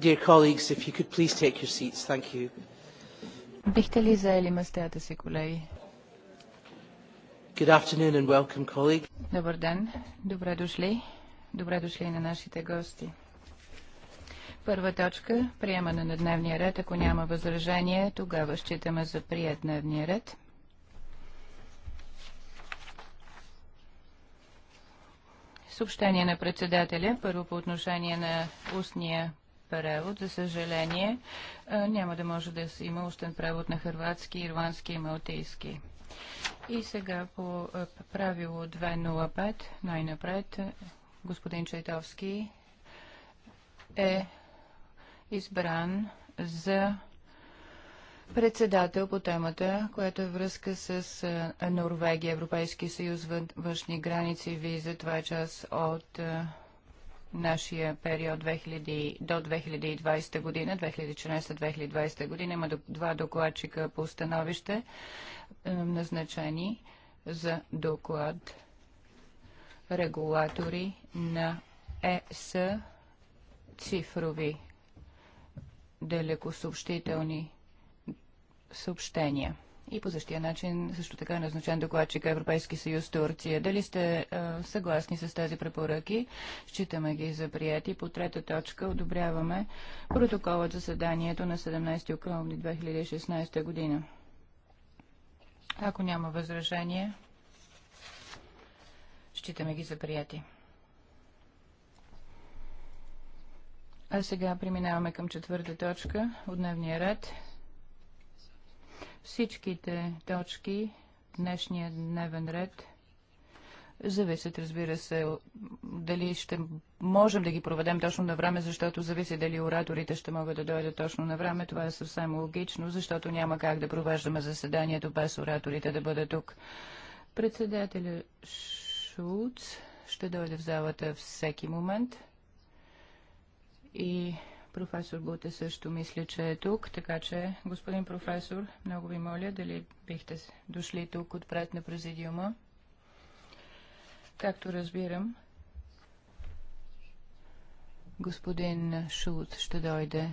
Dear colleagues, if you could please take your seats. Thank you. Бихте ли заели мастеята си, колеги? Good afternoon and welcome, Добър ден. Добре дошли. Добре дошли на нашите гости. Първа точка – приемане на дневния ред. Ако няма възражение, тогава считаме за прият дневния ред. Съобщение на председателя. Първо по отношение на устния превод. За съжаление, няма да може да има устен превод на хрватски, ирландски и малтийски. И сега по правило 205, най-напред, господин Чайтовски е избран за председател по темата, която е връзка с Норвегия, Европейски съюз, външни граници, виза. Това е част от нашия период 2000, до 2020 година, 2014-2020 година. Има два докладчика по установище, е, назначени за доклад регулатори на ЕС цифрови далекосъобщителни съобщения. И по същия начин също така е назначен докладчик Европейски съюз Турция. Дали сте а, съгласни с тези препоръки? Считаме ги за прияти. По трета точка одобряваме протоколът за съданието на 17 октомври 2016 година. Ако няма възражение, считаме ги за прияти. А сега преминаваме към четвърта точка от дневния ред – Всичките точки в днешния дневен ред зависят, разбира се, дали ще можем да ги проведем точно на време, защото зависи дали ораторите ще могат да дойдат точно на време. Това е съвсем логично, защото няма как да провеждаме заседанието без ораторите да бъде тук. Председателя Шулц ще дойде в залата всеки момент и Професор Буте също мисля, че е тук, така че, господин професор, много ви моля, дали бихте дошли тук отпред на президиума. Както разбирам, господин Шулт ще дойде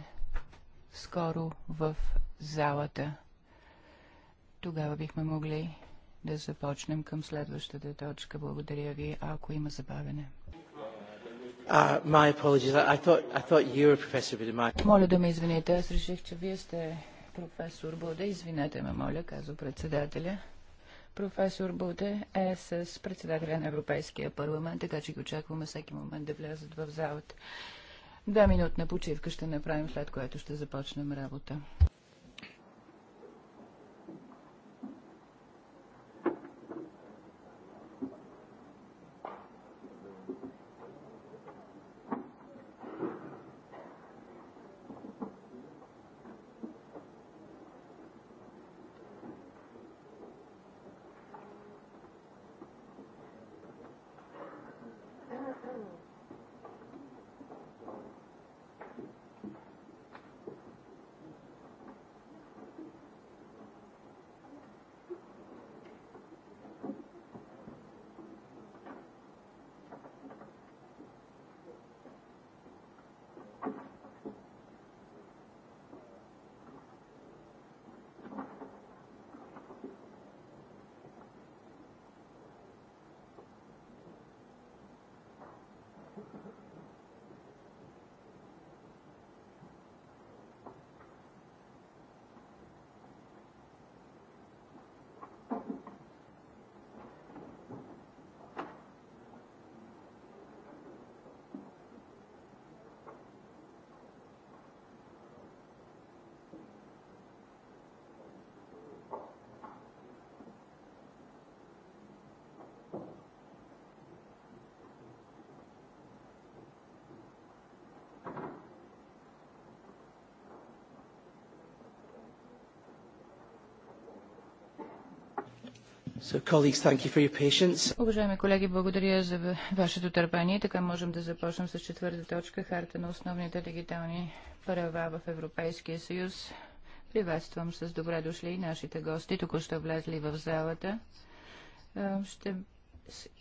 скоро в залата. Тогава бихме могли да започнем към следващата точка. Благодаря ви, ако има забавене. Uh, my apologies. I thought, I thought you were Professor Budimaki. Моля да ме извините. Аз реших, че вие сте професор Буде. Извинете ме, моля, казва председателя. Професор Буде е с председателя на Европейския парламент, така че ги очакваме всеки момент да влязат в залата. Две минутна почивка ще направим, след което ще започнем работа. Уважаеми колеги, благодаря за вашето търпение. Така можем да започнем с четвърта точка Харта на основните дигитални права в Европейския съюз. Приветствам с добре дошли и нашите гости, току-що влезли в залата. Е, ще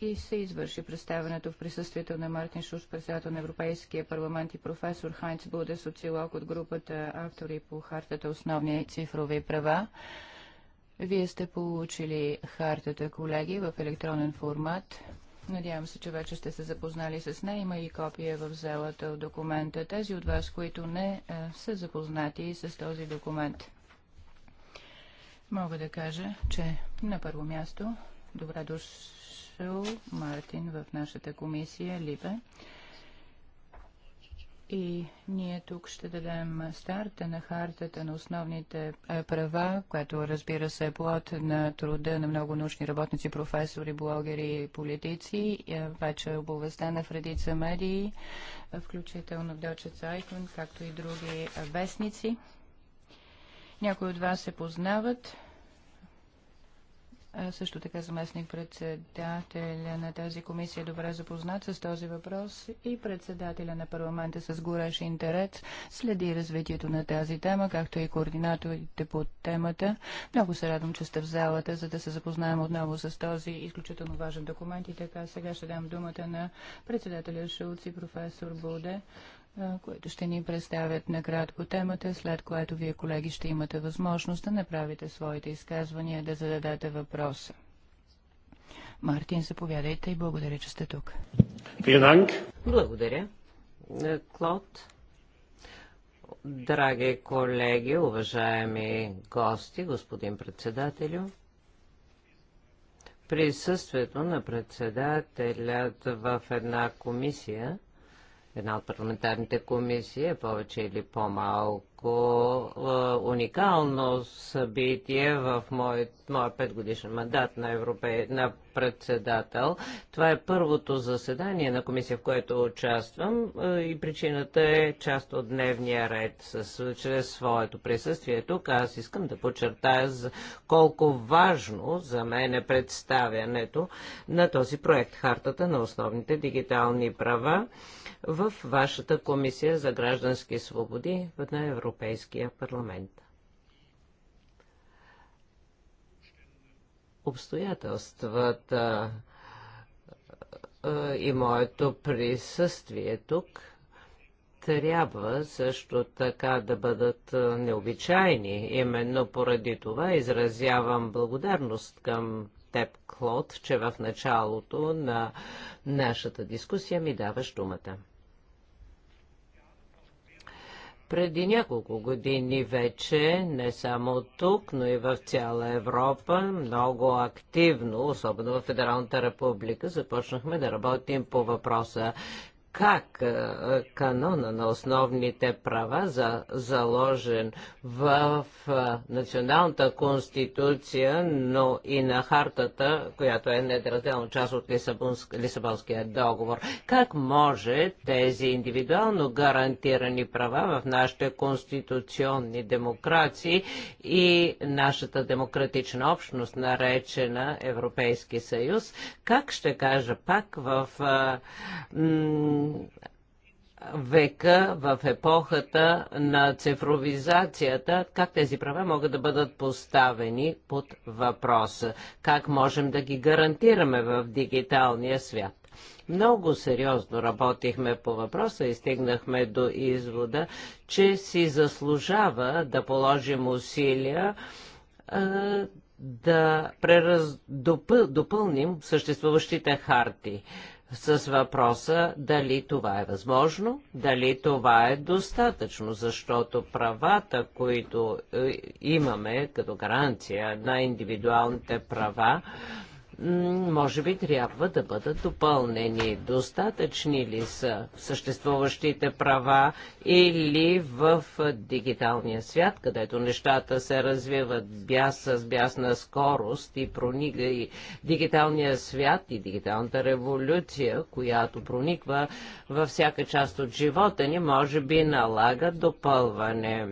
и се извърши представенето в присъствието на Мартин Шуш, председател на Европейския парламент и професор Хайнц Буде, социолог от групата автори по хартата основни цифрови права. Вие сте получили хартата, колеги, в електронен формат. Надявам се, че вече сте се запознали с нея. Има и копия в залата от документа. Тези от вас, които не е, са запознати с този документ. Мога да кажа, че на първо място добре дошъл Мартин в нашата комисия Либе. И ние тук ще дадем старта на хартата на основните е, права, което разбира се е плод на труда на много научни работници, професори, блогери и политици. Е, вече е обовестена в редица медии, е, включително в Deutsche Zeitung, както и други вестници. Някои от вас се познават също така заместник председателя на тази комисия е добре запознат с този въпрос и председателя на парламента с горещ интерес следи развитието на тази тема, както и координаторите по темата. Много се радвам, че сте в залата, за да се запознаем отново с този изключително важен документ. И така сега ще дам думата на председателя Шулци, професор Буде които ще ни представят накратко темата, след което вие, колеги, ще имате възможност да направите своите изказвания, да зададете въпроса. Мартин, заповядайте и благодаря, че сте тук. Благодаря. Е, Клод, драги колеги, уважаеми гости, господин председателю, присъствието на председателят в една комисия – една от парламентарните комисии е повече или по-малко малко уникално събитие в моя петгодишен мандат на, Европе, на председател. Това е първото заседание на комисия, в което участвам и причината е част от дневния ред. С, чрез своето присъствие тук аз искам да подчертая за колко важно за мен е представянето на този проект Хартата на основните дигитални права в вашата комисия за граждански свободи на Европа Европейския парламент. Обстоятелствата и моето присъствие тук трябва също така да бъдат необичайни. Именно поради това изразявам благодарност към теб, Клод, че в началото на нашата дискусия ми даваш думата. Преди няколко години вече, не само тук, но и в цяла Европа, много активно, особено в Федералната република, започнахме да работим по въпроса как е, канона на основните права, за, заложен в е, Националната конституция, но и на хартата, която е недразделна част от Лисабонския договор, как може тези индивидуално гарантирани права в нашите конституционни демокрации и нашата демократична общност, наречена Европейски съюз, как ще кажа пак в а, е, века, в епохата на цифровизацията, как тези права могат да бъдат поставени под въпроса? Как можем да ги гарантираме в дигиталния свят? Много сериозно работихме по въпроса и стигнахме до извода, че си заслужава да положим усилия е, да прераз... допъл... допълним съществуващите харти с въпроса дали това е възможно, дали това е достатъчно, защото правата, които е, имаме като гаранция на индивидуалните права, може би трябва да бъдат допълнени. Достатъчни ли са съществуващите права или в дигиталния свят, където нещата се развиват бяс с бясна скорост и прониква и дигиталния свят и дигиталната революция, която прониква във всяка част от живота ни, може би налага допълване.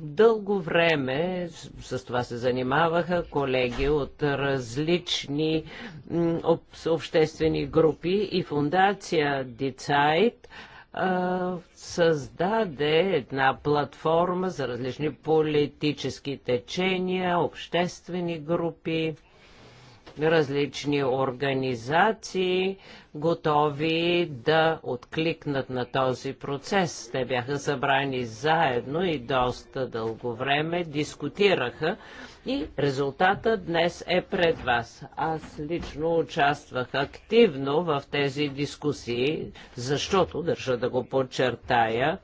Дълго време с това се занимаваха колеги от различни обществени групи и фундация Децайт създаде една платформа за различни политически течения, обществени групи различни организации, готови да откликнат на този процес. Те бяха събрани заедно и доста дълго време дискутираха и резултата днес е пред вас. Аз лично участвах активно в тези дискусии, защото, държа да го подчертая,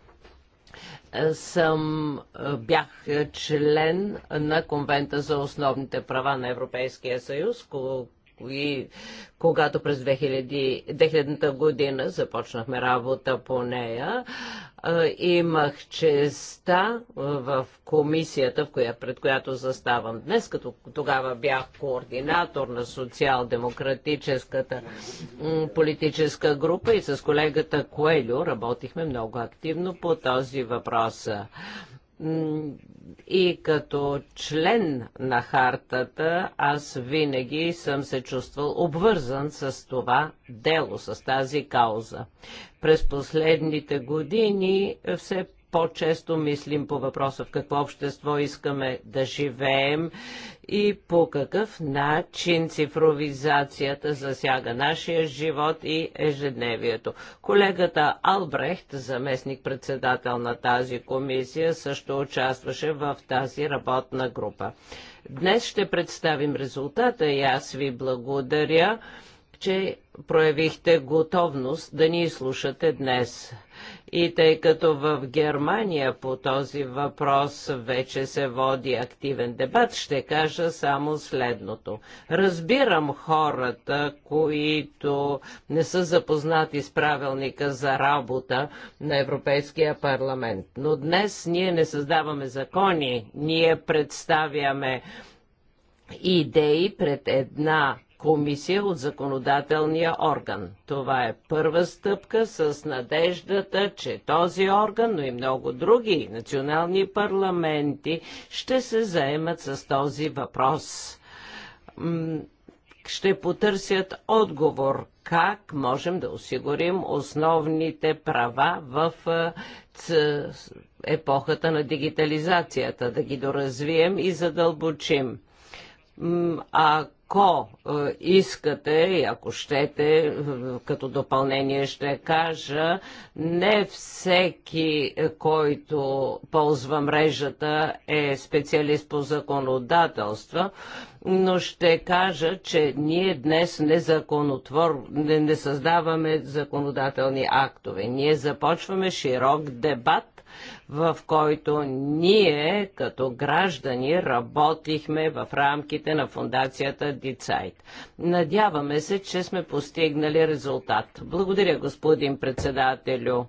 съм, е, бях член на Конвента за основните права на Европейския съюз, и когато през 2000, та година започнахме работа по нея, имах честа в комисията, пред която заставам днес, като тогава бях координатор на социал-демократическата политическа група и с колегата Коелю работихме много активно по този въпрос. И като член на хартата, аз винаги съм се чувствал обвързан с това дело, с тази кауза. През последните години все по-често мислим по въпроса в какво общество искаме да живеем и по какъв начин цифровизацията засяга нашия живот и ежедневието. Колегата Албрехт, заместник-председател на тази комисия, също участваше в тази работна група. Днес ще представим резултата и аз ви благодаря, че проявихте готовност да ни слушате днес и тъй като в Германия по този въпрос вече се води активен дебат, ще кажа само следното. Разбирам хората, които не са запознати с правилника за работа на Европейския парламент. Но днес ние не създаваме закони, ние представяме идеи пред една комисия от законодателния орган. Това е първа стъпка с надеждата, че този орган, но и много други национални парламенти ще се заемат с този въпрос. Ще потърсят отговор как можем да осигурим основните права в епохата на дигитализацията, да ги доразвием и задълбочим. А ако е, искате и ако щете, като допълнение ще кажа, не всеки, е, който ползва мрежата е специалист по законодателство, но ще кажа, че ние днес не, законотвор, не, не създаваме законодателни актове. Ние започваме широк дебат в който ние като граждани работихме в рамките на фундацията Дицайт. Надяваме се, че сме постигнали резултат. Благодаря, господин председателю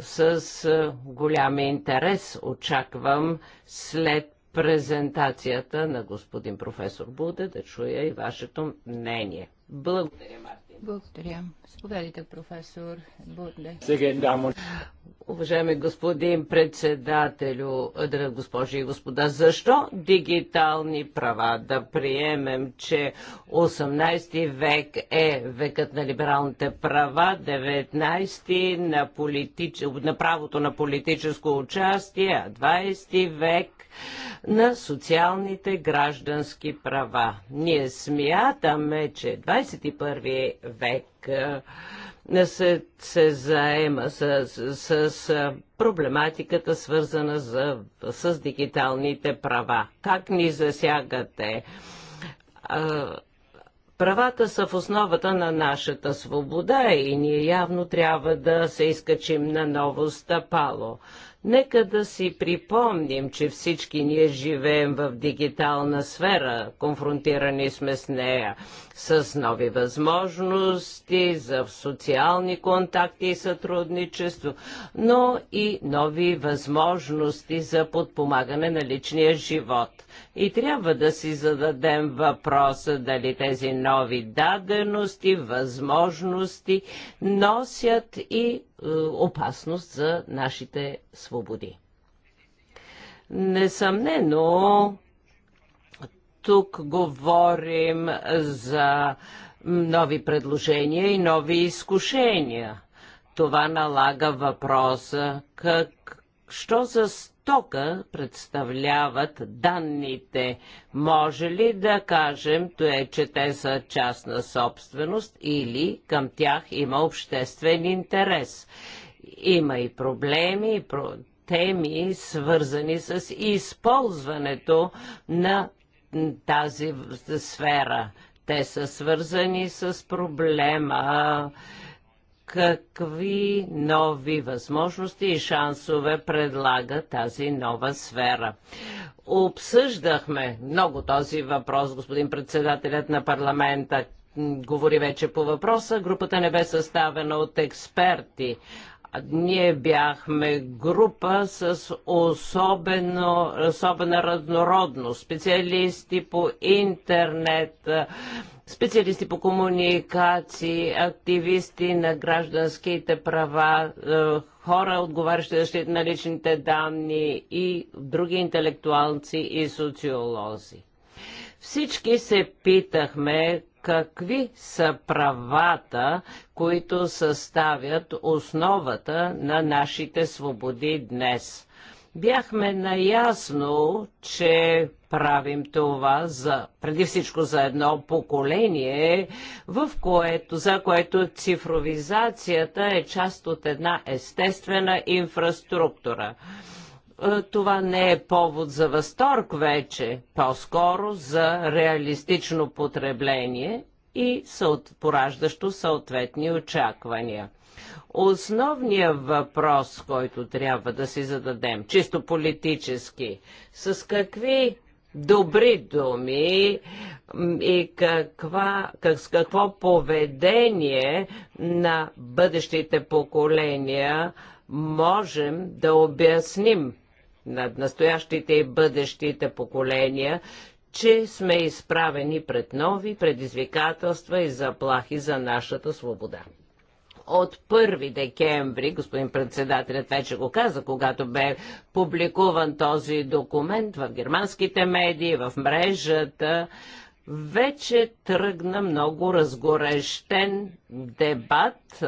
с е, голям интерес очаквам след презентацията на господин професор Буде да чуя и вашето мнение. Благодаря, Марта. Благодаря. Споделите, професор Бурде. Уважаеми господин председателю, госпожи и господа, защо дигитални права? Да приемем, че 18 век е векът на либералните права, 19 на, политич... на правото на политическо участие, 20 век на социалните граждански права. Ние смятаме, че 21 век се, се заема с, с, с проблематиката, свързана за, с дигиталните права. Как ни засягате? Правата са в основата на нашата свобода и ние явно трябва да се изкачим на ново стъпало. Нека да си припомним, че всички ние живеем в дигитална сфера, конфронтирани сме с нея, с нови възможности за социални контакти и сътрудничество, но и нови възможности за подпомагане на личния живот. И трябва да си зададем въпроса дали тези нови дадености, възможности носят и е, опасност за нашите свободи. Несъмнено, тук говорим за нови предложения и нови изкушения. Това налага въпроса как, що за Тока представляват данните. Може ли да кажем, е, че те са частна собственост или към тях има обществен интерес? Има и проблеми, и про... теми, свързани с използването на тази сфера. Те са свързани с проблема какви нови възможности и шансове предлага тази нова сфера. Обсъждахме много този въпрос, господин председателят на парламента говори вече по въпроса. Групата не бе съставена от експерти. Ние бяхме група с особено, особена разнородност, специалисти по интернет, специалисти по комуникации, активисти на гражданските права, е, хора, отговарящи защита на личните данни и други интелектуалци и социолози. Всички се питахме какви са правата, които съставят основата на нашите свободи днес. Бяхме наясно, че правим това за, преди всичко за едно поколение, в което, за което цифровизацията е част от една естествена инфраструктура. Е, това не е повод за възторг вече, по-скоро за реалистично потребление и пораждащо съответни очаквания. Основният въпрос, който трябва да си зададем, чисто политически, с какви добри думи и каква, как, с какво поведение на бъдещите поколения можем да обясним на настоящите и бъдещите поколения, че сме изправени пред нови предизвикателства и заплахи за нашата свобода от 1 декември, господин председателят вече го каза, когато бе публикуван този документ в германските медии, в мрежата, вече тръгна много разгорещен дебат,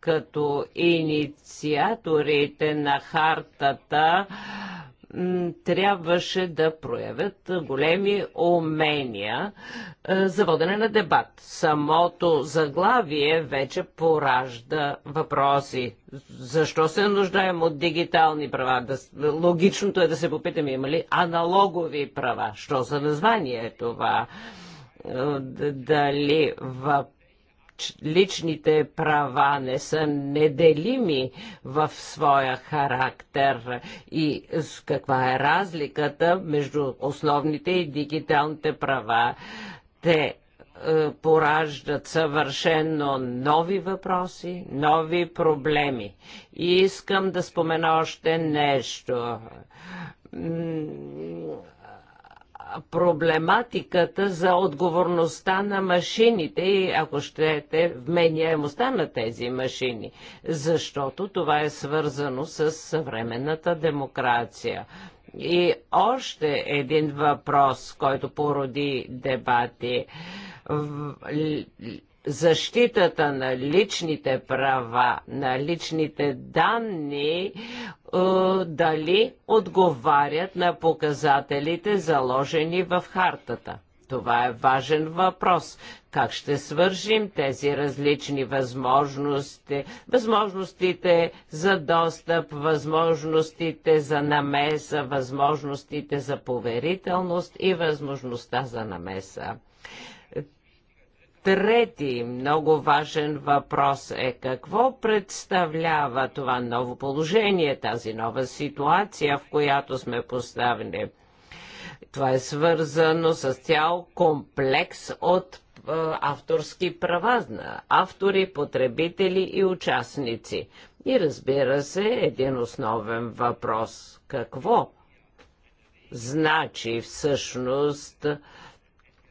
като инициаторите на хартата трябваше да проявят големи умения за водене на дебат. Самото заглавие вече поражда въпроси. Защо се нуждаем от дигитални права? логичното е да се попитаме има ли аналогови права. Що за название е това? Е, дали в личните права не са неделими в своя характер и каква е разликата между основните и дигиталните права. Те е, пораждат съвършенно нови въпроси, нови проблеми. И искам да спомена още нещо проблематиката за отговорността на машините и, ако щете, вменяемостта на тези машини, защото това е свързано с съвременната демокрация. И още един въпрос, който породи дебати защитата на личните права, на личните данни, е, дали отговарят на показателите заложени в хартата. Това е важен въпрос. Как ще свържим тези различни възможности, възможностите за достъп, възможностите за намеса, възможностите за поверителност и възможността за намеса. Трети много важен въпрос е какво представлява това ново положение, тази нова ситуация, в която сме поставени. Това е свързано с цял комплекс от авторски права на автори, потребители и участници. И разбира се, един основен въпрос. Какво значи всъщност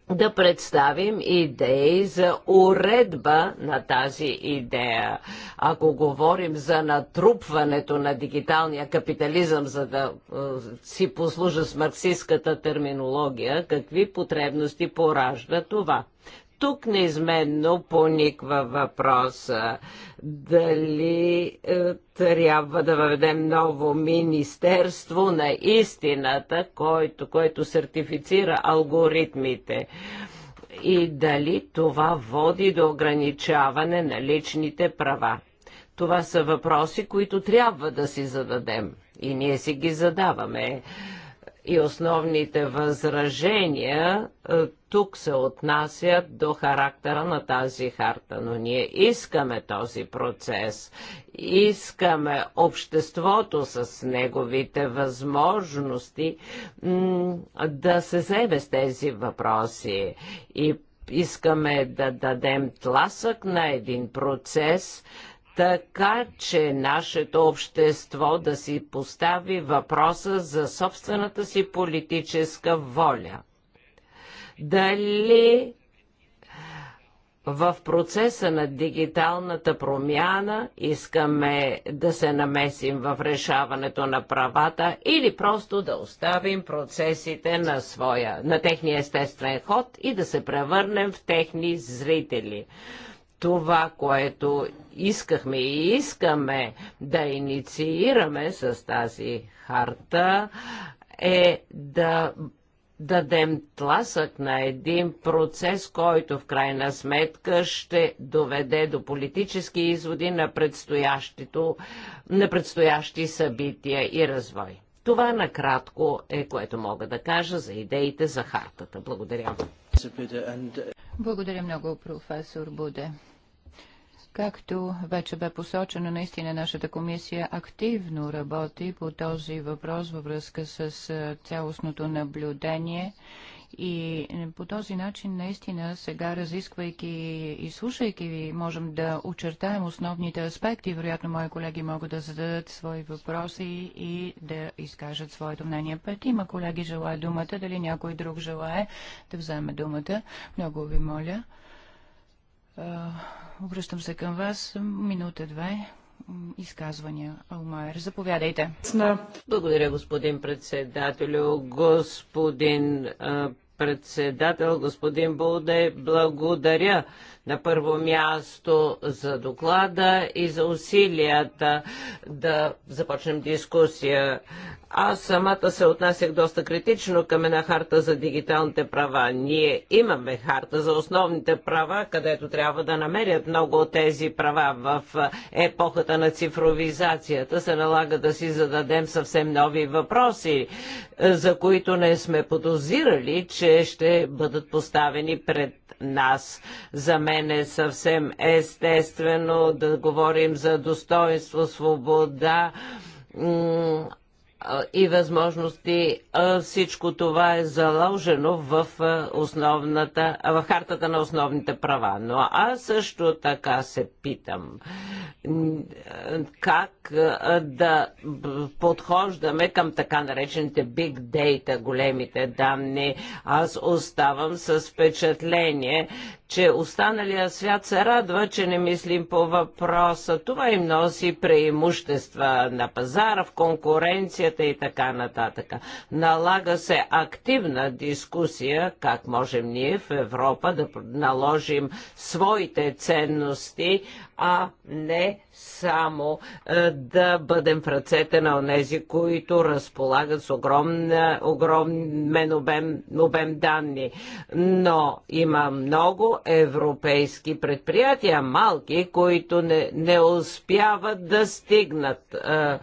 да представим идеи за уредба на тази идея. Ако говорим за натрупването на дигиталния капитализъм, за да е, си послужа с марксистската терминология, какви потребности поражда това? тук неизменно пониква въпроса дали е, трябва да въведем ново Министерство на истината, който, който сертифицира алгоритмите и дали това води до ограничаване на личните права. Това са въпроси, които трябва да си зададем и ние си ги задаваме и основните възражения е, тук се отнасят до характера на тази харта, но ние искаме този процес. Искаме обществото с неговите възможности да се заеме с тези въпроси и искаме да дадем тласък на един процес, така че нашето общество да си постави въпроса за собствената си политическа воля. Дали в процеса на дигиталната промяна искаме да се намесим в решаването на правата или просто да оставим процесите на, своя, на техния естествен ход и да се превърнем в техни зрители. Това, което искахме и искаме да инициираме с тази харта е да дадем тласък на един процес, който в крайна сметка ще доведе до политически изводи на, на предстоящи събития и развой. Това накратко е което мога да кажа за идеите за хартата. Благодаря. Благодаря много, професор Буде. Както вече бе посочено, наистина нашата комисия активно работи по този въпрос във връзка с цялостното наблюдение и по този начин наистина сега разисквайки и слушайки ви, можем да очертаем основните аспекти. Вероятно, мои колеги могат да зададат свои въпроси и да изкажат своето мнение. Пет има колеги желая думата, дали някой друг желая да вземе думата. Много ви моля. Обръщам се към вас. Минута-две изказвания. Алмайер, заповядайте. Благодаря, господин председателю. Господин председател, господин Болде, благодаря на първо място за доклада и за усилията да започнем дискусия. Аз самата се отнасях доста критично към една харта за дигиталните права. Ние имаме харта за основните права, където трябва да намерят много от тези права в епохата на цифровизацията. Се налага да си зададем съвсем нови въпроси, за които не сме подозирали, че ще бъдат поставени пред нас. За мен мен е съвсем естествено да говорим за достоинство, свобода, и възможности. Всичко това е заложено в, основната, в хартата на основните права. Но аз също така се питам как да подхождаме към така наречените big data, големите данни. Аз оставам с впечатление, че останалия свят се радва, че не мислим по въпроса. Това им носи преимущества на пазара, в конкуренцията и така нататък. Налага се активна дискусия как можем ние в Европа да наложим своите ценности, а не само е, да бъдем в ръцете на онези, които разполагат с огромна, огромен обем, обем данни. Но има много европейски предприятия, малки, които не, не успяват да стигнат е,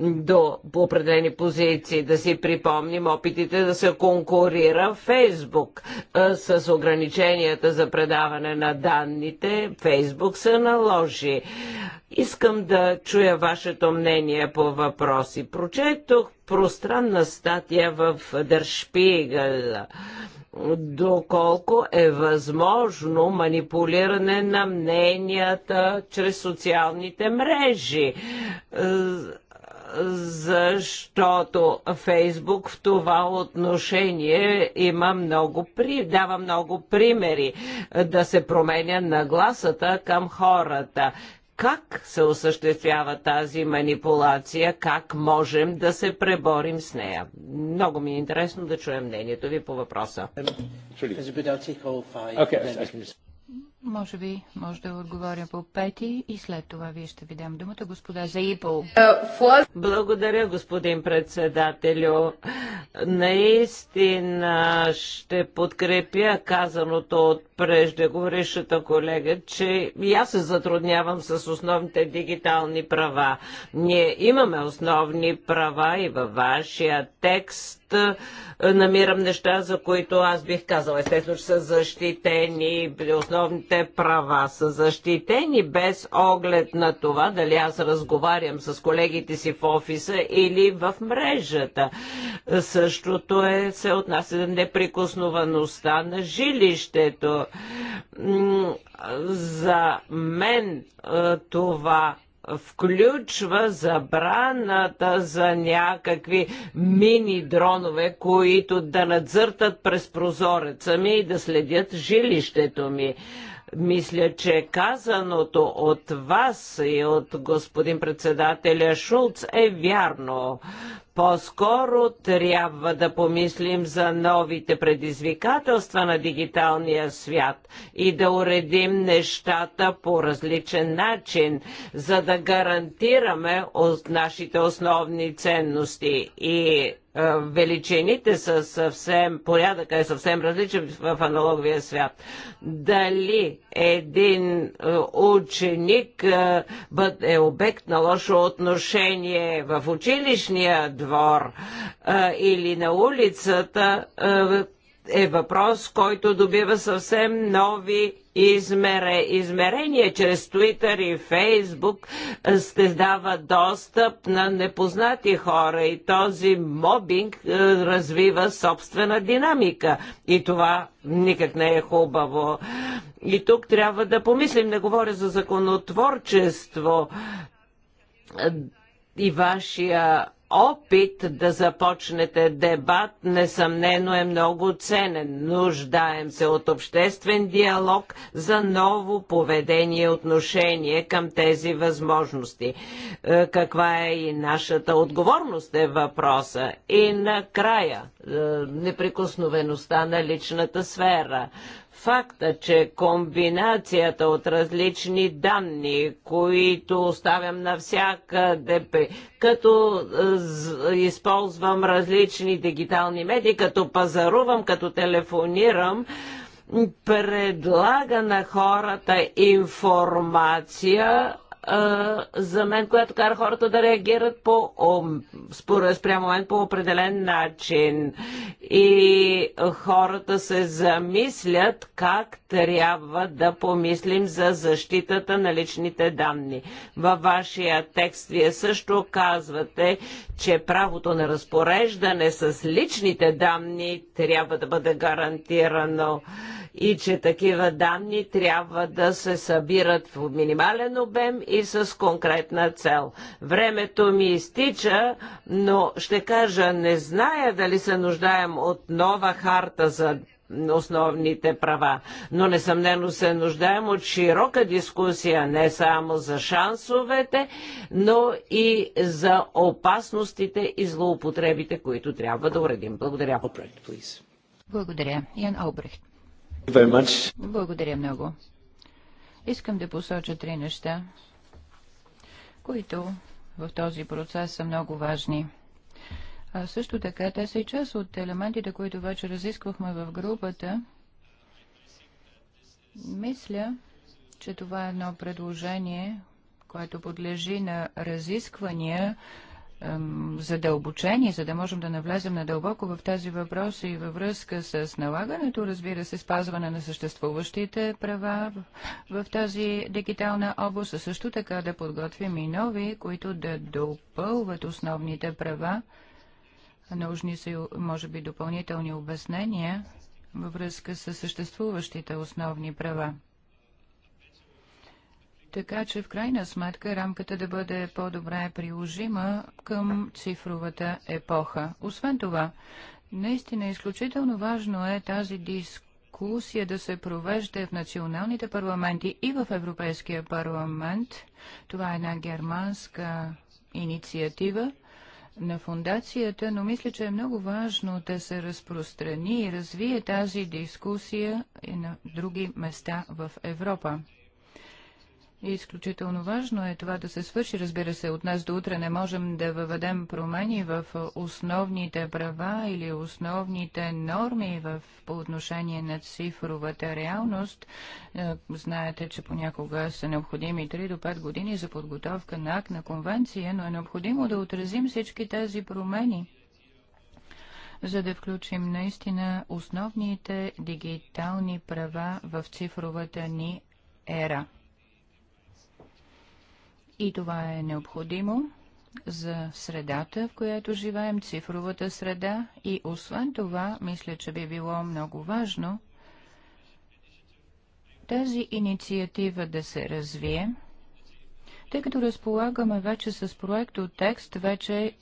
до определени позиции. Да си припомним опитите да се конкурира Фейсбук с ограниченията за предаване на данните. Фейсбук се наложи. Искам да чуя вашето мнение по въпроси. Прочетох пространна статия в Дършпигъл доколко е възможно манипулиране на мненията чрез социалните мрежи. Е, защото Фейсбук в това отношение има много, при... дава много примери да се променя нагласата към хората как се осъществява тази манипулация, как можем да се преборим с нея. Много ми е интересно да чуем мнението ви по въпроса. Може би може да отговоря по пети и след това вие ще ви дам думата, господа Заипол. Благодаря, господин председателю. Наистина ще подкрепя казаното от преждеговорившата колега, че и аз се затруднявам с основните дигитални права. Ние имаме основни права и във вашия текст е, намирам неща, за които аз бих казала. Естествено, че са защитени, основните права са защитени, без оглед на това дали аз разговарям с колегите си в офиса или в мрежата. Същото е, се отнася за неприкосновеността на жилището. За мен това включва забраната за някакви мини дронове, които да надзъртат през прозореца ми и да следят жилището ми. Мисля, че казаното от вас и от господин председателя Шулц е вярно. По-скоро трябва да помислим за новите предизвикателства на дигиталния свят и да уредим нещата по различен начин, за да гарантираме нашите основни ценности. И е, величините са съвсем, порядъка е съвсем различен в аналоговия свят. Дали един е, ученик е, е обект на лошо отношение в училищния двор или на улицата, е въпрос, който добива съвсем нови измере, измерение чрез Twitter и Фейсбук сте дава достъп на непознати хора и този мобинг развива собствена динамика и това никак не е хубаво. И тук трябва да помислим, не говоря за законотворчество и вашия опит да започнете дебат несъмнено е много ценен. Нуждаем се от обществен диалог за ново поведение и отношение към тези възможности. Е, каква е и нашата отговорност е въпроса. И накрая, е, неприкосновеността на личната сфера. Факта, че комбинацията от различни данни, които оставям навсякъде, като е, използвам различни дигитални медии, като пазарувам, като телефонирам, предлага на хората информация а, за мен, която кара хората да реагират по, според спрямо мен, по определен начин. И хората се замислят как трябва да помислим за защитата на личните данни. Във вашия текст вие също казвате, че правото на разпореждане с личните данни трябва да бъде гарантирано и че такива данни трябва да се събират в минимален обем и с конкретна цел. Времето ми изтича, но ще кажа, не зная дали се нуждаем от нова харта за основните права. Но несъмнено се нуждаем от широка дискусия не само за шансовете, но и за опасностите и злоупотребите, които трябва да уредим. Благодаря. Благодаря. Ян Обрехт. Благодаря много. Искам да посоча три неща, които в този процес са много важни. А също така, те са и част от елементите, които вече разисквахме в групата. Мисля, че това е едно предложение, което подлежи на разисквания задълбочени, за да можем да навлезем надълбоко в тази въпрос и във връзка с налагането, разбира се, спазване на съществуващите права в тази дигитална област, а също така да подготвим и нови, които да допълват основните права. Нужни са, може би, допълнителни обяснения във връзка с съществуващите основни права така че в крайна сметка рамката да бъде по-добре приложима към цифровата епоха. Освен това, наистина изключително важно е тази дискусия да се провежда в националните парламенти и в Европейския парламент. Това е една германска инициатива на фундацията, но мисля, че е много важно да се разпространи и развие тази дискусия и на други места в Европа. И изключително важно е това да се свърши. Разбира се, от нас до утре не можем да въведем промени в основните права или основните норми в, по отношение на цифровата реалност. Е, знаете, че понякога са необходими 3 до 5 години за подготовка на акт на конвенция, но е необходимо да отразим всички тези промени за да включим наистина основните дигитални права в цифровата ни ера. И това е необходимо за средата, в която живеем, цифровата среда. И освен това, мисля, че би било много важно тази инициатива да се развие, тъй като разполагаме вече с проект от текст, вече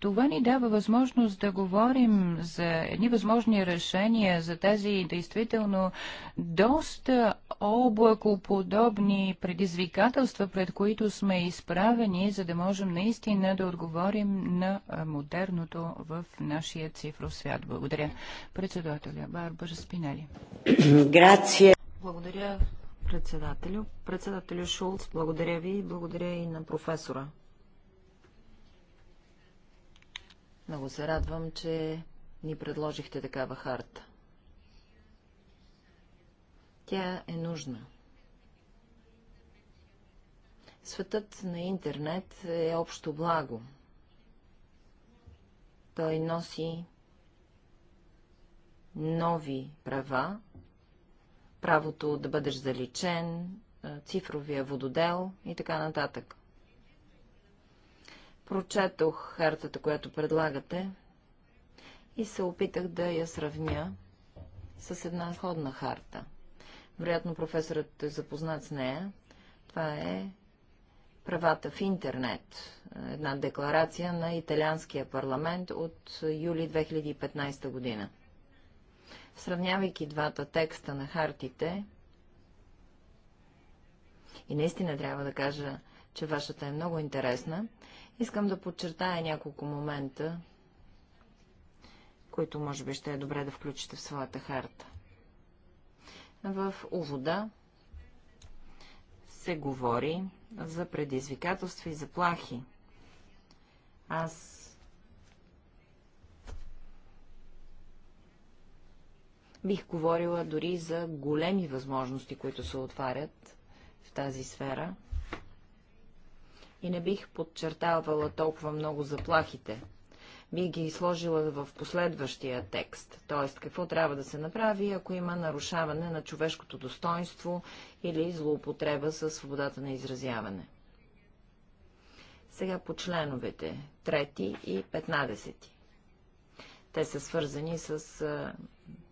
това ни дава възможност да говорим за едни възможни решения, за тези действително доста облакоподобни предизвикателства, пред които сме изправени, за да можем наистина да отговорим на модерното в нашия цифров свят. Благодаря. Председателя Барбара Спинели. Грация. Благодаря, председателю. Председателю Шулц, благодаря ви и благодаря и на професора. Много се радвам, че ни предложихте такава харта. Тя е нужна. Светът на интернет е общо благо. Той носи нови права, правото да бъдеш заличен, цифровия вододел и така нататък. Прочетох хартата, която предлагате и се опитах да я сравня с една сходна харта. Вероятно професорът е запознат с нея. Това е правата в интернет. Една декларация на италианския парламент от юли 2015 година. Сравнявайки двата текста на хартите, и наистина трябва да кажа, че вашата е много интересна, Искам да подчертая няколко момента, които може би ще е добре да включите в своята харта. В увода се говори за предизвикателства и заплахи. Аз бих говорила дори за големи възможности, които се отварят в тази сфера – и не бих подчертавала толкова много заплахите. Би ги изложила в последващия текст, т.е. какво трябва да се направи, ако има нарушаване на човешкото достоинство или злоупотреба със свободата на изразяване. Сега по членовете 3 и 15. Те са свързани с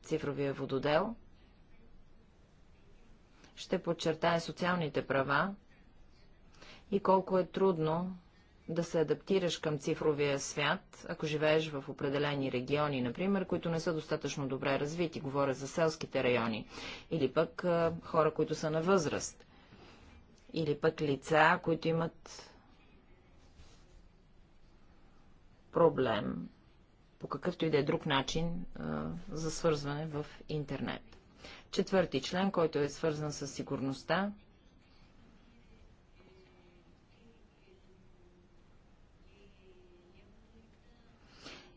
цифровия вододел. Ще подчертая социалните права, и колко е трудно да се адаптираш към цифровия свят, ако живееш в определени региони, например, които не са достатъчно добре развити, говоря за селските райони, или пък хора, които са на възраст, или пък лица, които имат проблем по какъвто и да е друг начин за свързване в интернет. Четвърти член, който е свързан с сигурността,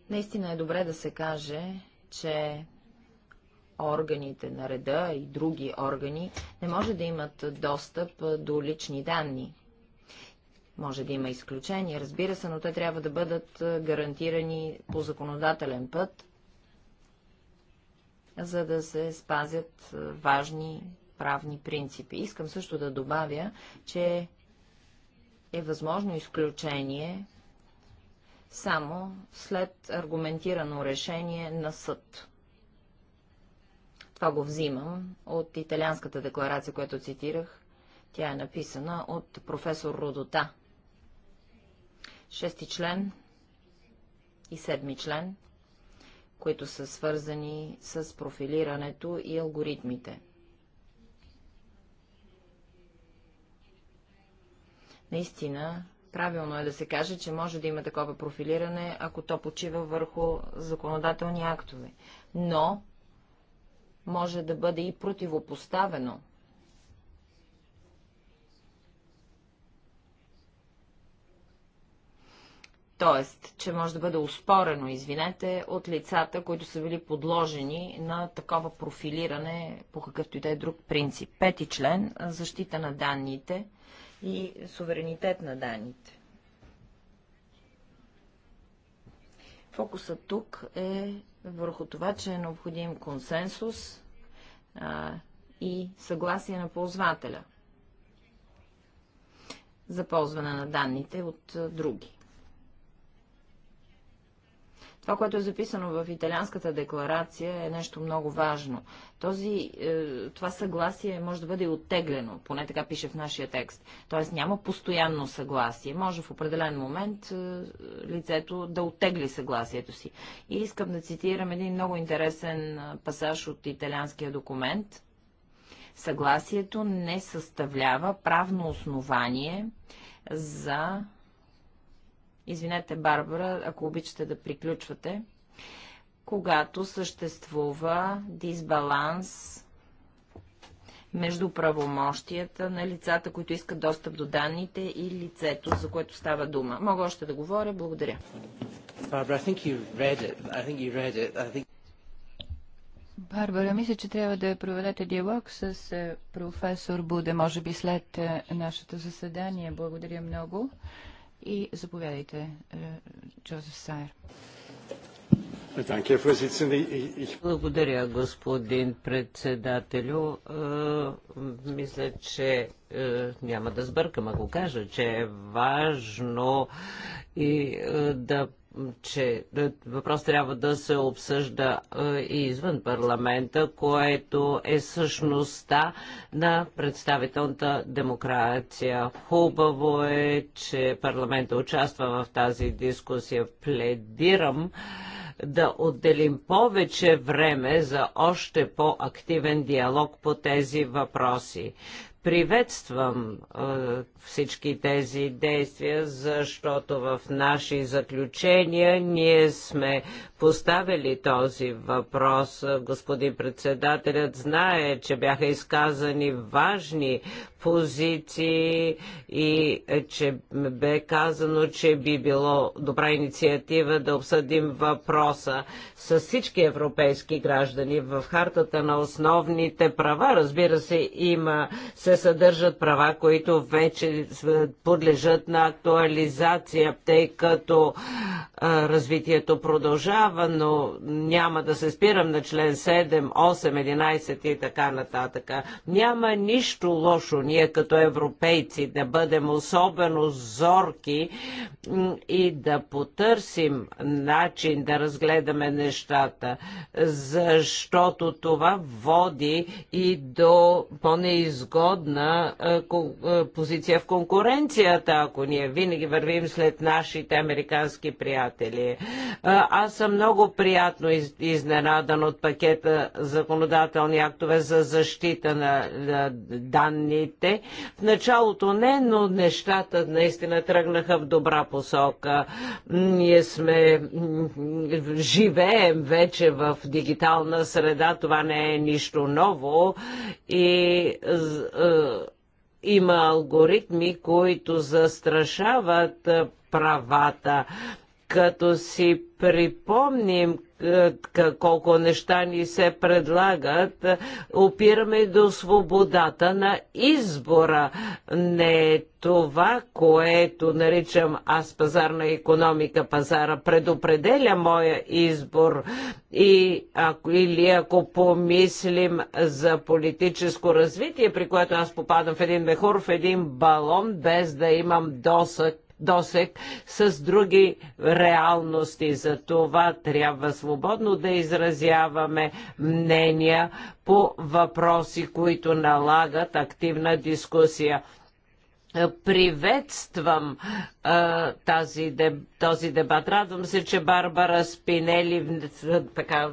Наистина е добре да се каже, че органите на реда и други органи не може да имат достъп до лични данни. Може да има изключения, разбира се, но те трябва да бъдат гарантирани по законодателен път, за да се спазят важни правни принципи. Искам също да добавя, че е възможно изключение само след аргументирано решение на съд. Това го взимам от италианската декларация, която цитирах. Тя е написана от професор Родота. Шести член и седми член, които са свързани с профилирането и алгоритмите. Наистина, Правилно е да се каже, че може да има такова профилиране, ако то почива върху законодателни актове. Но може да бъде и противопоставено. Тоест, че може да бъде успорено, извинете, от лицата, които са били подложени на такова профилиране по какъвто и да е друг принцип. Пети член – защита на данните – и суверенитет на данните. Фокусът тук е върху това, че е необходим консенсус а, и съгласие на ползвателя за ползване на данните от а, други. Това, което е записано в италианската декларация е нещо много важно. Този, е, това съгласие може да бъде оттеглено, поне така пише в нашия текст. Тоест няма постоянно съгласие. Може в определен момент е, лицето да оттегли съгласието си. И искам да цитирам един много интересен е, пасаж от италианския документ. Съгласието не съставлява правно основание за Извинете, Барбара, ако обичате да приключвате. Когато съществува дисбаланс между правомощията на лицата, които искат достъп до данните и лицето, за което става дума. Мога още да говоря. Благодаря. Барбара, Барбара, мисля, че трябва да проведете диалог с е, професор Буде, може би след е, нашето заседание. Благодаря много. И заповядайте, е, Джозеф Сайер. Благодаря, господин председателю. Е, мисля, че е, няма да сбъркам, ако кажа, че е важно и да че е, въпрос трябва да се обсъжда е, и извън парламента, което е същността на представителната демокрация. Хубаво е, че парламента участва в тази дискусия. Пледирам да отделим повече време за още по-активен диалог по тези въпроси приветствам е, всички тези действия, защото в наши заключения ние сме поставили този въпрос. Господин председателят знае, че бяха изказани важни позиции и е, че бе казано, че би било добра инициатива да обсъдим въпроса с всички европейски граждани в хартата на основните права. Разбира се, има, се съдържат права, които вече подлежат на актуализация, тъй като развитието продължава, но няма да се спирам на член 7, 8, 11 и така нататък. Няма нищо лошо ние като европейци да бъдем особено зорки и да потърсим начин да разгледаме нещата, защото това води и до по-неизгодна позиция в конкуренцията, ако ние винаги вървим след нашите американски приятели. Аз съм много приятно изненадан от пакета законодателни актове за защита на данните. В началото не, но нещата наистина тръгнаха в добра посока. Ние сме живеем вече в дигитална среда, това не е нищо ново и има алгоритми, които застрашават правата. Като си припомним е, колко неща ни се предлагат, е, опираме до свободата на избора. Не е това, което наричам аз пазарна економика, пазара предопределя моя избор и ако, или ако помислим за политическо развитие, при което аз попадам в един мехур, в един балон, без да имам досък досек с други реалности. За това трябва свободно да изразяваме мнения по въпроси, които налагат активна дискусия. Е, приветствам а, е, тази, този дебат. Радвам се, че Барбара Спинели така,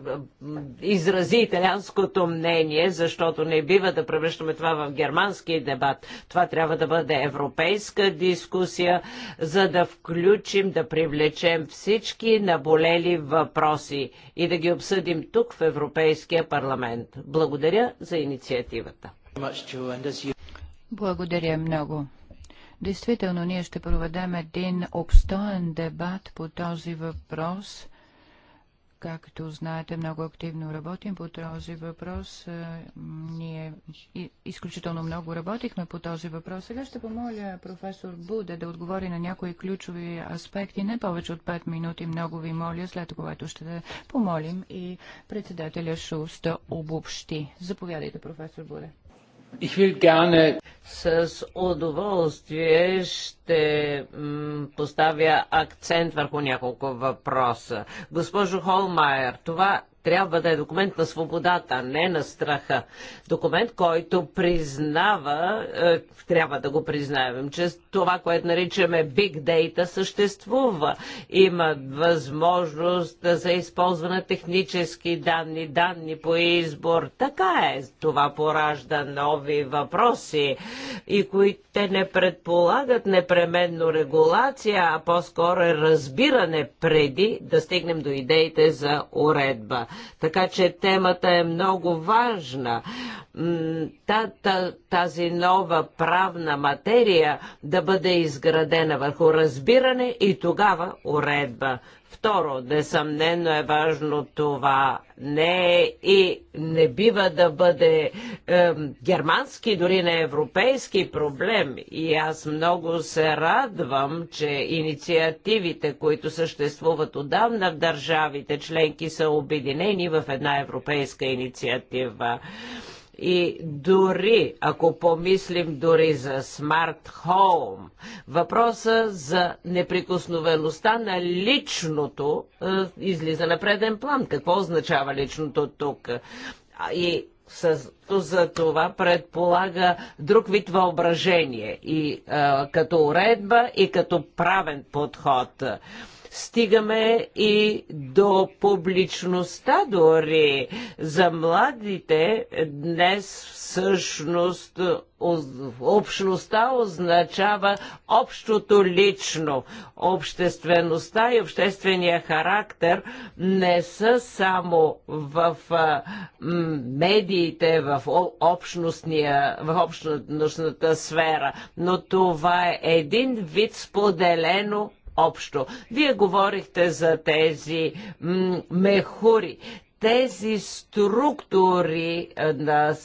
изрази италианското мнение, защото не бива да превръщаме това в германски дебат. Това трябва да бъде европейска дискусия, за да включим, да привлечем всички наболели въпроси и да ги обсъдим тук в Европейския парламент. Благодаря за инициативата. Благодаря много. Действително, ние ще проведем един обстоен дебат по този въпрос. Както знаете, много активно работим по този въпрос. Е, ние изключително много работихме по този въпрос. Сега ще помоля професор Буде да отговори на някои ключови аспекти, не повече от 5 минути. Много ви моля, след което ще помолим и председателя Шуста обобщи. Заповядайте, професор Буде. Gerne... С удоволствие ще поставя акцент върху няколко въпроса. Госпожо Холмайер, това трябва да е документ на свободата, не на страха. Документ, който признава, е, трябва да го признаем, че това, което наричаме Big Data, съществува. Има възможност за използване на технически данни, данни по избор. Така е. Това поражда нови въпроси и които те не предполагат непременно регулация, а по-скоро е разбиране преди да стигнем до идеите за уредба. Така че темата е много важна. Тази нова правна материя да бъде изградена върху разбиране и тогава уредба. Второ, несъмнено е важно това не е и не бива да бъде е, германски, дори не европейски проблем. И аз много се радвам, че инициативите, които съществуват отдавна в държавите членки, са обединени в една европейска инициатива. И дори, ако помислим дори за смарт хоум, въпроса за неприкосновеността на личното е, излиза на преден план. Какво означава личното тук? И за това предполага друг вид въображение и е, като уредба, и като правен подход стигаме и до публичността дори. За младите днес всъщност общността означава общото лично. Обществеността и обществения характер не са само в медиите, в, общностния, в общностната сфера, но това е един вид споделено общо. Вие говорихте за тези мехури, тези структури е, на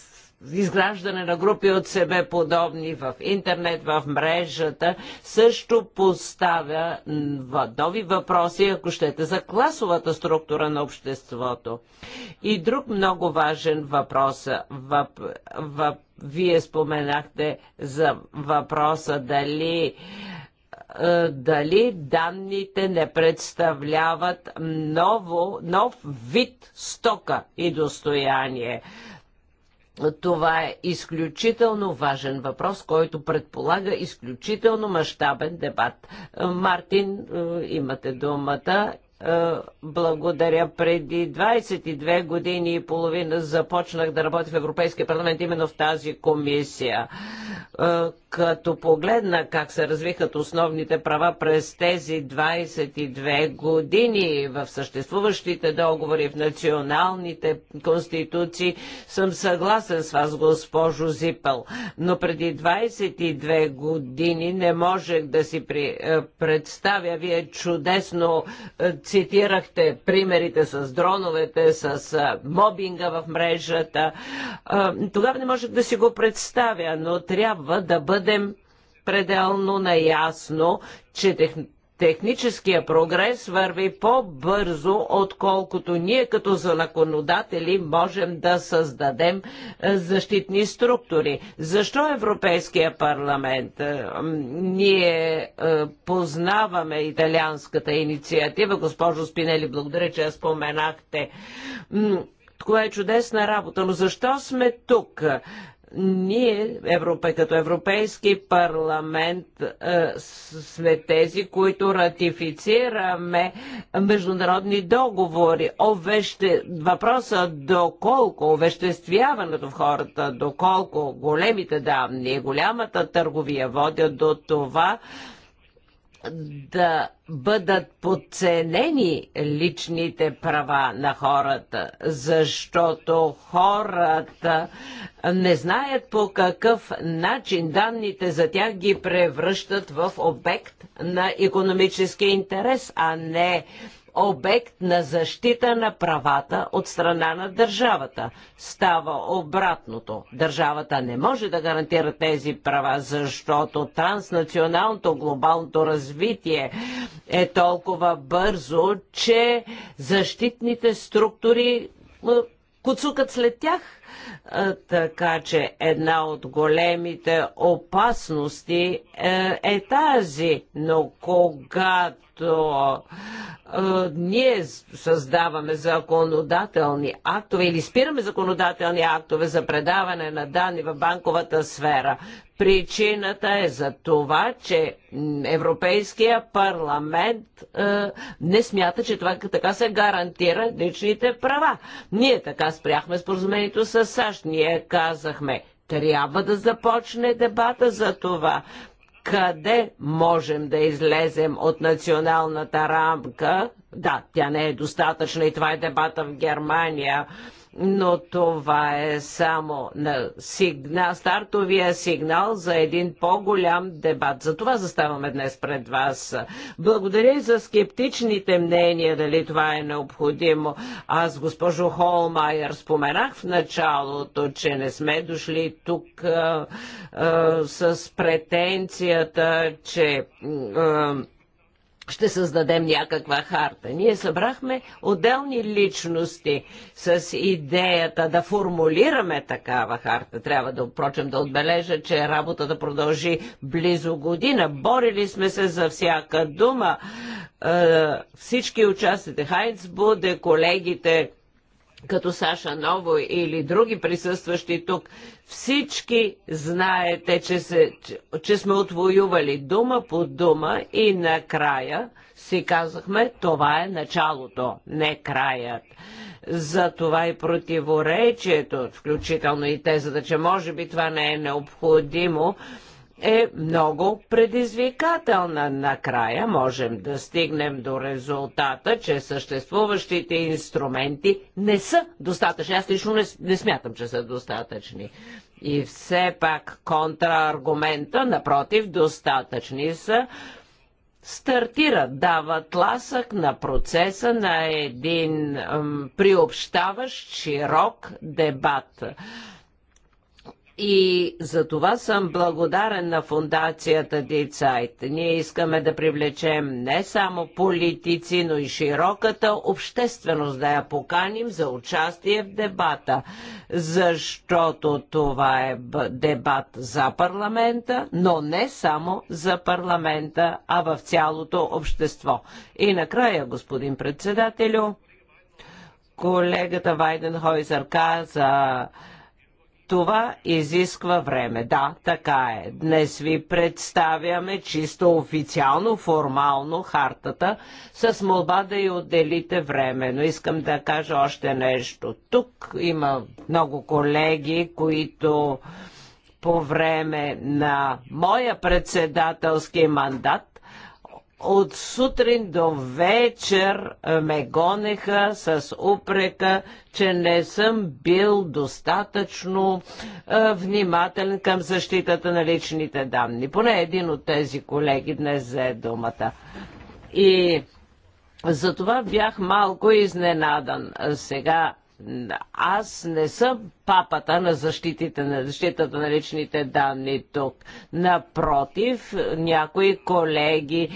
изграждане на групи от себе подобни в интернет, в мрежата, също поставя нови въпроси, ако щете, за класовата структура на обществото. И друг много важен въпрос. Е, въп, въп, вие споменахте за въпроса дали е, дали данните не представляват ново, нов вид стока и достояние. Това е изключително важен въпрос, който предполага изключително мащабен дебат. Е, Мартин, е, имате думата е, благодаря. Преди 22 години и половина започнах да работя в Европейския парламент именно в тази комисия. Е, като погледна как се развихат основните права през тези 22 години в съществуващите договори, в националните конституции, съм съгласен с вас, госпожо Зипел. Но преди 22 години не можех да си е, представя. Вие чудесно Цитирахте примерите с дроновете, с мобинга в мрежата. Тогава не можех да си го представя, но трябва да бъдем пределно наясно, че технологията техническия прогрес върви по-бързо, отколкото ние като законодатели можем да създадем е, защитни структури. Защо Европейския парламент? Е, ние е, познаваме италианската инициатива. Госпожо Спинели, благодаря, че я споменахте. Това е чудесна работа, но защо сме тук? ние Европа, като Европейски парламент е, сме тези, които ратифицираме международни договори. Овеще... Въпроса доколко овеществяването в хората, доколко големите данни и голямата търговия водят до това, да бъдат подценени личните права на хората, защото хората не знаят по какъв начин данните за тях ги превръщат в обект на економически интерес, а не обект на защита на правата от страна на държавата. Става обратното. Държавата не може да гарантира тези права, защото транснационалното глобалното развитие е толкова бързо, че защитните структури куцукат след тях. Така че една от големите опасности е, е тази, но когато когато а, ние създаваме законодателни актове или спираме законодателни актове за предаване на данни в банковата сфера, Причината е за това, че Европейския парламент е, не смята, че това така се гарантира личните права. Ние така спряхме споразумението с САЩ. Ние казахме, трябва да започне дебата за това къде можем да излезем от националната рамка. Да, тя не е достатъчна и това е дебата в Германия но това е само на сигнал, стартовия сигнал за един по-голям дебат. За това заставаме днес пред вас. Благодаря и за скептичните мнения, дали това е необходимо. Аз, госпожо Холмайер, споменах в началото, че не сме дошли тук а, а, с претенцията, че а, ще създадем някаква харта. Ние събрахме отделни личности с идеята да формулираме такава харта. Трябва да, опрочем да отбележа, че работата продължи близо година. Борили сме се за всяка дума. Е, всички участите, Хайнц Буде, колегите, като Саша Ново или други присъстващи тук, всички знаете, че, се, че, че сме отвоювали дума по дума и накрая си казахме, това е началото, не краят. За това и противоречието, включително и тезата, че може би това не е необходимо, е много предизвикателна. Накрая можем да стигнем до резултата, че съществуващите инструменти не са достатъчни. Аз лично не, не смятам, че са достатъчни. И все пак контрааргумента, напротив, достатъчни са стартират, дават ласък на процеса на един м, приобщаващ широк дебат. И за това съм благодарен на фундацията Дицайт. Ние искаме да привлечем не само политици, но и широката общественост, да я поканим за участие в дебата. Защото това е дебат за парламента, но не само за парламента, а в цялото общество. И накрая, господин председателю, колегата Вайденхойзър каза, това изисква време. Да, така е. Днес ви представяме чисто официално, формално хартата с молба да й отделите време. Но искам да кажа още нещо. Тук има много колеги, които по време на моя председателски мандат от сутрин до вечер е, ме гонеха с упрека, че не съм бил достатъчно е, внимателен към защитата на личните данни. Поне един от тези колеги днес взе думата. И затова бях малко изненадан. Сега аз не съм папата на, защитите, на защитата на личните данни тук. Напротив, някои колеги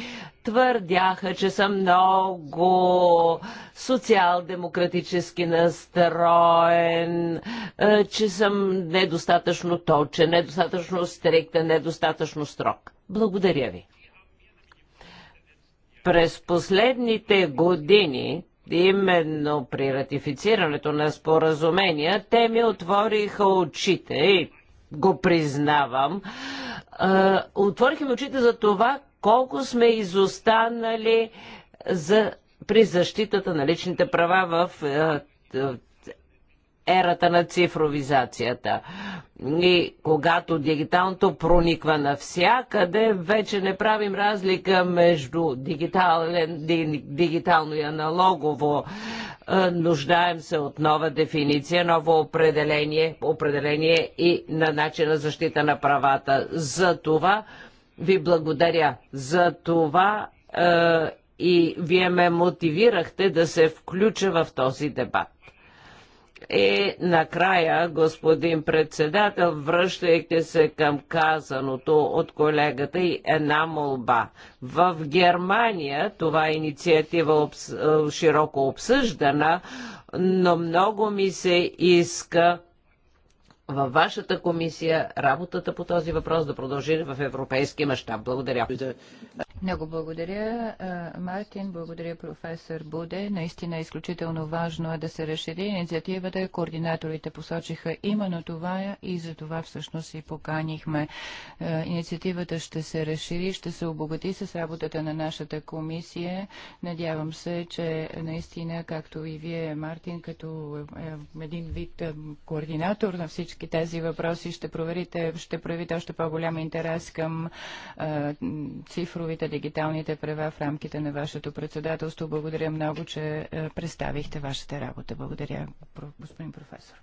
твърдяха, че съм много социал-демократически настроен, е, че съм недостатъчно точен, недостатъчно стриктен, недостатъчно строг. Благодаря ви. През последните години Именно при ратифицирането на споразумения те ми отвориха очите и го признавам. Отворихме отвориха ми очите за това колко сме изостанали за, при защитата на личните права в е, е, ерата на цифровизацията. И когато дигиталното прониква навсякъде, вече не правим разлика между дигитален, дигитално и аналогово. Е, нуждаем се от нова дефиниция, ново определение, определение и на начина защита на правата. За това ви благодаря за това е, и вие ме мотивирахте да се включа в този дебат. И накрая, господин председател, връщайте се към казаното от колегата и една молба. В Германия това е инициатива обс... Е, широко обсъждана, но много ми се иска във вашата комисия работата по този въпрос да продължи в европейски мащаб. Благодаря. Много благодаря, Мартин. Благодаря, професор Буде. Наистина е изключително важно е да се разшири инициативата. Координаторите посочиха именно това и за това всъщност и поканихме. Инициативата ще се разшири, ще се обогати с работата на нашата комисия. Надявам се, че наистина, както и вие, Мартин, като е, е, един вид е, координатор на всички тези въпроси, ще проверите, ще проявите още по-голям интерес към цифровите защитавате дигиталните права в рамките на вашето председателство. Благодаря много, че е, представихте вашата работа. Благодаря, господин професор.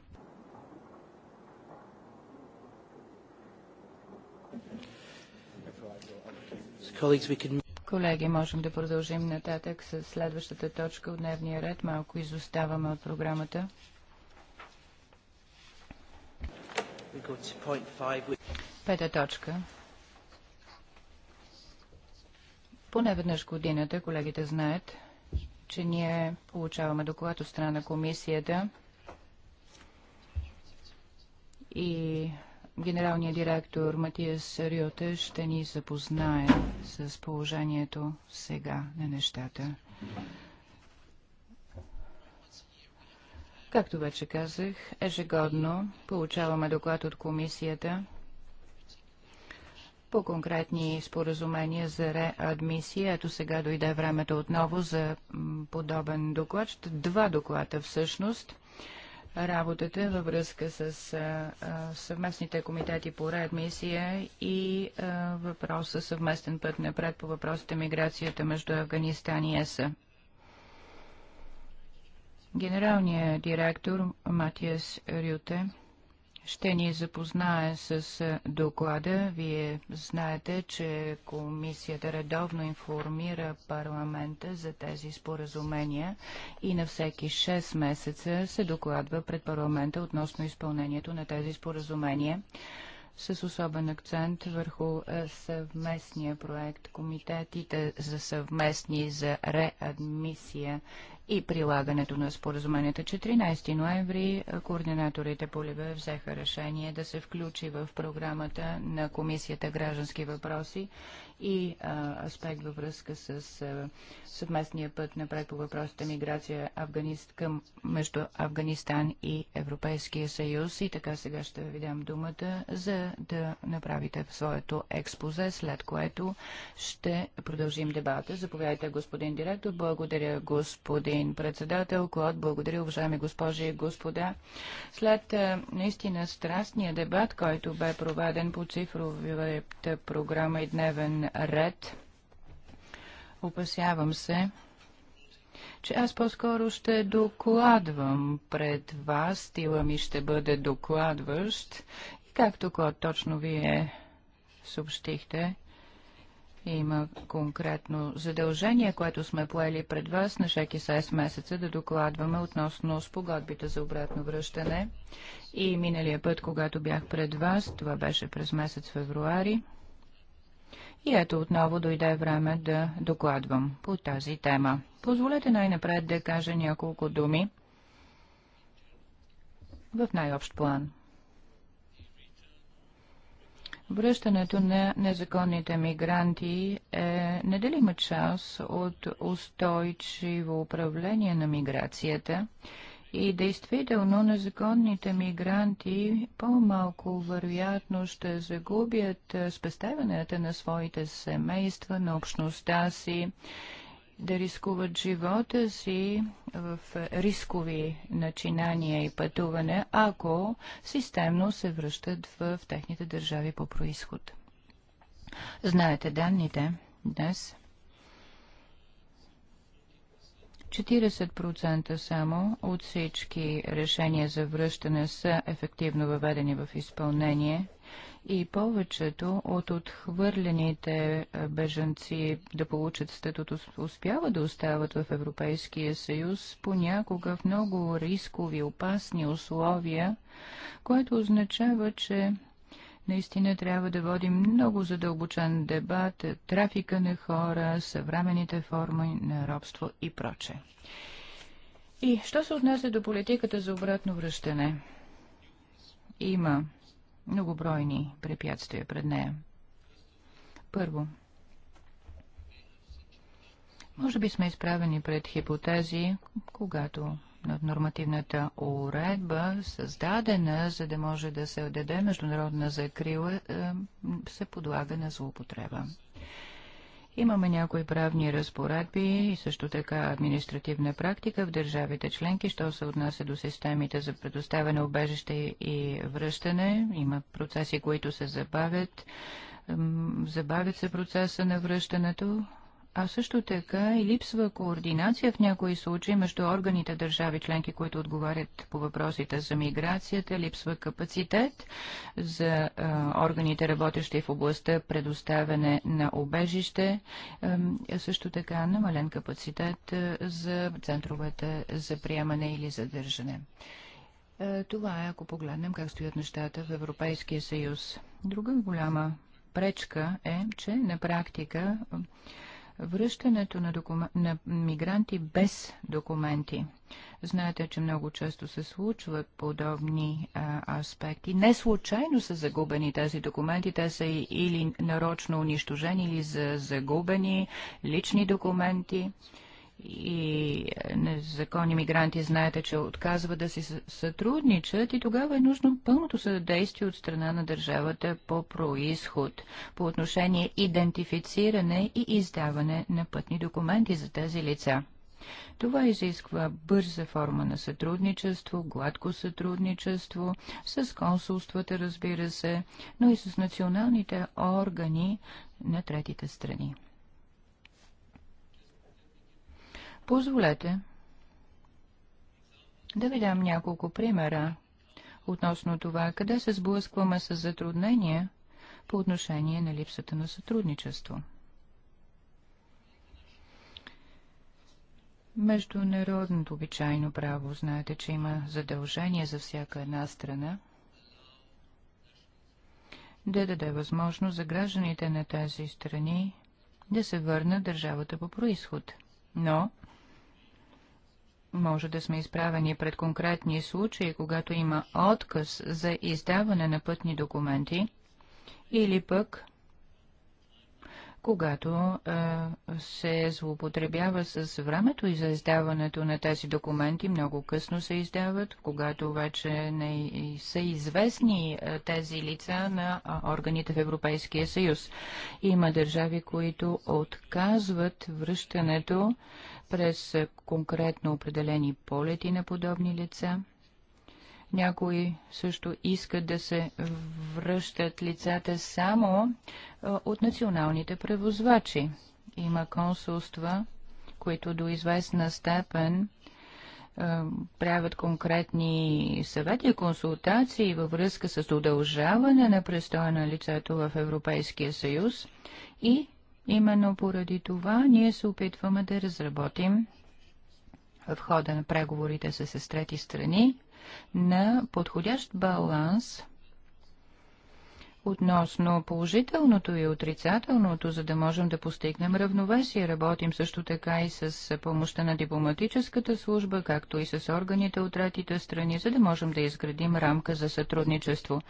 Колеги, можем да продължим нататък с следващата точка от дневния ред. Малко изоставаме от програмата. Пета точка. Поне веднъж годината колегите знаят, че ние получаваме доклад от страна на комисията и генералният директор Матиас Риоте ще ни запознае с положението сега на нещата. Както вече казах, ежегодно получаваме доклад от комисията – по конкретни споразумения за реадмисия. Ето сега дойде времето отново за подобен доклад. Два доклада всъщност работата във връзка с а, съвместните комитети по реадмисия и а, въпроса съвместен път напред по въпросите миграцията между Афганистан и ЕСА. Генералният директор Матиас Рюте ще ни запознае с е, доклада. Вие знаете, че комисията редовно информира парламента за тези споразумения и на всеки 6 месеца се докладва пред парламента относно изпълнението на тези споразумения с особен акцент върху е, съвместния проект, комитетите за съвместни за реадмисия и прилагането на споразуменията. 14 ноември е, координаторите по Либе взеха решение да се включи в програмата на Комисията граждански въпроси и а, аспект във връзка с а, съвместния път напред по въпросите миграция Афганист, към, между Афганистан и Европейския съюз. И така сега ще ви дам думата, за да направите своето експозе, след което ще продължим дебата. Заповядайте, господин директор. Благодаря, господин председател. Клод, благодаря, уважаеми госпожи и господа. След а, наистина страстния дебат, който бе проведен по цифровата програма и дневен ред. Опасявам се, че аз по-скоро ще докладвам пред вас, стила ми ще бъде докладващ и както когато точно вие съобщихте, има конкретно задължение, което сме поели пред вас на 6 месеца да докладваме относно спогодбите за обратно връщане. И миналия път, когато бях пред вас, това беше през месец февруари, и ето отново дойде време да докладвам по тази тема. Позволете най-напред да кажа няколко думи в най-общ план. Връщането на незаконните мигранти е неделима част от устойчиво управление на миграцията – и действително незаконните мигранти по-малко вероятно ще загубят е, спестяванията на своите семейства, на общността си, да рискуват живота си в рискови начинания и пътуване, ако системно се връщат в техните държави по происход. Знаете данните днес – 40% само от всички решения за връщане са ефективно въведени в изпълнение и повечето от отхвърлените бежанци да получат статут успяват да остават в Европейския съюз, понякога в много рискови, опасни условия, което означава, че Наистина трябва да водим много задълбочен дебат, трафика на хора, съвременните форми на робство и проче. И що се отнася до политиката за обратно връщане? Има многобройни препятствия пред нея. Първо, може би сме изправени пред хипотези, когато нормативната уредба, създадена, за да може да се отдаде международна закрила, е, се подлага на злоупотреба. Имаме някои правни разпоредби и също така административна практика в държавите членки, що се отнася до системите за предоставяне обежище и връщане. Има процеси, които се забавят. Забавят се процеса на връщането, а също така и липсва координация в някои случаи между органите държави членки, които отговарят по въпросите за миграцията, липсва капацитет за а, органите работещи в областта предоставяне на обежище, а, също така намален капацитет а, за центровете за приемане или задържане. А, това е, ако погледнем как стоят нещата в Европейския съюз. Друга голяма пречка е, че на практика връщането на, докум... на мигранти без документи. Знаете, че много често се случват подобни а, аспекти. Не случайно са загубени тези документи. Те са или нарочно унищожени, или за загубени лични документи и е, незаконни мигранти знаете, че отказват да си сътрудничат и тогава е нужно пълното съдействие от страна на държавата по происход, по отношение идентифициране и издаване на пътни документи за тези лица. Това изисква бърза форма на сътрудничество, гладко сътрудничество, с консулствата, разбира се, но и с националните органи на третите страни. Позволете да ви дам няколко примера относно това, къде се сблъскваме с затруднения по отношение на липсата на сътрудничество. Международното обичайно право, знаете, че има задължение за всяка една страна да даде възможност за гражданите на тези страни да се върнат държавата по происход. Но може да сме изправени пред конкретни случаи, когато има отказ за издаване на пътни документи или пък когато а, се злоупотребява с времето и за издаването на тези документи, много късно се издават, когато вече не са известни а, тези лица на а, органите в Европейския съюз. Има държави, които отказват връщането през конкретно определени полети на подобни лица някои също искат да се връщат лицата само от националните превозвачи. Има консулства, които до известна степен правят конкретни съвети и консултации във връзка с удължаване на престоя на лицето в Европейския съюз и именно поради това ние се опитваме да разработим в хода на преговорите с трети страни на подходящ баланс относно положителното и отрицателното, за да можем да постигнем равновесие. Работим също така и с помощта на дипломатическата служба, както и с органите от третите страни, за да можем да изградим рамка за сътрудничество.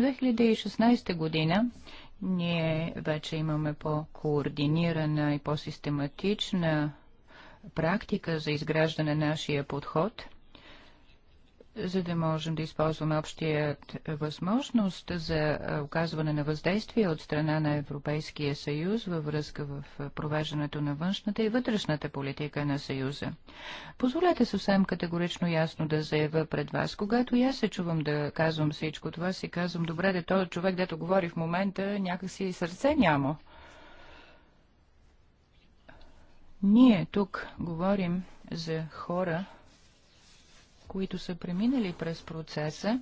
2016 година ние вече имаме по-координирана и по-систематична практика за изграждане на нашия подход – за да можем да използваме общият възможност за оказване на въздействие от страна на Европейския съюз във връзка в провеждането на външната и вътрешната политика на съюза. Позволете съвсем категорично ясно да заявя пред вас, когато и аз се чувам да казвам всичко това, си казвам, добре, де този човек, дето говори в момента, някакси и сърце няма. Ние тук говорим за хора, които са преминали през процеса,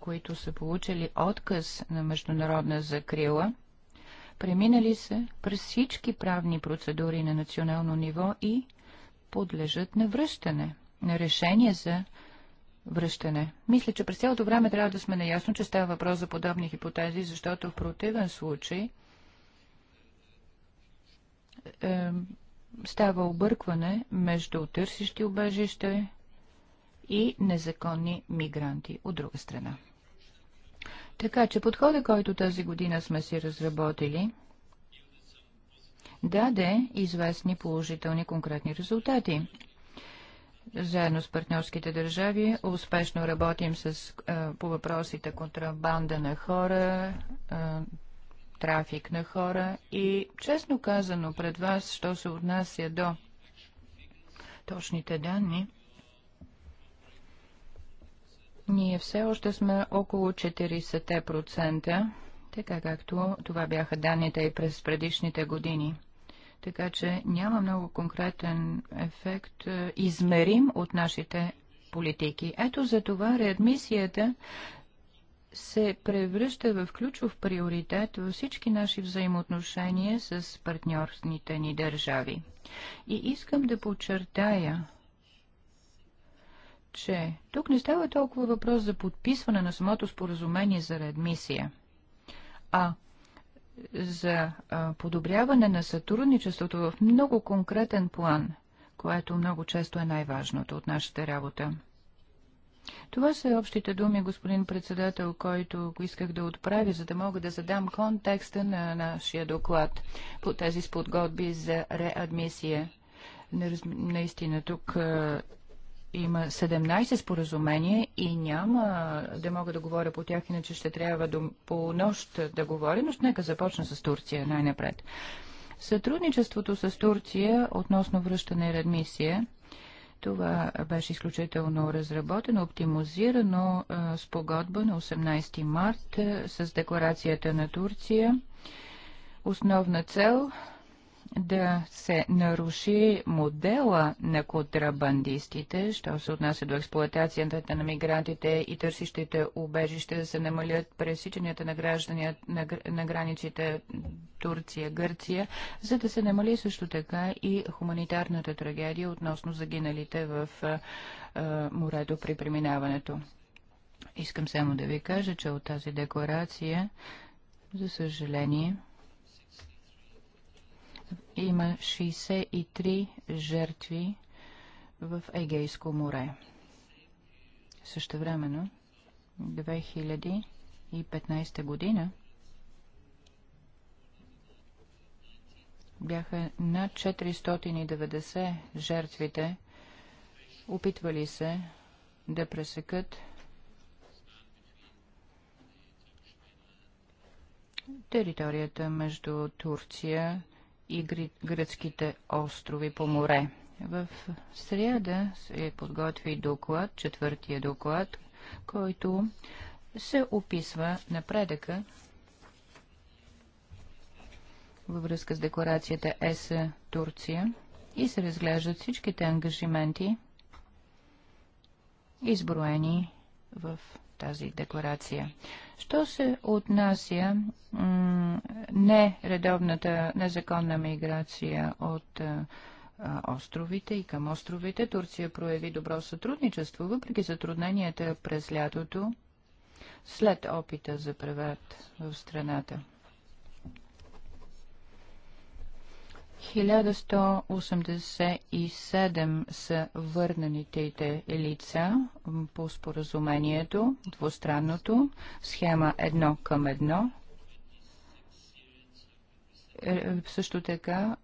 които са получили отказ на международна закрила, преминали са през всички правни процедури на национално ниво и подлежат на връщане, на решение за връщане. Мисля, че през цялото време трябва да сме наясно, че става въпрос за подобни хипотези, защото в противен случай е, става объркване между търсещи убежище и незаконни мигранти от друга страна. Така че подхода, който тази година сме си разработили, даде известни положителни конкретни резултати. Заедно с партньорските държави успешно работим с, по въпросите контрабанда на хора, трафик на хора и честно казано пред вас, що се отнася до точните данни, ние все още сме около 40%, така както това бяха данните и през предишните години. Така че няма много конкретен ефект е, измерим от нашите политики. Ето за това реадмисията се превръща в ключов приоритет във всички наши взаимоотношения с партньорните ни държави. И искам да подчертая, че тук не става толкова въпрос за подписване на самото споразумение за реадмисия, а за а, подобряване на сътрудничеството в много конкретен план, което много често е най-важното от нашата работа. Това са общите думи, господин председател, който исках да отправя, за да мога да задам контекста на нашия доклад по тези сподготби за реадмисия. Наистина тук има 17 споразумения и няма да мога да говоря по тях, иначе ще трябва до, по нощ да говоря, но нека започна с Турция най-напред. Сътрудничеството с Турция относно връщане и редмисия, това беше изключително разработено, оптимизирано с погодба на 18 март с декларацията на Турция. Основна цел – да се наруши модела на контрабандистите, що се отнася до експлуатацията на мигрантите и търсищите убежище, да се намалят пресичанията на граждани на, на границите Турция-Гърция, за да се намали също така и хуманитарната трагедия относно загиналите в а, а, морето при преминаването. Искам само да ви кажа, че от тази декларация, за съжаление, има 63 жертви в Егейско море. Също времено. 2015 година бяха над 490 жертвите, опитвали се да пресекат територията между Турция и и гръцките острови по море. В среда се подготви доклад, четвъртия доклад, който се описва напредъка във връзка с декларацията ЕС Турция и се разглеждат всичките ангажименти, изброени в тази декларация. Що се отнася нередовната незаконна миграция от островите и към островите, Турция прояви добро сътрудничество, въпреки затрудненията през лятото, след опита за преврат в страната. 1187 са върнанитите лица по споразумението, двустранното, схема 1 към 1. Е, също така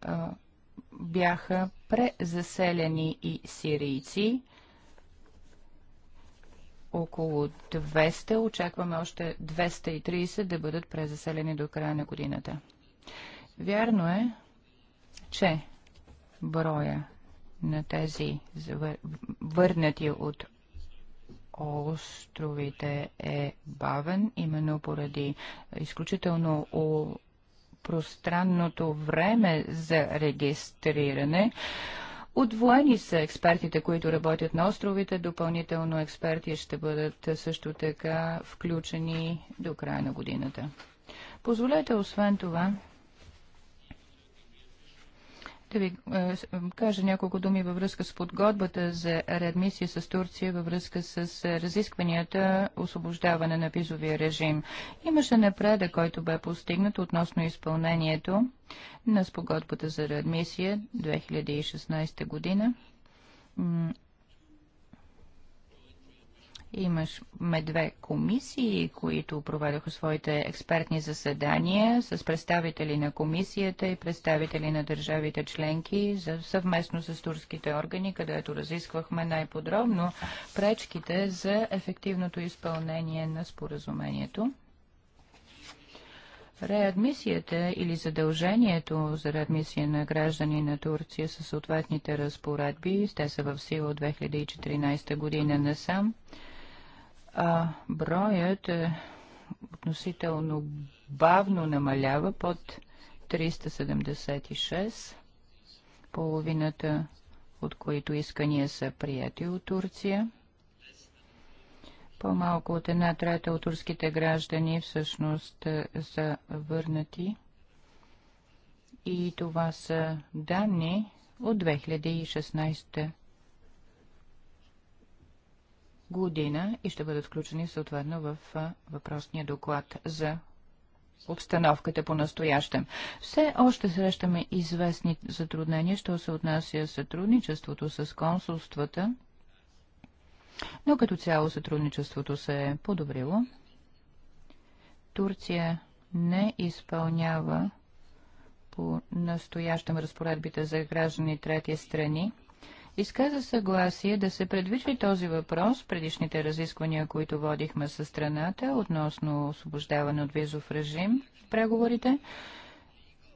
бяха презаселени и сирийци. Около 200, очакваме още 230 да бъдат презаселени до края на годината. Вярно е, че броя на тези върнати от островите е бавен, именно поради изключително пространното време за регистриране. Отвоени са експертите, които работят на островите. Допълнително експерти ще бъдат също така включени до края на годината. Позволете освен това ще ви е, е, кажа няколко думи във връзка с подготбата за реадмисия с Турция, във връзка с е, разискванията освобождаване на визовия режим. Имаше напредък, който бе постигнат относно изпълнението на спогодбата за реадмисия 2016 година ме две комисии, които проведоха своите експертни заседания с представители на комисията и представители на държавите членки за, съвместно с турските органи, където разисквахме най-подробно пречките за ефективното изпълнение на споразумението. Реадмисията или задължението за реадмисия на граждани на Турция със съответните разпоредби, те са в сила от 2014 година насам, сам, а, броят е относително бавно намалява под 376, половината от които искания са прияти от Турция. По-малко от една трета от турските граждани всъщност е, са върнати. И това са данни от 2016 година година и ще бъдат включени съответно в въпросния доклад за обстановката по настоящем. Все още срещаме известни затруднения, що се отнася сътрудничеството с консулствата, но като цяло сътрудничеството се е подобрило. Турция не изпълнява по настоящем разпоредбите за граждани трети страни изказа съгласие да се предвижи този въпрос предишните разисквания, които водихме със страната относно освобождаване от визов режим в преговорите,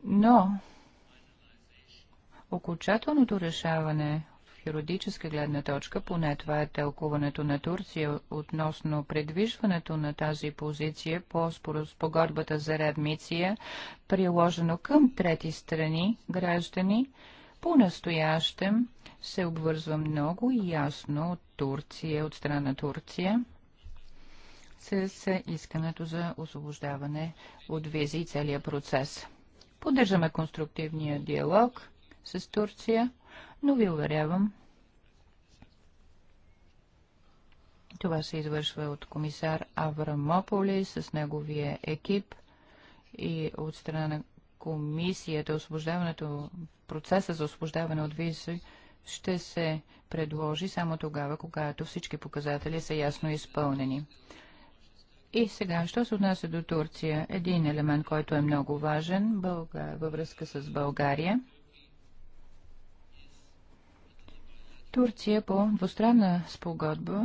но окончателното решаване в юридическа гледна точка, поне това е тълкуването на Турция относно предвижването на тази позиция по спогодбата за редмиция, приложено към трети страни граждани, по-настоящем се обвързва много ясно от Турция, от страна на Турция, с искането за освобождаване от визи и целият процес. Поддържаме конструктивния диалог с Турция, но ви уверявам, това се извършва от комисар Аврамополи с неговия екип и от страна на комисията освобождаването процеса за освобождаване от визи ще се предложи само тогава, когато всички показатели са ясно изпълнени. И сега, що се отнася до Турция, един елемент, който е много важен във връзка с България. Турция по двустранна спогодба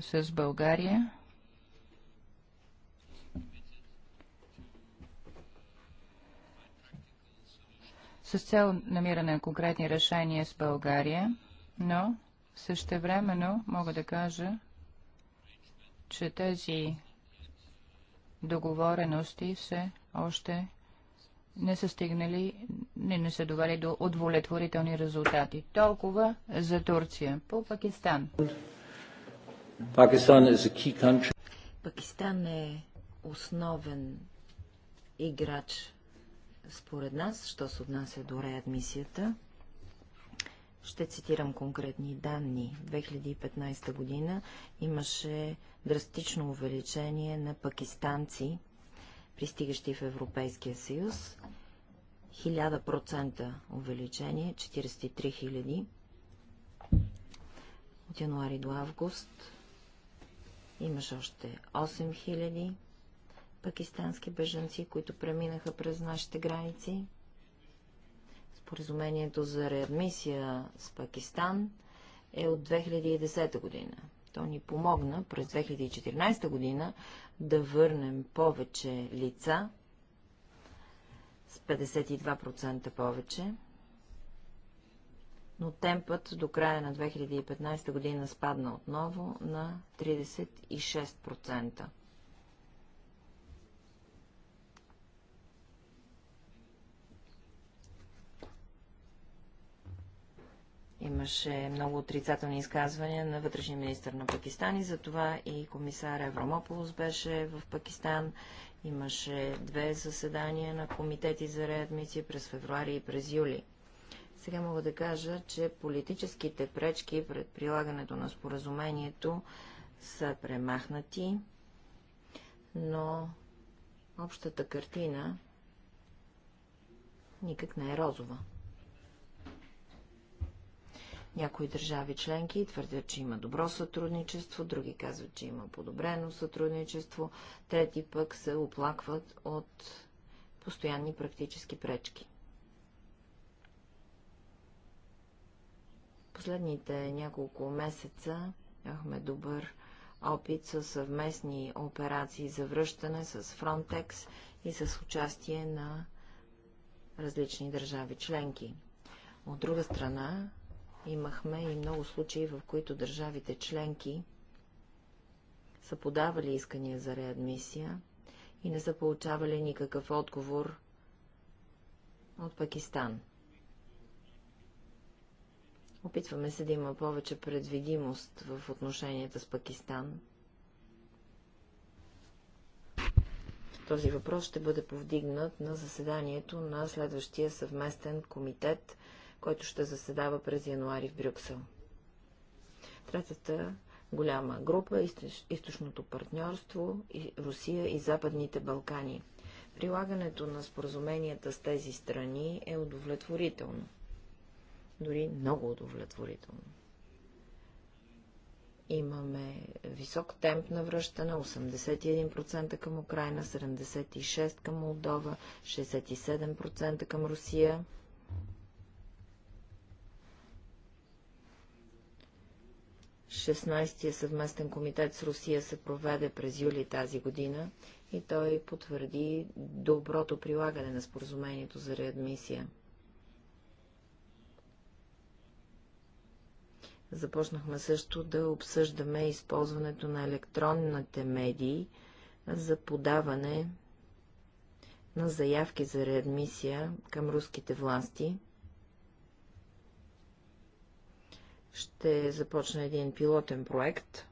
с България с цел намиране на конкретни решения с България, но същевременно мога да кажа, че тези договорености все още не са стигнали, не, не са довели до удовлетворителни резултати. Толкова за Турция. По Пакистан. Пакистан е, е основен играч според нас, що се отнася до реадмисията. Ще цитирам конкретни данни. 2015 година имаше драстично увеличение на пакистанци, пристигащи в Европейския съюз. 1000% увеличение, 43 000 от януари до август. Имаше още 8 000 пакистански бежанци, които преминаха през нашите граници. Споразумението за реадмисия с Пакистан е от 2010 година. То ни помогна през 2014 година да върнем повече лица с 52% повече, но темпът до края на 2015 година спадна отново на 36%. Имаше много отрицателни изказвания на вътрешния министр на Пакистан и затова и комисар Евромополос беше в Пакистан. Имаше две заседания на комитети за реадмисия през февруари и през юли. Сега мога да кажа, че политическите пречки пред прилагането на споразумението са премахнати, но общата картина никак не е розова. Някои държави членки твърдят, че има добро сътрудничество, други казват, че има подобрено сътрудничество, трети пък се оплакват от постоянни практически пречки. Последните няколко месеца имахме добър опит с съвместни операции за връщане с Frontex и с участие на различни държави членки. От друга страна, Имахме и много случаи, в които държавите членки са подавали искания за реадмисия и не са получавали никакъв отговор от Пакистан. Опитваме се да има повече предвидимост в отношенията с Пакистан. Този въпрос ще бъде повдигнат на заседанието на следващия съвместен комитет който ще заседава през януари в Брюксел. Третата голяма група е източното партньорство, и Русия и Западните Балкани. Прилагането на споразуменията с тези страни е удовлетворително. Дори много удовлетворително. Имаме висок темп на връщане, 81% към Украина, 76% към Молдова, 67% към Русия. 16-я съвместен комитет с Русия се проведе през юли тази година и той потвърди доброто прилагане на споразумението за реадмисия. Започнахме също да обсъждаме използването на електронните медии за подаване на заявки за реадмисия към руските власти ще започна един пилотен проект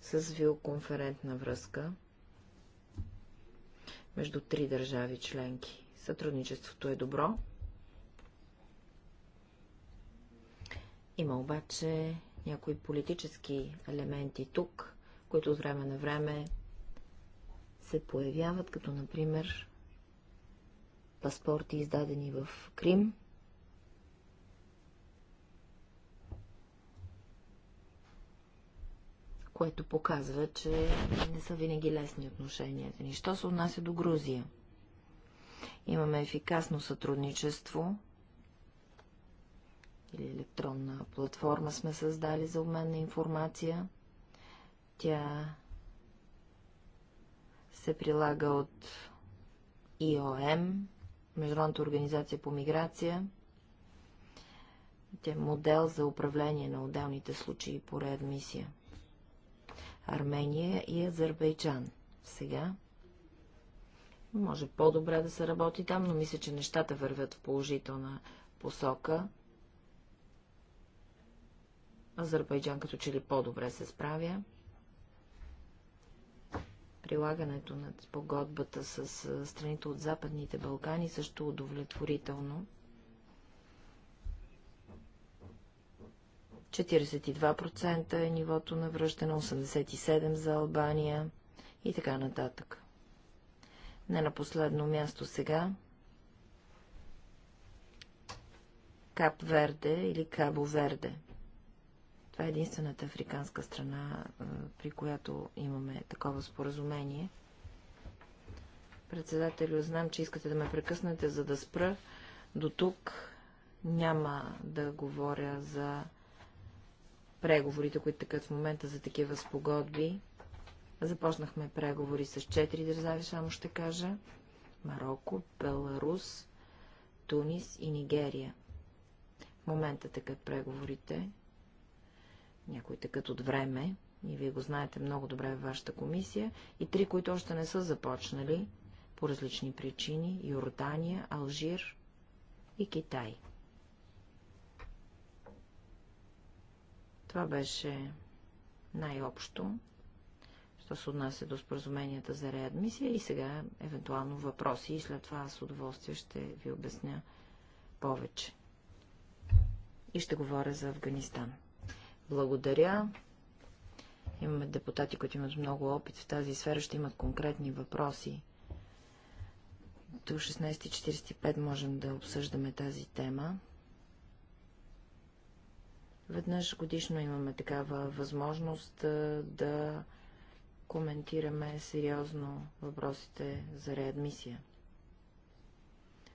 с виоконферентна връзка между три държави членки. Сътрудничеството е добро. Има обаче някои политически елементи тук, които от време на време се появяват, като например паспорти, издадени в Крим, което показва, че не са винаги лесни отношенията ни. Що се отнася до Грузия? Имаме ефикасно сътрудничество или електронна платформа сме създали за обмен на информация. Тя се прилага от ИОМ, Международната организация по миграция. Тя е модел за управление на отделните случаи по реадмисия. Армения и Азербайджан. Сега може по-добре да се работи там, но мисля, че нещата вървят в положителна посока. Азербайджан като че ли по-добре се справя. Прилагането на погодбата с страните от Западните Балкани също удовлетворително. 42% е нивото на връщане, 87% за Албания и така нататък. Не на последно място сега. Кап Верде или Кабо Верде. Това е единствената африканска страна, при която имаме такова споразумение. Председателю, знам, че искате да ме прекъснете, за да спра. До тук няма да говоря за преговорите, които такът в момента за такива спогодби. Започнахме преговори с четири държави, само ще кажа. Марокко, Беларус, Тунис и Нигерия. В момента такът преговорите. Някои такът от време. И вие го знаете много добре в вашата комисия. И три, които още не са започнали по различни причини. Йордания, Алжир и Китай. Това беше най-общо, що се отнася до споразуменията за реадмисия и сега евентуално въпроси и след това с удоволствие ще ви обясня повече. И ще говоря за Афганистан. Благодаря. Имаме депутати, които имат много опит в тази сфера, ще имат конкретни въпроси. До 16.45 можем да обсъждаме тази тема. Веднъж годишно имаме такава възможност да коментираме сериозно въпросите за реадмисия.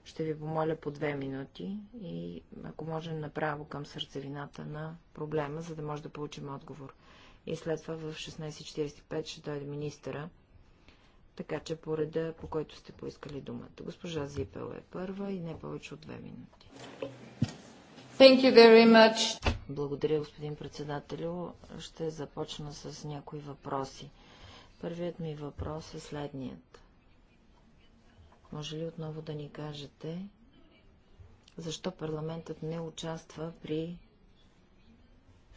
Ще ви помоля по две минути и ако може направо към сърцевината на проблема, за да може да получим отговор. И след това в 16.45 ще дойде министъра, така че по реда, по който сте поискали думата. Госпожа Зипел е първа и не повече от две минути. Thank you very much. Благодаря, господин председателю. Ще започна с някои въпроси. Първият ми въпрос е следният. Може ли отново да ни кажете, защо парламентът не участва при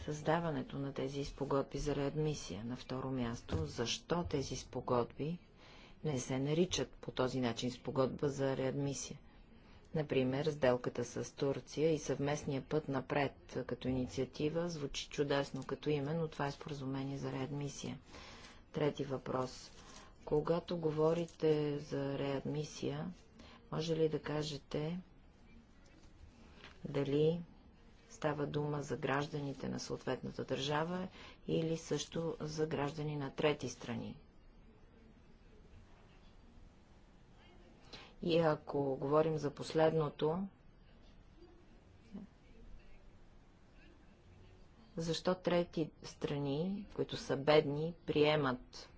създаването на тези спогодби за реадмисия? На второ място, защо тези спогодби не се наричат по този начин спогодба за реадмисия? Например, сделката с Турция и съвместния път напред като инициатива звучи чудесно като име, но това е споразумение за реадмисия. Трети въпрос. Когато говорите за реадмисия, може ли да кажете дали става дума за гражданите на съответната държава или също за граждани на трети страни? И ако говорим за последното, защо трети страни, които са бедни, приемат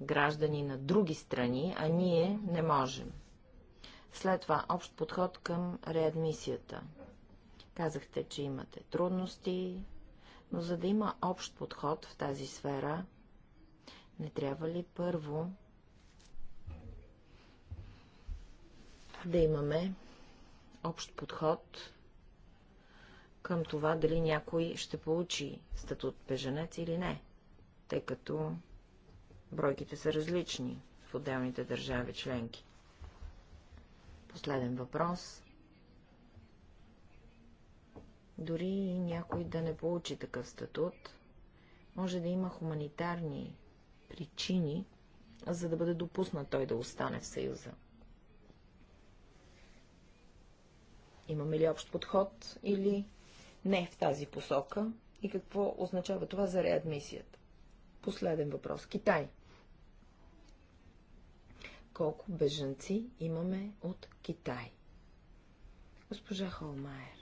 граждани на други страни, а ние не можем. След това общ подход към реадмисията. Казахте, че имате трудности, но за да има общ подход в тази сфера, не трябва ли първо да имаме общ подход към това, дали някой ще получи статут беженец или не, тъй като бройките са различни в отделните държави членки. Последен въпрос. Дори и някой да не получи такъв статут, може да има хуманитарни причини, за да бъде допуснат той да остане в Съюза. Имаме ли общ подход или не в тази посока? И какво означава това за реадмисията? Последен въпрос. Китай. Колко бежанци имаме от Китай? Госпожа Холмайер.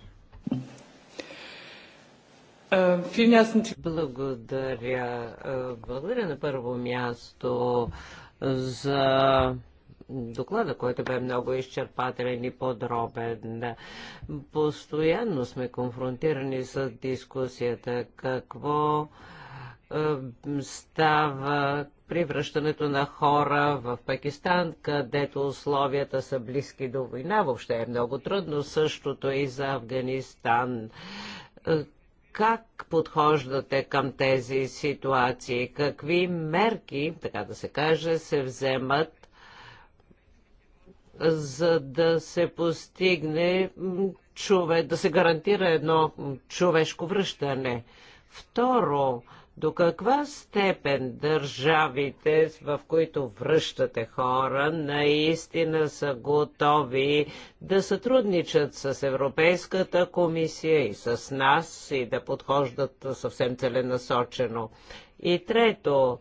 Е, благодаря. Е, благодаря на първо място за доклада, който бе много изчерпателен и подробен. Постоянно сме конфронтирани с дискусията какво е, става при връщането на хора в Пакистан, където условията са близки до война. Въобще е много трудно. Същото и за Афганистан. Е, как подхождате към тези ситуации? Какви мерки, така да се каже, се вземат за да се постигне чове, да се гарантира едно човешко връщане. Второ, до каква степен държавите, в които връщате хора, наистина са готови да сътрудничат с Европейската комисия и с нас и да подхождат съвсем целенасочено? И трето,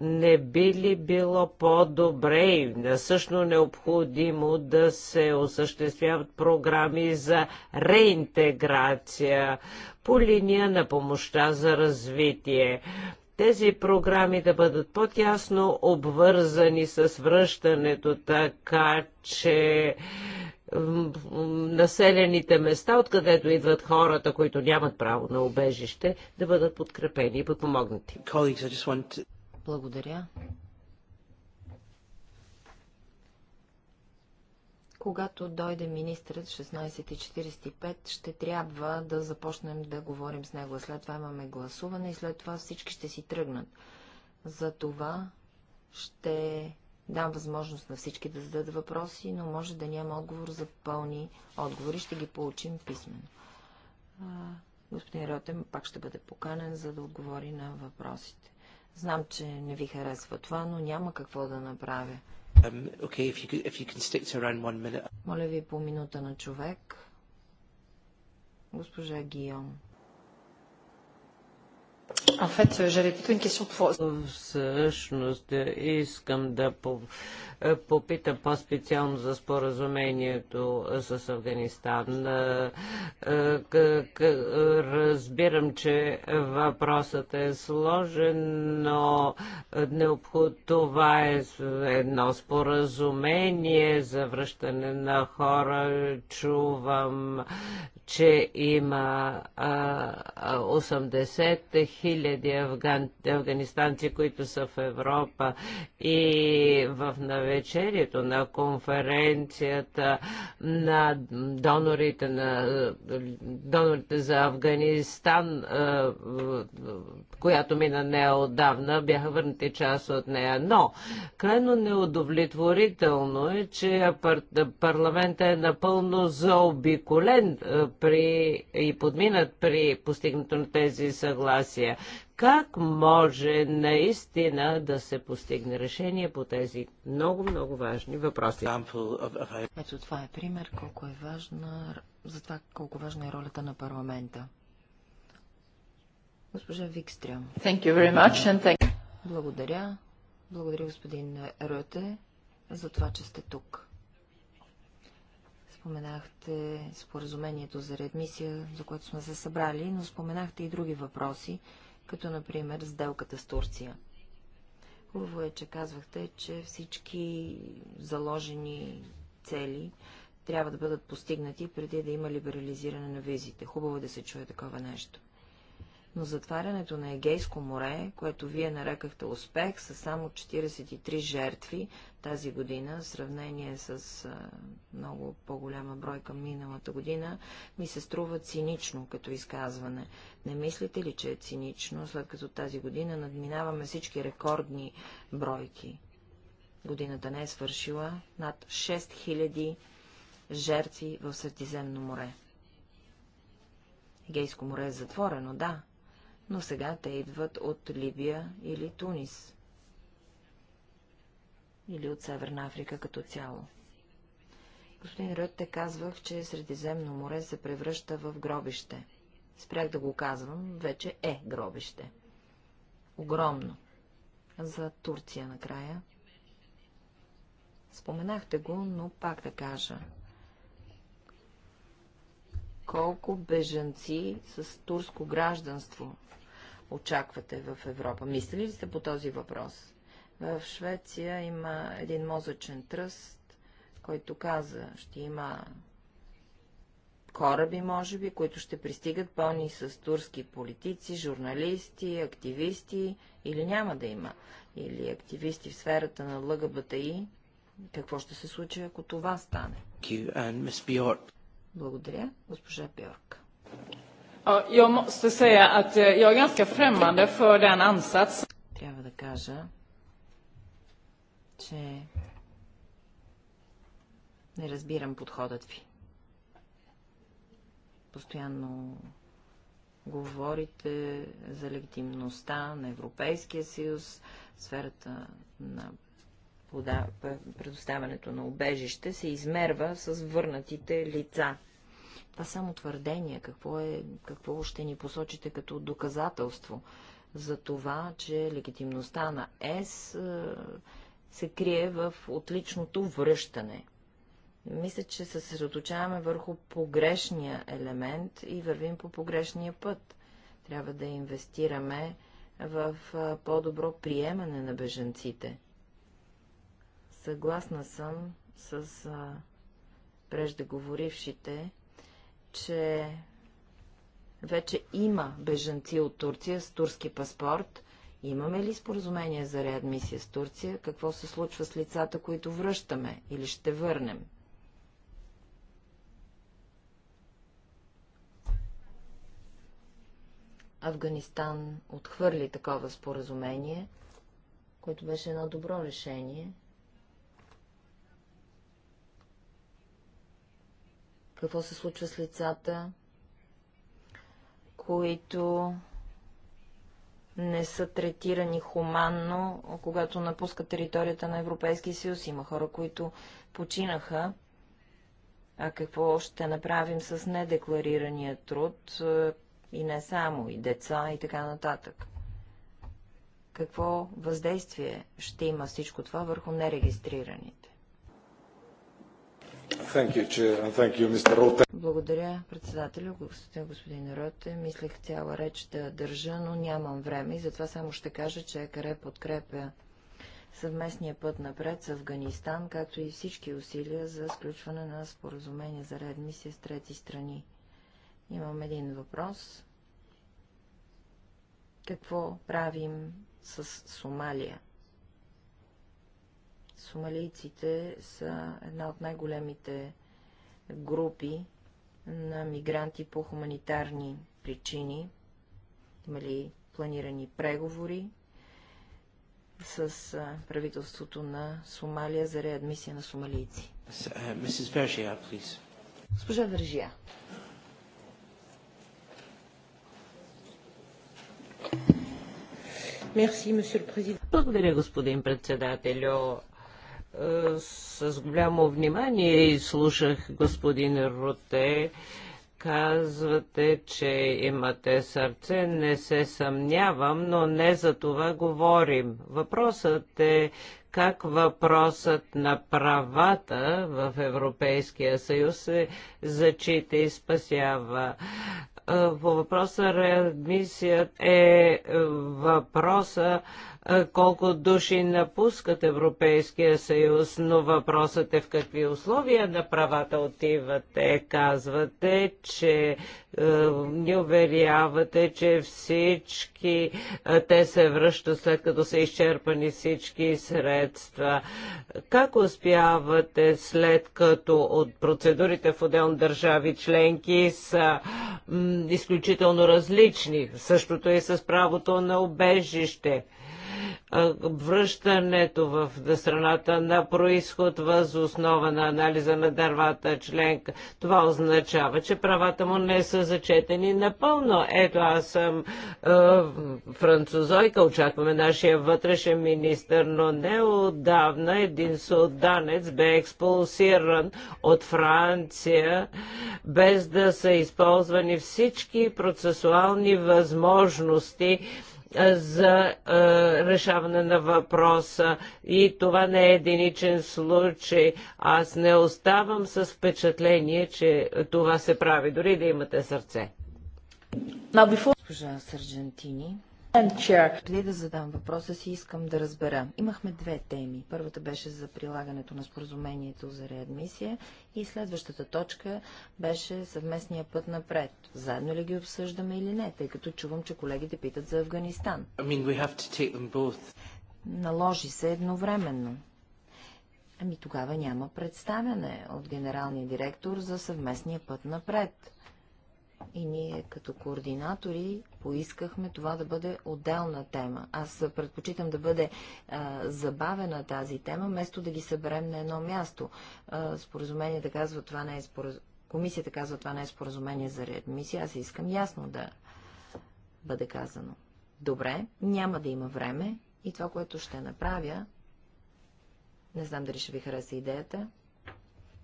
не би ли било по-добре и също необходимо да се осъществяват програми за реинтеграция по линия на помощта за развитие? тези програми да бъдат по-тясно обвързани с връщането, така че населените места, откъдето идват хората, които нямат право на убежище, да бъдат подкрепени и подпомогнати. Благодаря. Когато дойде министрът 16.45, ще трябва да започнем да говорим с него. След това имаме гласуване и след това всички ще си тръгнат. За това ще Дам възможност на всички да зададат въпроси, но може да няма отговор за пълни отговори. Ще ги получим писменно. Господин Ротем пак ще бъде поканен, за да отговори на въпросите. Знам, че не ви харесва това, но няма какво да направя. Um, Моля ви по минута на човек. Госпожа Гион. En fait, euh, j'avais plutôt une question pour... Всъщност е, искам да е, попитам по-специално за споразумението е, с Афганистан. Разбирам, че въпросът е сложен, но необходимо това е едно споразумение за връщане на хора. Чувам, че има 80 хиляди хиляди афган... афганистанци, които са в Европа и в навечерието на конференцията на донорите, на, донорите за Афганистан, която мина отдавна, бяха върнати част от нея. Но крайно неудовлетворително е, че пар... парламента е напълно заобиколен при... и подминат при постигнато на тези съгласия решения. Как може наистина да се постигне решение по тези много-много важни въпроси? Ето това е пример колко е важна, за това колко важна е ролята на парламента. Госпожа Викстрям. Thank you very much and thank... Благодаря. Благодаря, господин Ръте, за това, че сте тук. Споменахте споразумението за реадмисия, за което сме се събрали, но споменахте и други въпроси, като например сделката с Турция. Хубаво е, че казвахте, че всички заложени цели трябва да бъдат постигнати преди да има либерализиране на визите. Хубаво е да се чуе такова нещо но затварянето на Егейско море, което вие нарекахте успех, са само 43 жертви тази година, в сравнение с а, много по-голяма бройка миналата година, ми се струва цинично като изказване. Не мислите ли, че е цинично, след като тази година надминаваме всички рекордни бройки? Годината не е свършила над 6000 жертви в Средиземно море. Егейско море е затворено, да, но сега те идват от Либия или Тунис. Или от Северна Африка като цяло. Господин Рътте казвах, че Средиземно море се превръща в гробище. Спрях да го казвам, вече е гробище. Огромно. За Турция накрая. Споменахте го, но пак да кажа. Колко бежанци с турско гражданство очаквате в Европа? Мислили ли сте по този въпрос? В Швеция има един мозъчен тръст, който каза, ще има кораби, може би, които ще пристигат пълни с турски политици, журналисти, активисти или няма да има, или активисти в сферата на ЛГБТИ. Какво ще се случи, ако това стане? Благодаря, госпожа Бьорк. Ja, jag måste säga att eh, jag är ganska främmande för den ansats. Трябва да кажа, че не разбирам подходът ви. Постоянно говорите за легитимността на Европейския съюз, сферата на предоставянето на убежище се измерва с върнатите лица – това само твърдение, Какво, е, какво ще ни посочите като доказателство за това, че легитимността на ЕС е, се крие в отличното връщане? Мисля, че се съсредоточаваме върху погрешния елемент и вървим по погрешния път. Трябва да инвестираме в е, по-добро приемане на бежанците. Съгласна съм с е, преждеговорившите, че вече има бежанци от Турция с турски паспорт. Имаме ли споразумение за реадмисия с Турция? Какво се случва с лицата, които връщаме или ще върнем? Афганистан отхвърли такова споразумение, което беше едно добро решение, Какво се случва с лицата, които не са третирани хуманно, когато напускат територията на Европейския съюз. Има хора, които починаха. А какво ще направим с недекларирания труд е, и не само, и деца и така нататък? Какво въздействие ще има всичко това върху нерегистрираните? Благодаря, председателю, господин, господин Роте. Мислех цяла реч да държа, но нямам време и затова само ще кажа, че Екаре подкрепя съвместния път напред с Афганистан, както и всички усилия за сключване на споразумение за реадмисия с трети страни. Имам един въпрос. Какво правим с Сомалия? Сомалийците са една от най-големите групи на мигранти по хуманитарни причини. Имали планирани преговори с правителството на Сомалия за реадмисия на сомалийци. Госпожа Вържия. Благодаря, господин председателю. Е, с голямо внимание и слушах господин Роте. Казвате, че имате сърце, не се съмнявам, но не за това говорим. Въпросът е как въпросът на правата в Европейския съюз се зачита и спасява. Е, по въпроса реадмисият е, е въпроса колко души напускат Европейския съюз, но въпросът е в какви условия на правата отивате. Казвате, че е, ни уверявате, че всички е, те се връщат след като са изчерпани всички средства. Как успявате след като от процедурите в отделни държави членки са изключително различни? Същото е и с правото на обежище връщането в страната на происход въз основа на анализа на дървата членка. Това означава, че правата му не са зачетени напълно. Ето аз съм е, французойка, очакваме нашия вътрешен министр, но неодавна един суданец бе експулсиран от Франция, без да са използвани всички процесуални възможности за решаване на въпроса. И това не е единичен случай. Аз не оставам с впечатление, че това се прави, дори да имате сърце. Госпожа Сарджантини. Преди да задам въпроса си, искам да разбера. Имахме две теми. Първата беше за прилагането на споразумението за реадмисия и следващата точка беше съвместния път напред. Заедно ли ги обсъждаме или не, тъй като чувам, че колегите питат за Афганистан. I mean, Наложи се едновременно. Ами тогава няма представяне от генералния директор за съвместния път напред. И ние като координатори поискахме това да бъде отделна тема. Аз предпочитам да бъде а, забавена тази тема, вместо да ги съберем на едно място. А, да казва, това не е спораз... Комисията казва, това не е споразумение за реадмисия. Аз искам ясно да бъде казано. Добре, няма да има време и това, което ще направя, не знам дали ще ви хареса идеята,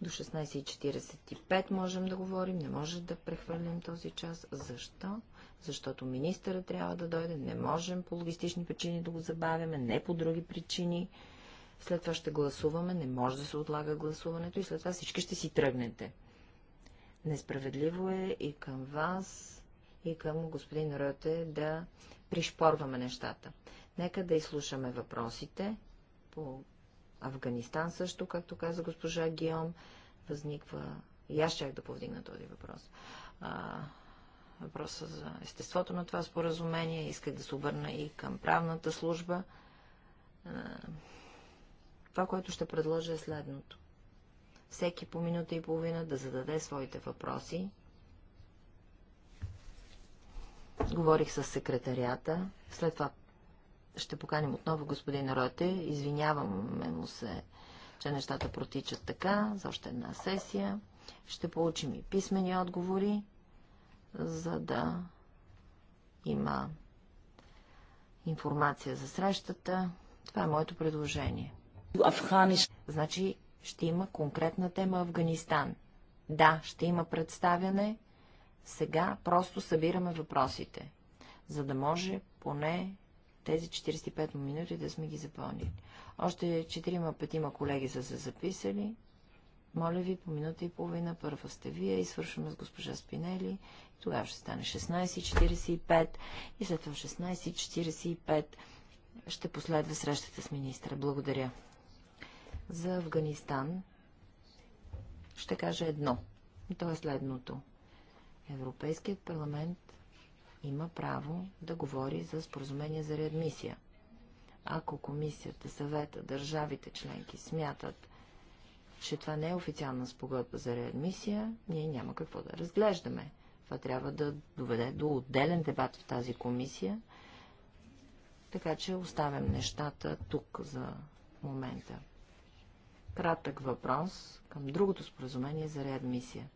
до 16.45 можем да говорим, не може да прехвърлим този час. Защо? Защото министъра трябва да дойде, не можем по логистични причини да го забавяме, не по други причини. След това ще гласуваме, не може да се отлага гласуването и след това всички ще си тръгнете. Несправедливо е и към вас, и към господин Ръте да пришпорваме нещата. Нека да изслушаме въпросите по Афганистан също, както каза госпожа Гион, възниква... И аз чак да повдигна този въпрос. А, въпроса за естеството на това споразумение. Исках да се обърна и към правната служба. А, това, което ще предложа е следното. Всеки по минута и половина да зададе своите въпроси. Говорих с секретарията. След това ще поканим отново господин Роте. Извинявам му се, че нещата протичат така, за още една сесия. Ще получим и писмени отговори, за да има информация за срещата. Това е моето предложение. Афганистан. Значи ще има конкретна тема Афганистан. Да, ще има представяне. Сега просто събираме въпросите, за да може поне тези 45 минути да сме ги запълнили. Още 4 петима колеги са се записали. Моля ви, по минута и половина първа сте вие и свършваме с госпожа Спинели. Тогава ще стане 16.45 и след това 16.45 ще последва срещата с министра. Благодаря. За Афганистан ще кажа едно. то е следното. Европейският парламент има право да говори за споразумение за реадмисия. Ако комисията, съвета, държавите членки смятат, че това не е официална спогодба за реадмисия, ние няма какво да разглеждаме. Това трябва да доведе до отделен дебат в тази комисия, така че оставям нещата тук за момента. Кратък въпрос към другото споразумение за реадмисия.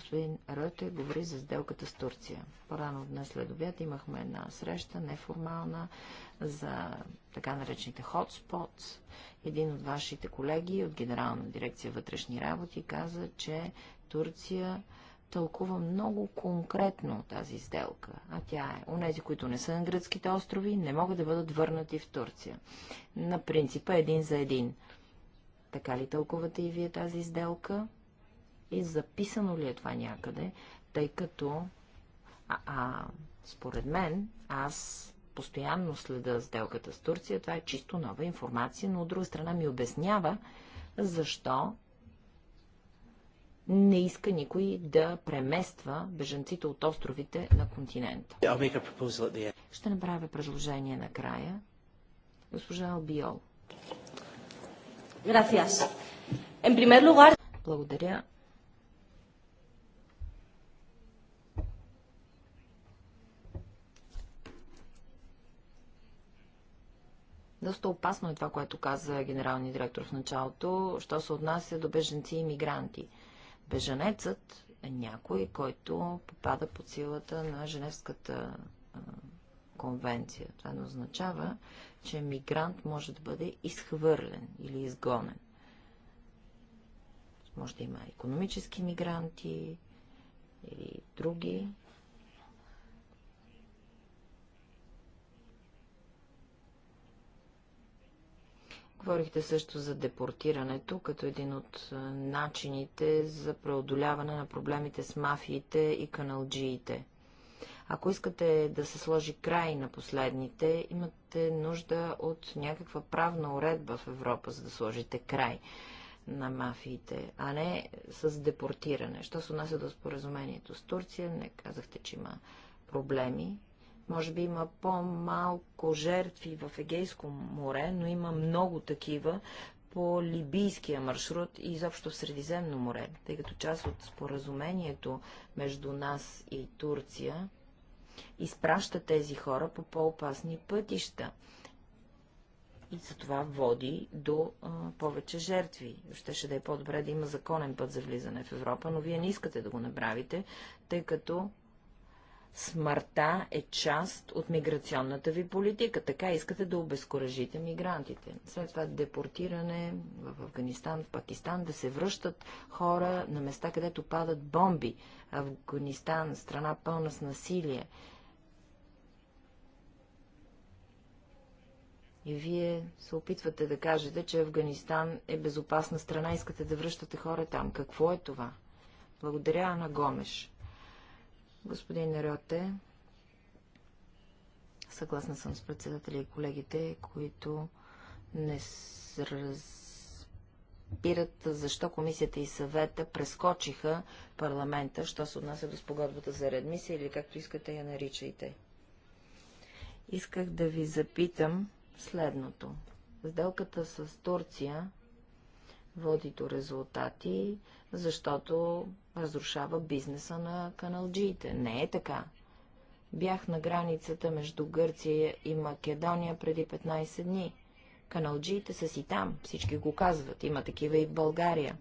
Господин Ройте говори за сделката с Турция. По-рано днес след обяд имахме една среща, неформална, за така наречените hotspot. Един от вашите колеги от Генерална дирекция вътрешни работи каза, че Турция тълкува много конкретно тази сделка, а тя е онези, които не са на гръцките острови, не могат да бъдат върнати в Турция. На принципа един за един. Така ли тълкувате и вие тази сделка? и записано ли е това някъде, тъй като а, а, според мен аз постоянно следа сделката с Турция, това е чисто нова информация, но от друга страна ми обяснява защо не иска никой да премества бежанците от островите на континента. Ще направя предложение накрая. Госпожа Албиол. Благодаря. Доста опасно е това, което каза генералният директор в началото, що се отнася до беженци и мигранти. Беженецът е някой, който попада под силата на Женевската конвенция. Това не означава, че мигрант може да бъде изхвърлен или изгонен. Може да има економически мигранти или други, Говорихте също за депортирането като един от начините за преодоляване на проблемите с мафиите и каналджиите. Ако искате да се сложи край на последните, имате нужда от някаква правна уредба в Европа, за да сложите край на мафиите, а не с депортиране. Що се отнася до споразумението с Турция, не казахте, че има проблеми. Може би има по-малко жертви в Егейско море, но има много такива по либийския маршрут и изобщо в Средиземно море, тъй като част от споразумението между нас и Турция изпраща тези хора по по-опасни пътища. И за това води до а, повече жертви. Ще ще да е по-добре да има законен път за влизане в Европа, но вие не искате да го направите, тъй като Смъртта е част от миграционната ви политика. Така искате да обезкуражите мигрантите. След това депортиране в Афганистан, в Пакистан, да се връщат хора на места, където падат бомби. Афганистан, страна пълна с насилие. И вие се опитвате да кажете, че Афганистан е безопасна страна, искате да връщате хора там. Какво е това? Благодаря на Гомеш. Господин Роте, съгласна съм с председателя и колегите, които не разбират защо комисията и съвета прескочиха парламента, що се отнася до спогодбата за редмисия или както искате я наричайте. Исках да ви запитам следното. Сделката с Турция води до резултати, защото разрушава бизнеса на каналджиите. Не е така. Бях на границата между Гърция и Македония преди 15 дни. Каналджиите са си там, всички го казват. Има такива и в България.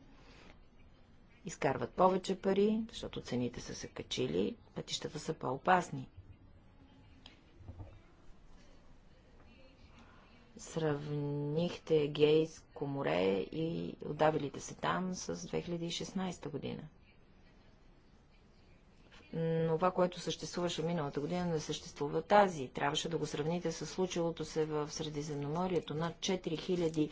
Изкарват повече пари, защото цените са се качили, пътищата са по-опасни. сравнихте Егейско море и отдавилите се там с 2016 година. Но това, което съществуваше миналата година, не съществува тази. Трябваше да го сравните с случилото се в Средиземноморието. Над 4000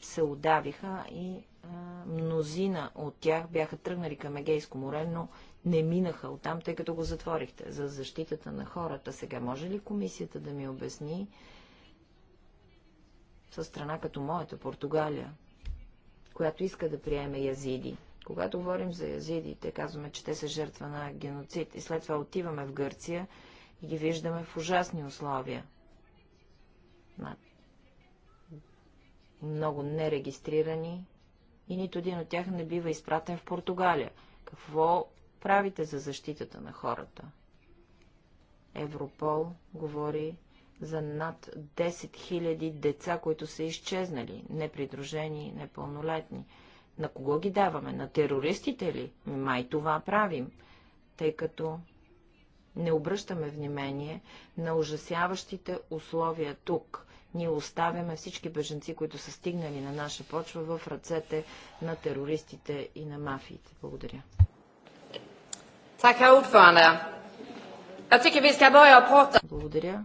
се отдавиха и а, мнозина от тях бяха тръгнали към Егейско море, но не минаха оттам, тъй като го затворихте. За защитата на хората сега може ли комисията да ми обясни? с страна като моята, Португалия, която иска да приеме язиди. Когато говорим за язидите, казваме, че те са жертва на геноцид и след това отиваме в Гърция и ги виждаме в ужасни условия. Много нерегистрирани и нито един от тях не бива изпратен в Португалия. Какво правите за защитата на хората? Европол говори за над 10 000 деца, които са изчезнали, непридружени, непълнолетни. На кого ги даваме? На терористите ли? Май това правим, тъй като не обръщаме внимание на ужасяващите условия тук. Ние оставяме всички беженци, които са стигнали на наша почва, в ръцете на терористите и на мафиите. Благодаря. Благодаря.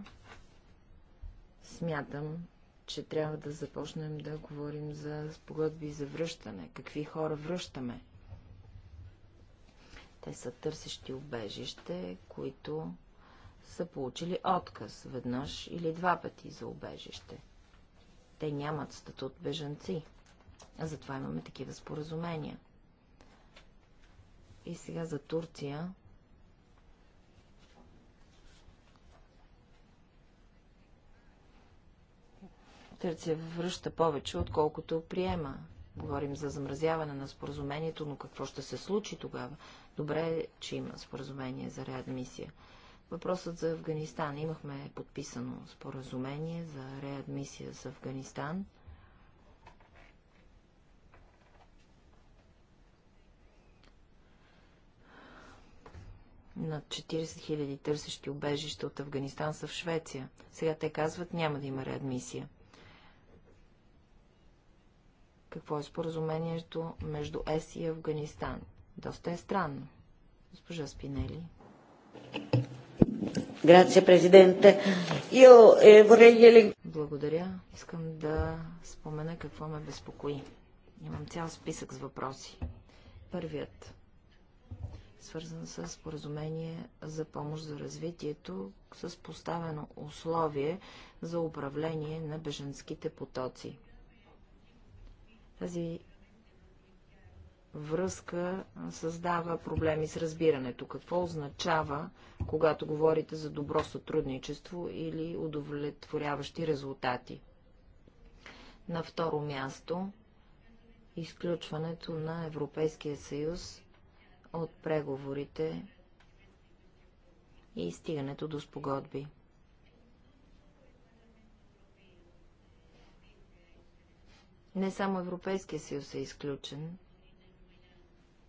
Смятам, че трябва да започнем да говорим за спогодби за връщане. Какви хора връщаме? Те са търсещи убежище, които са получили отказ веднъж или два пъти за убежище. Те нямат статут бежанци. А затова имаме такива споразумения. И сега за Турция Търция връща повече, отколкото приема. Говорим за замразяване на споразумението, но какво ще се случи тогава? Добре е, че има споразумение за реадмисия. Въпросът за Афганистан. Имахме подписано споразумение за реадмисия с Афганистан. над 40 000 търсещи убежища от Афганистан са в Швеция. Сега те казват, няма да има реадмисия какво е споразумението между ЕС и Афганистан. Доста е странно. Госпожа Спинели. Грация, президенте. е, е Благодаря. Искам да спомена какво ме безпокои. Имам цял списък с въпроси. Първият свързан с споразумение за помощ за развитието, с поставено условие за управление на беженските потоци. Тази връзка създава проблеми с разбирането. Какво означава, когато говорите за добро сътрудничество или удовлетворяващи резултати? На второ място, изключването на Европейския съюз от преговорите и стигането до спогодби. Не само Европейския съюз е изключен,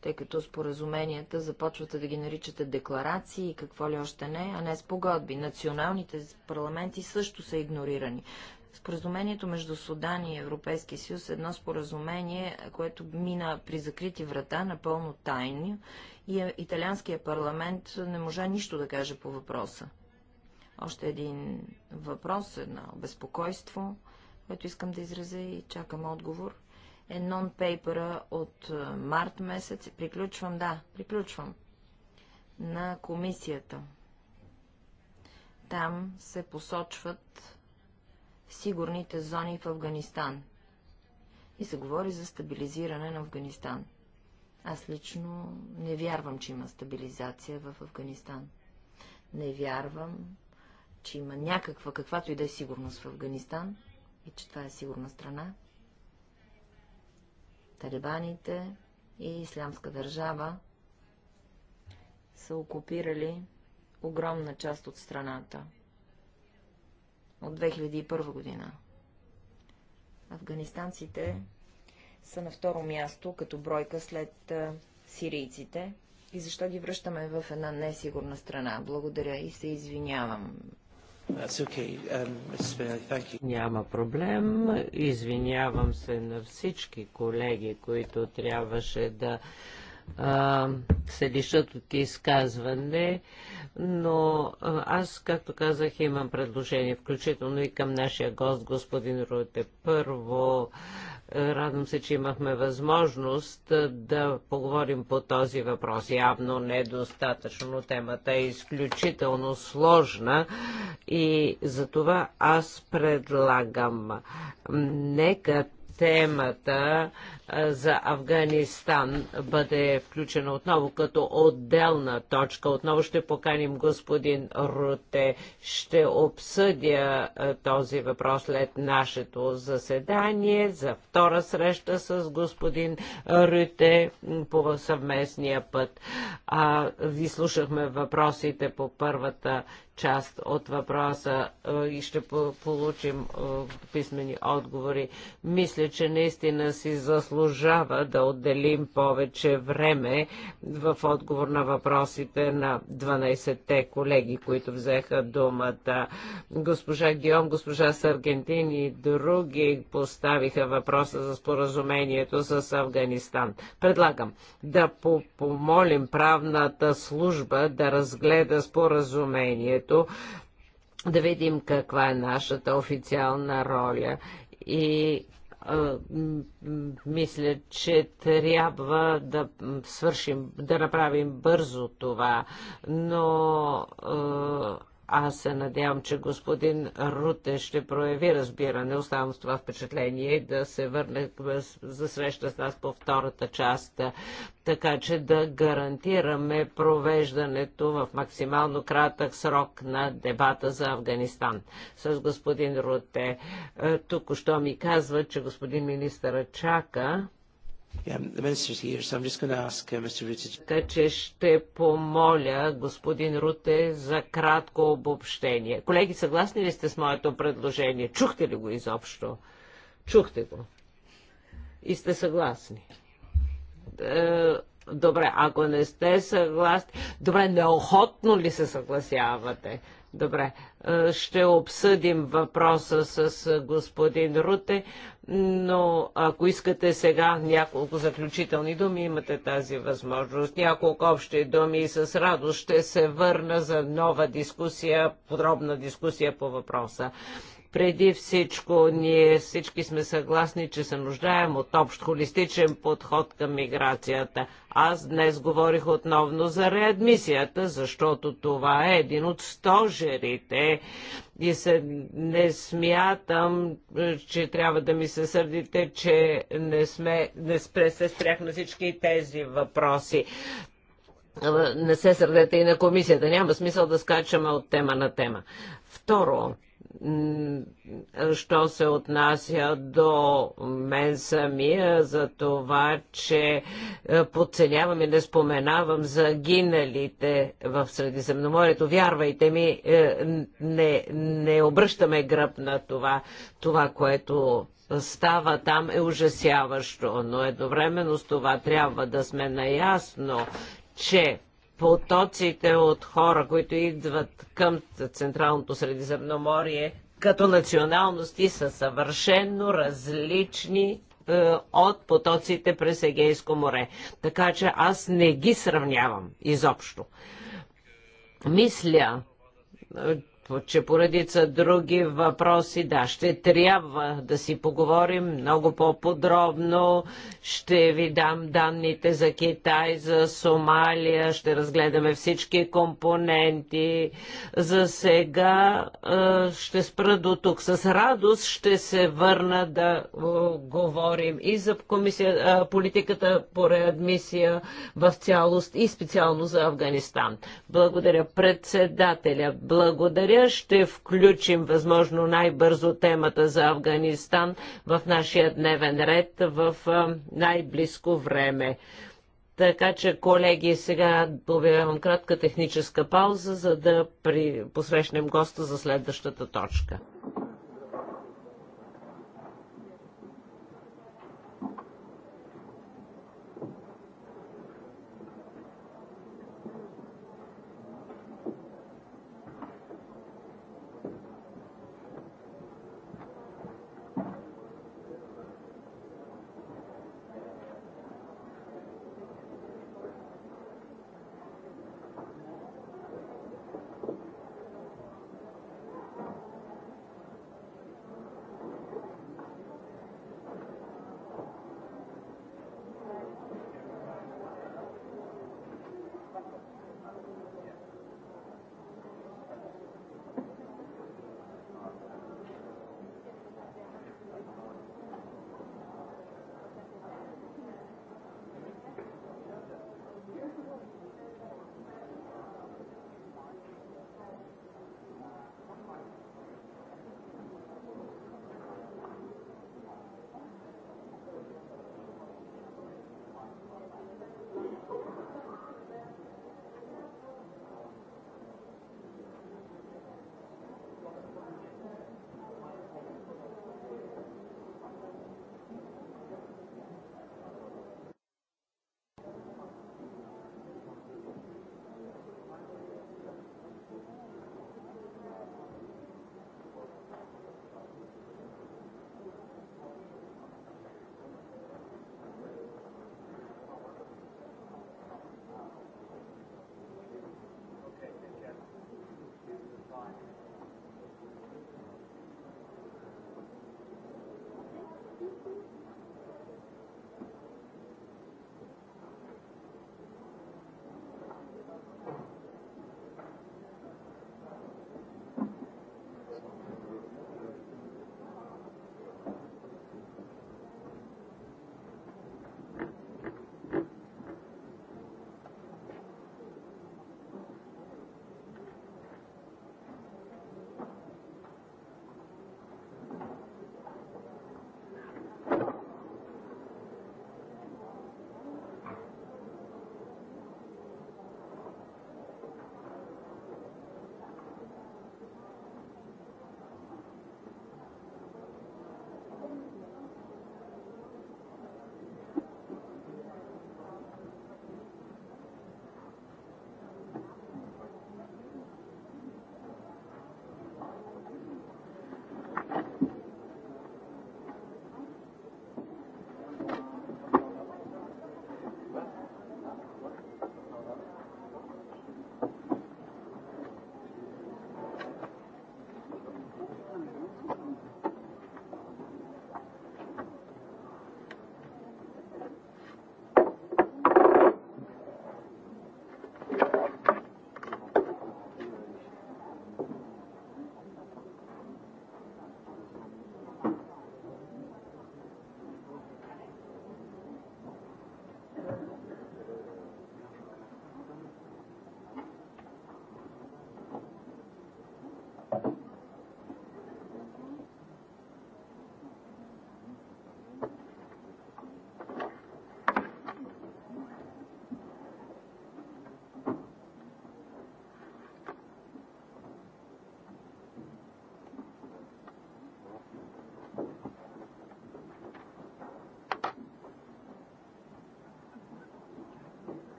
тъй като споразуменията започвате да ги наричате декларации и какво ли още не, а не спогодби. Националните парламенти също са игнорирани. Споразумението между Судан и Европейския съюз е едно споразумение, което мина при закрити врата, напълно тайни, и италианския парламент не можа нищо да каже по въпроса. Още един въпрос, едно безпокойство – което искам да изразя и чакам отговор, е нон-пейпера от е, март месец. Приключвам, да, приключвам. На комисията. Там се посочват сигурните зони в Афганистан. И се говори за стабилизиране на Афганистан. Аз лично не вярвам, че има стабилизация в Афганистан. Не вярвам, че има някаква, каквато и да е сигурност в Афганистан и че това е сигурна страна. Талибаните и Ислямска държава са окупирали огромна част от страната от 2001 година. Афганистанците са на второ място като бройка след сирийците. И защо ги връщаме в една несигурна страна? Благодаря и се извинявам Okay. Um, Няма проблем. Извинявам се на всички колеги, които трябваше да се лишат от изказване, но аз, както казах, имам предложение, включително и към нашия гост, господин Руте. Първо, Радвам се, че имахме възможност да поговорим по този въпрос. Явно недостатъчно. Темата е изключително сложна и затова аз предлагам нека темата за Афганистан бъде включена отново като отделна точка. Отново ще поканим господин Руте. Ще обсъдя този въпрос след нашето заседание за втора среща с господин Руте по съвместния път. А, ви слушахме въпросите по първата част от въпроса е, и ще получим е, писмени отговори. Мисля, че наистина си заслужава да отделим повече време в отговор на въпросите на 12-те колеги, които взеха думата. Госпожа Геом, госпожа Саргентин и други поставиха въпроса за споразумението с Афганистан. Предлагам да помолим правната служба да разгледа споразумението бъдещето, да видим каква е нашата официална роля и мисля, че трябва да свършим, да направим бързо това, но аз се надявам, че господин Руте ще прояви разбиране. Оставам с това впечатление да се върне за среща с нас по втората част, така че да гарантираме провеждането в максимално кратък срок на дебата за Афганистан. С господин Руте е, тук що ми казва, че господин министъра чака Uh, така че ще помоля господин Руте за кратко обобщение. Колеги, съгласни ли сте с моето предложение? Чухте ли го изобщо? Чухте го. И сте съгласни. Е, добре, ако не сте съгласни, добре, неохотно ли се съгласявате? Добре. Е, ще обсъдим въпроса с е, господин Руте, но ако искате сега няколко заключителни думи, имате тази възможност. Няколко общи думи и с радост ще се върна за нова дискусия, подробна дискусия по въпроса. Преди всичко, ние всички сме съгласни, че се нуждаем от общ холистичен подход към миграцията. Аз днес говорих отново за реадмисията, защото това е един от стожерите и се, не смятам, е, че трябва да ми се сърдите, че не, сме, не спре, се спрях на всички тези въпроси е, не се сърдете и на комисията. Няма смисъл да скачаме от тема на тема. Второ, що се отнася до мен самия, за това, че е, подценявам и не споменавам загиналите в Средиземноморието. Вярвайте ми, е, не, не обръщаме гръб на това, това, което става там е ужасяващо, но едновременно с това трябва да сме наясно, че потоците от хора, които идват към Централното Средиземноморие като националности са съвършенно различни е, от потоците през Егейско море. Така че аз не ги сравнявам изобщо. Мисля, че поредица други въпроси, да, ще трябва да си поговорим много по-подробно. Ще ви дам данните за Китай, за Сомалия, ще разгледаме всички компоненти. За сега ще спра до тук. С радост ще се върна да говорим и за комисия, политиката по реадмисия в цялост и специално за Афганистан. Благодаря председателя. Благодаря благодаря. Ще включим възможно най-бързо темата за Афганистан в нашия дневен ред в най-близко време. Така че, колеги, сега обявявам кратка техническа пауза, за да посрещнем госта за следващата точка.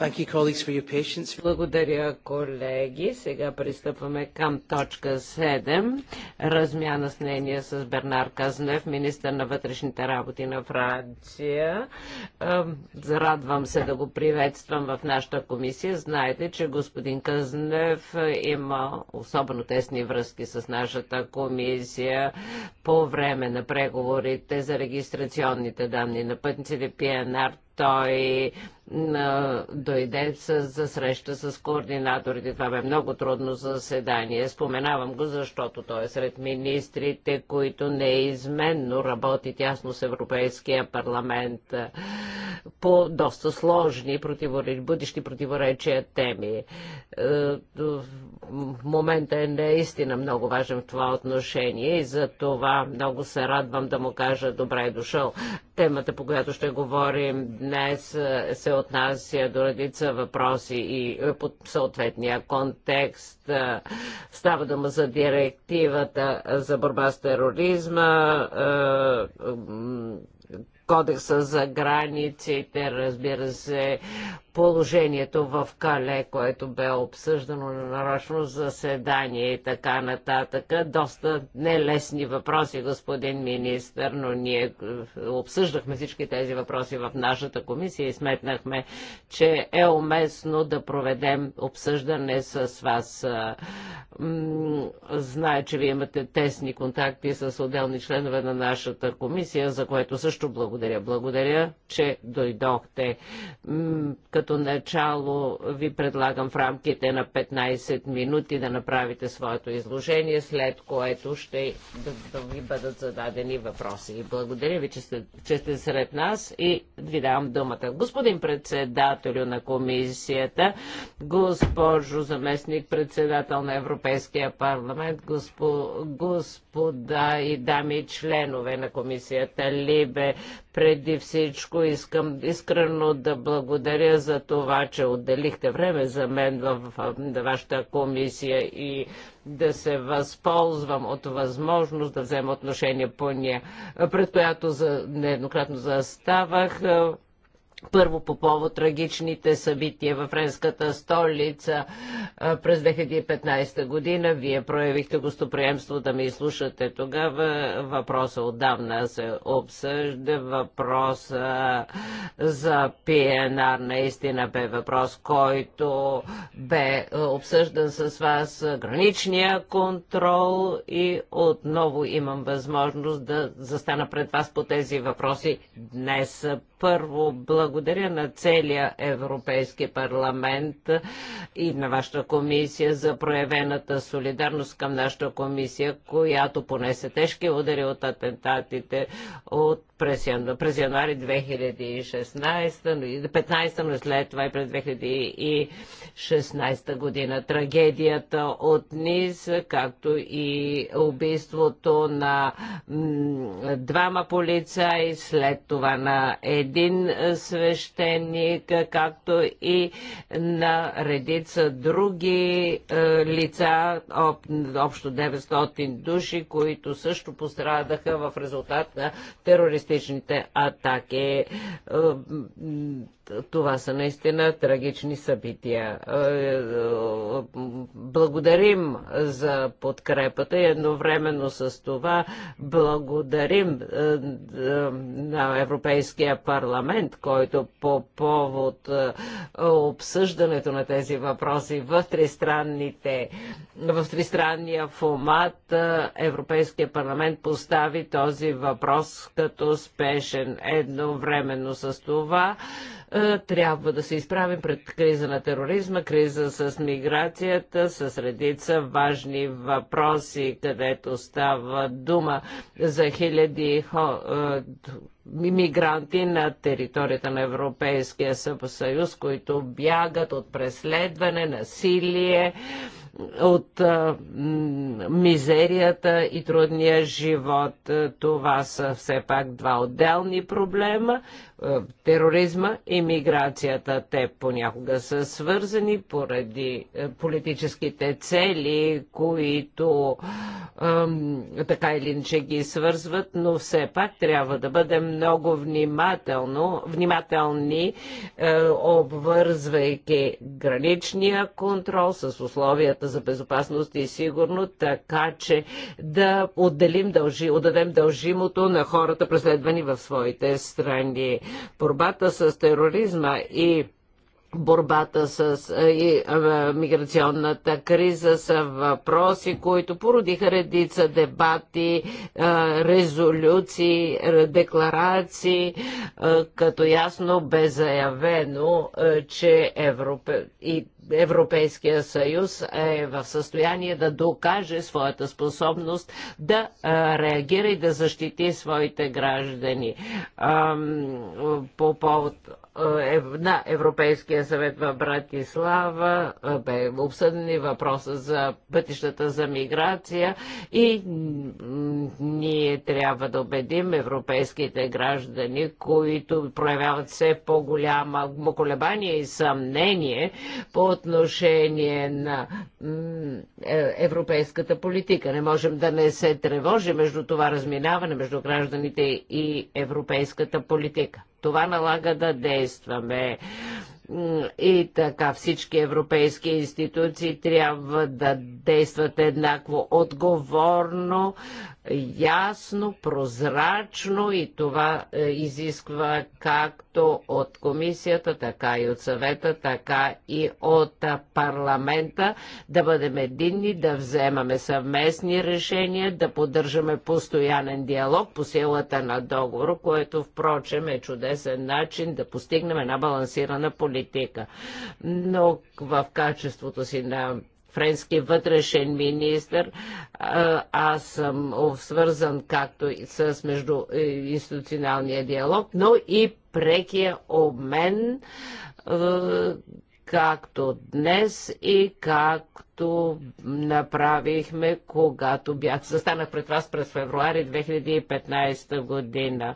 You, Благодаря, колеги. Сега пристъпваме към точка 7. Размяна с мнение с Бернар Казнев, министър на вътрешните работи на Франция. Зарадвам се да го приветствам в нашата комисия. Знаете, че господин Казнев има особено тесни връзки с нашата комисия по време на преговорите за регистрационните данни на пътниците ПНР той дойде за среща с координаторите. Това бе много трудно заседание. Споменавам го, защото той е сред министрите, които неизменно работи тясно с Европейския парламент по доста сложни противореч... бъдещи противоречия теми. В момента е наистина много важен в това отношение и за това много се радвам да му кажа добре е дошъл. Темата, по която ще говорим днес е, се отнася до редица въпроси и е, под съответния контекст. Е, става дума за директивата за борба с тероризма, кодекса за границите, разбира се, положението в Кале, което бе обсъждано на нарочно заседание и така нататък. Доста нелесни въпроси, господин министр, но ние обсъждахме всички тези въпроси в нашата комисия и сметнахме, че е уместно да проведем обсъждане с вас. Знае, че вие имате тесни контакти с отделни членове на нашата комисия, за което също благодаря. Благодаря, че дойдохте. Като като начало ви предлагам в рамките на 15 минути да направите своето изложение, след което ще да, да ви бъдат зададени въпроси. И благодаря ви, че сте, че сте сред нас и ви давам думата. Господин председателю на комисията, госпожо заместник председател на Европейския парламент, госпо, господа и дами членове на комисията Либе, преди всичко искам искрено да благодаря за това, че отделихте време за мен в вашата комисия и да се възползвам от възможност да взема отношение по нея, пред която за, нееднократно заставах. Първо по повод трагичните събития във френската столица през 2015 година. Вие проявихте гостоприемство да ме изслушате тогава. Въпроса отдавна се обсъжда. Въпроса за ПНР наистина бе въпрос, който бе обсъждан с вас. Граничния контрол и отново имам възможност да застана пред вас по тези въпроси днес. Първо, благодаря благодаря на целия Европейски парламент и на вашата комисия за проявената солидарност към нашата комисия, която понесе тежки удари от атентатите, от през, яну, през януари 2016, 15, но след това и през 2016 година. Трагедията от Низ, както и убийството на двама полица, и след това на един свещеник, както и на редица други е, лица, об, общо 900 души, които също пострадаха в резултат на терористични терористичните атаки е, това са наистина трагични събития. Е, е, благодарим за подкрепата и едновременно с това благодарим е, на Европейския парламент, който по повод обсъждането на тези въпроси в тристранните в тристранния формат Европейския парламент постави този въпрос като спешен. Едновременно с това е, трябва да се изправим пред криза на тероризма, криза с миграцията, с редица важни въпроси, където става дума за хиляди е, мигранти на територията на Европейския съюз, които бягат от преследване, насилие, от е, мизерията и трудния живот. Това са все пак два отделни проблема, е, тероризма и миграцията. Те понякога са свързани поради е, политическите цели, които ем, така или иначе ги свързват, но все пак трябва да бъдем много внимателно, внимателни, е, обвързвайки граничния контрол с условията за безопасност и сигурно, така че да отделим дължи, отдадем дължимото на хората, преследвани в своите страни Борбата с тероризма и борбата с и, а, миграционната криза са въпроси, които породиха редица дебати, а, резолюции, декларации, а, като ясно бе заявено, а, че Европе... и Европейския съюз е в състояние да докаже своята способност да реагира и да защити своите граждани. По повод е, е, на Европейския съвет в Братислава е, бе обсъдени въпроса за пътищата за миграция и ние трябва да убедим европейските граждани, които проявяват все по-голяма колебание и съмнение по отношение на европейската политика. Не можем да не се тревожи между това разминаване между гражданите и европейската политика. Това налага да действаме. И така всички европейски институции трябва да действат еднакво отговорно, ясно, прозрачно и това е, изисква както от комисията, така и от съвета, така и от парламента да бъдем единни, да вземаме съвместни решения, да поддържаме постоянен диалог по силата на договор, което впрочем е чудесен начин да постигнем една балансирана политика. Но в качеството си на френски вътрешен министр. Аз съм свързан както и с междуинституционалния е, диалог, но и прекия обмен е, както днес и както което направихме, когато бях, застанах пред вас през февруари 2015 година.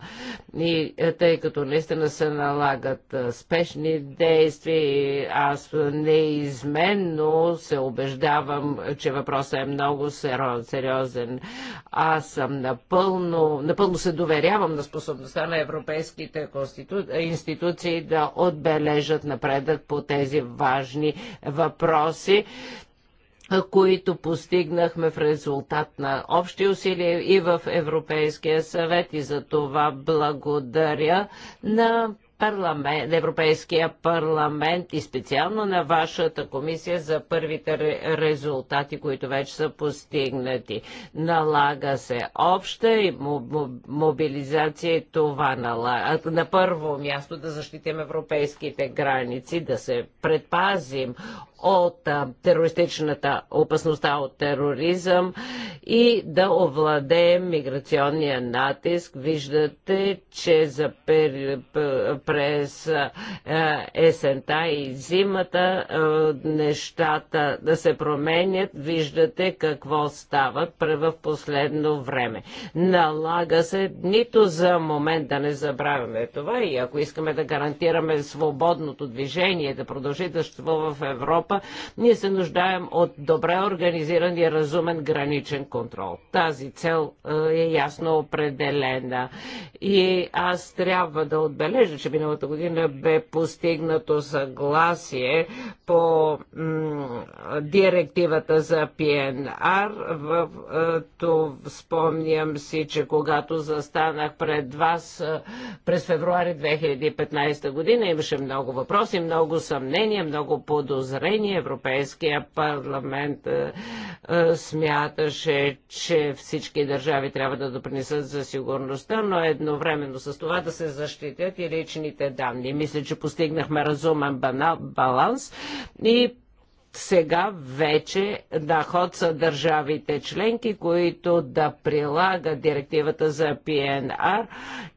И е, тъй като наистина се налагат е, спешни действия, аз неизменно се убеждавам, че въпросът е много сериозен. Аз съм напълно, напълно се доверявам на способността на европейските конститу... институции да отбележат напредък по тези важни въпроси които постигнахме в резултат на общи усилия и в Европейския съвет и за това благодаря на парламент, Европейския парламент и специално на вашата комисия за първите резултати, които вече са постигнати. Налага се обща и мобилизация и това налага. На първо място да защитим европейските граници, да се предпазим от терористичната опасността от тероризъм и да овладеем миграционния натиск. Виждате, че за пер... през есента и зимата нещата да се променят. Виждате какво става в последно време. Налага се нито за момент да не забравяме това и ако искаме да гарантираме свободното движение, да продължи да в Европа, Европа, ние се нуждаем от добре организиран и разумен граничен контрол. Тази цел е ясно определена. И аз трябва да отбележа, че миналата година бе постигнато съгласие по директивата за ПНР. В, то спомням си, че когато застанах пред вас през февруари 2015 година, имаше много въпроси, много съмнения, много подозрения решение Европейския парламент е, е, смяташе, че всички държави трябва да допринесат за сигурността, но едновременно с това да се защитят и личните данни. Мисля, че постигнахме разумен баланс и сега вече на ход са държавите членки, които да прилагат директивата за PNR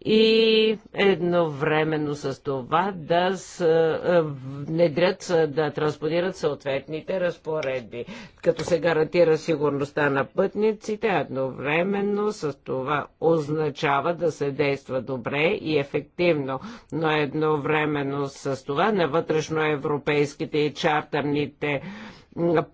и едновременно с това да е, внедрят, да транспонират съответните разпоредби, като се гарантира сигурността на пътниците, едновременно с това означава да се действа добре и ефективно, но едновременно с това на вътрешноевропейските и чартерните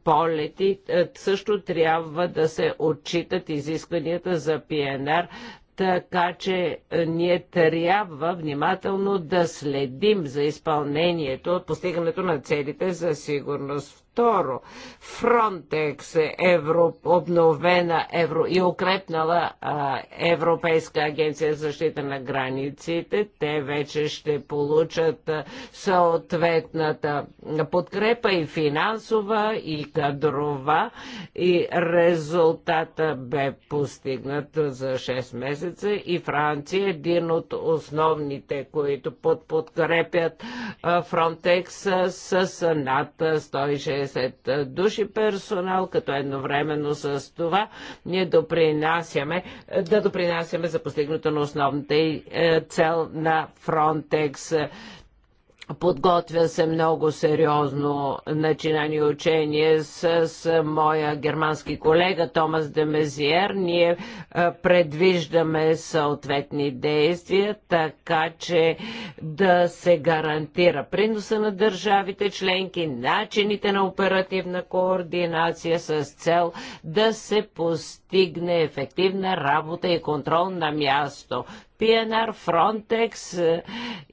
полети, е, също трябва да се отчитат изискванията за ПНР, така че е, ние трябва внимателно да следим за изпълнението, постигането на целите за сигурност. Второ, Фронтекс е евро, обновена евро и укрепнала а, Европейска агенция за защита на границите. Те вече ще получат съответната подкрепа и финансова, и кадрова. И резултата бе постигнат за 6 месеца. И Франция е един от основните, които подкрепят Фронтекс с над 160 10 души персонал, като едновременно с това ние допринасяме, да допринасяме за постигнато на основната е, цел на Фронтекс. Подготвя се много сериозно начинание учение с, с моя германски колега Томас Демезиер. Ние а, е, предвиждаме съответни действия, така че да се гарантира приноса на държавите членки, начините на оперативна координация с цел да се постигне ефективна работа и контрол на място. ПНР, Фронтекс е,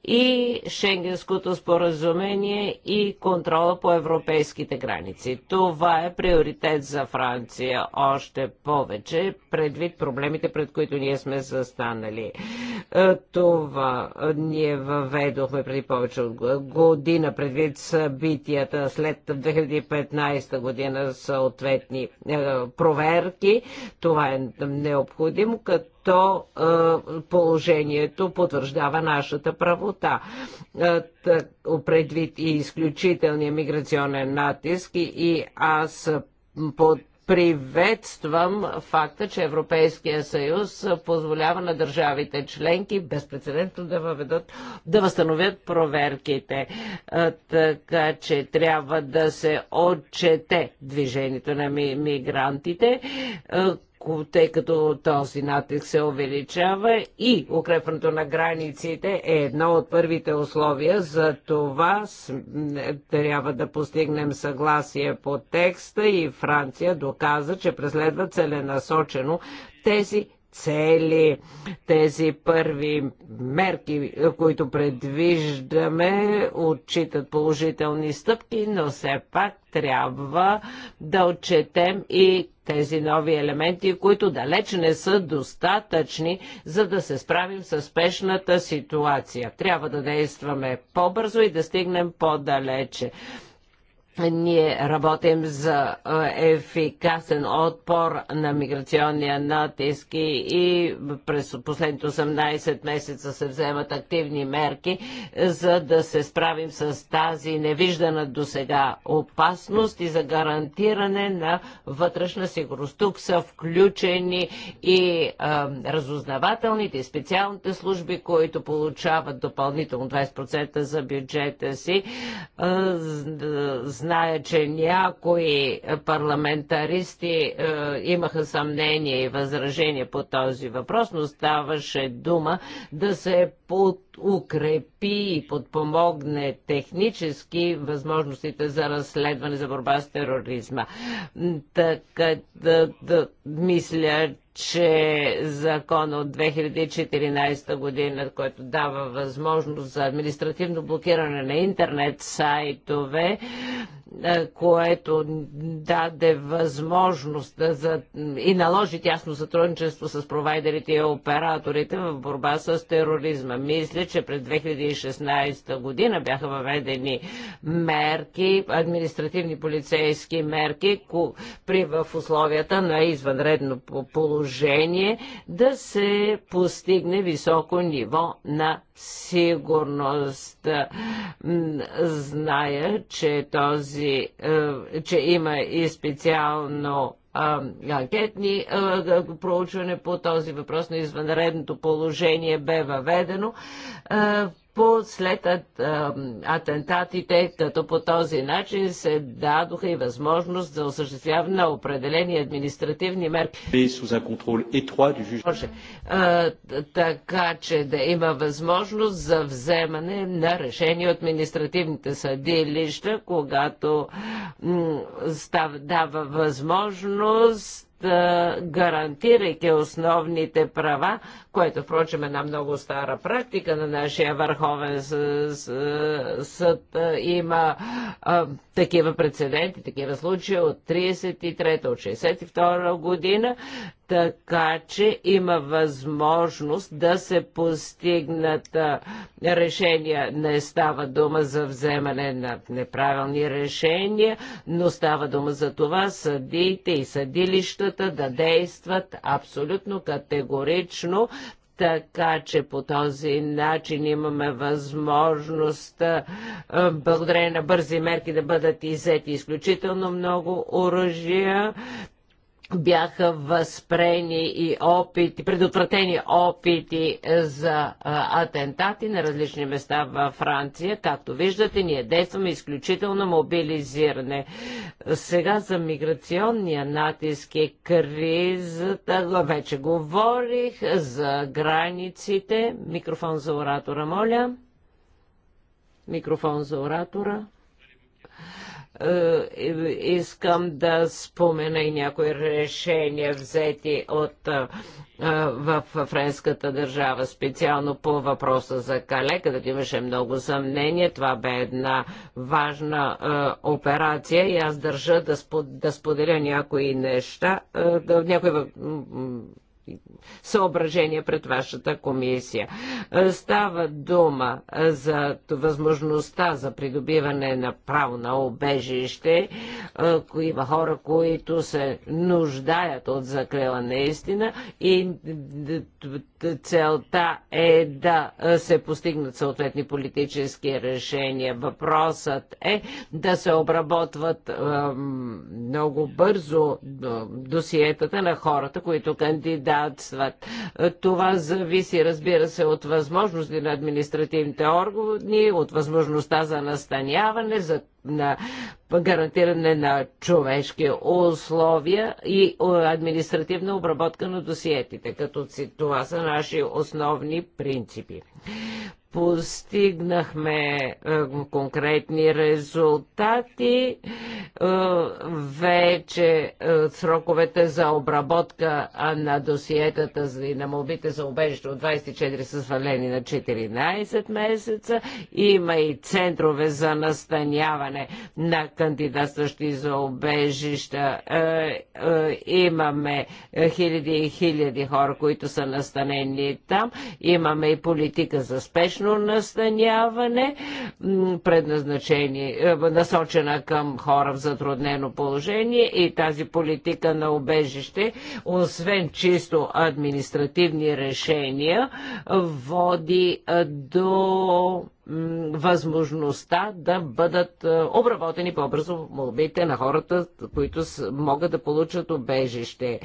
и Шенгенското споразумение и контрола по европейските граници. Това е приоритет за Франция още повече, предвид проблемите, пред които ние сме застанали. Е, това е, ние въведохме преди повече от година, предвид събитията след 2015 година съответни проверки. Това е необходимо, като то е, положението потвърждава нашата правота. Е, предвид и изключителния миграционен натиск и, и аз под приветствам факта, че Европейския съюз позволява на държавите членки безпредседентно да въведат, да възстановят проверките. Е, така че трябва да се отчете движението на мигрантите, тъй като този натиск се увеличава и укрепването на границите е едно от първите условия. За това е, трябва да постигнем съгласие по текста и Франция доказа, че преследва целенасочено тези цели, тези първи мерки, които предвиждаме, отчитат положителни стъпки, но все пак трябва да отчетем и тези нови елементи, които далеч не са достатъчни, за да се справим с спешната ситуация. Трябва да действаме по-бързо и да стигнем по-далече. Ние работим за е, ефикасен отпор на миграционния натиск и през последните 18 месеца се вземат активни мерки, за да се справим с тази невиждана до сега опасност и за гарантиране на вътрешна сигурност. Тук са включени и а, разузнавателните и специалните служби, които получават допълнително 20% за бюджета си. А, Зная, че някои парламентаристи е, имаха съмнение и възражение по този въпрос, но ставаше дума да се под укрепи и подпомогне технически възможностите за разследване за борба с тероризма. Така да, да, мисля, че закон от 2014 година, който дава възможност за административно блокиране на интернет сайтове, е, което даде възможност за, и наложи тясно сътрудничество с провайдерите и операторите в борба с тероризма. Мисля, че през 2016 година бяха въведени мерки, административни полицейски мерки при, в условията на извънредно положение положение да се постигне високо ниво на сигурност. Зная, че, този, е, че има и специално е, анкетни е, проучване по този въпрос на извънредното положение бе въведено по след атентатите, като по този начин се дадоха и възможност за осъществяване на определени административни мерки. Така че да има възможност за вземане на решение от административните съдилища, когато става, дава възможност гарантирайки основните права, което, впрочем, е една много стара практика на нашия Върховен съд. Има такива прецеденти, такива случаи от 33-та, от 62-та година, така че има възможност да се постигнат решения. Не става дума за вземане на неправилни решения, но става дума за това съдиите и съдилищата да действат абсолютно категорично, така че по този начин имаме възможност благодарение на бързи мерки да бъдат иззети изключително много оръжия бяха възпрени и опити, предотвратени опити за а, атентати на различни места във Франция. Както виждате, ние действаме изключително мобилизиране. Сега за миграционния натиск и кризата вече говорих за границите. Микрофон за оратора, моля. Микрофон за оратора. Е, искам да спомена и някои решения взети от е, е, в френската държава, специално по въпроса за Кале, където имаше много съмнение. Това бе една важна е, операция и аз държа да, да споделя някои неща, е, да, някои съображения пред вашата комисия. Е, става дума е, за възможността за придобиване на право на обежище. Е, има хора, които се нуждаят от закрила наистина и целта е да се постигнат съответни политически решения. Въпросът е да се обработват много бързо досиетата на хората, които кандидат кандидатстват. Това зависи, разбира се, от възможности на административните органи, от възможността за настаняване, за на гарантиране на човешки условия и административна обработка на досиетите, като това са наши основни принципи постигнахме конкретни резултати. Вече сроковете за обработка на досиетата и на молбите за убежище от 24 са свалени на 14 месеца. Има и центрове за настаняване на кандидатстващи за убежища. Имаме хиляди и хиляди хора, които са настанени там. Имаме и политика за спешно специфично настаняване, предназначение, насочена към хора в затруднено положение и тази политика на обежище, освен чисто административни решения, води е, до възможността да бъдат е, обработени по-бързо молбите на хората, които могат да получат обежище. Е,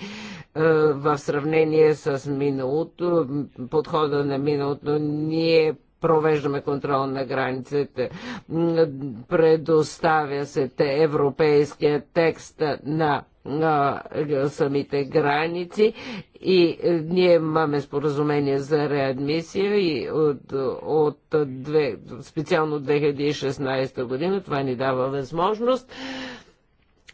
в сравнение с миналото, подхода на миналото, ние провеждаме контрол на границите. Предоставя се те европейския текст на самите граници и е, ние имаме споразумение за реадмисия и от, от две, специално 2016 година това ни дава възможност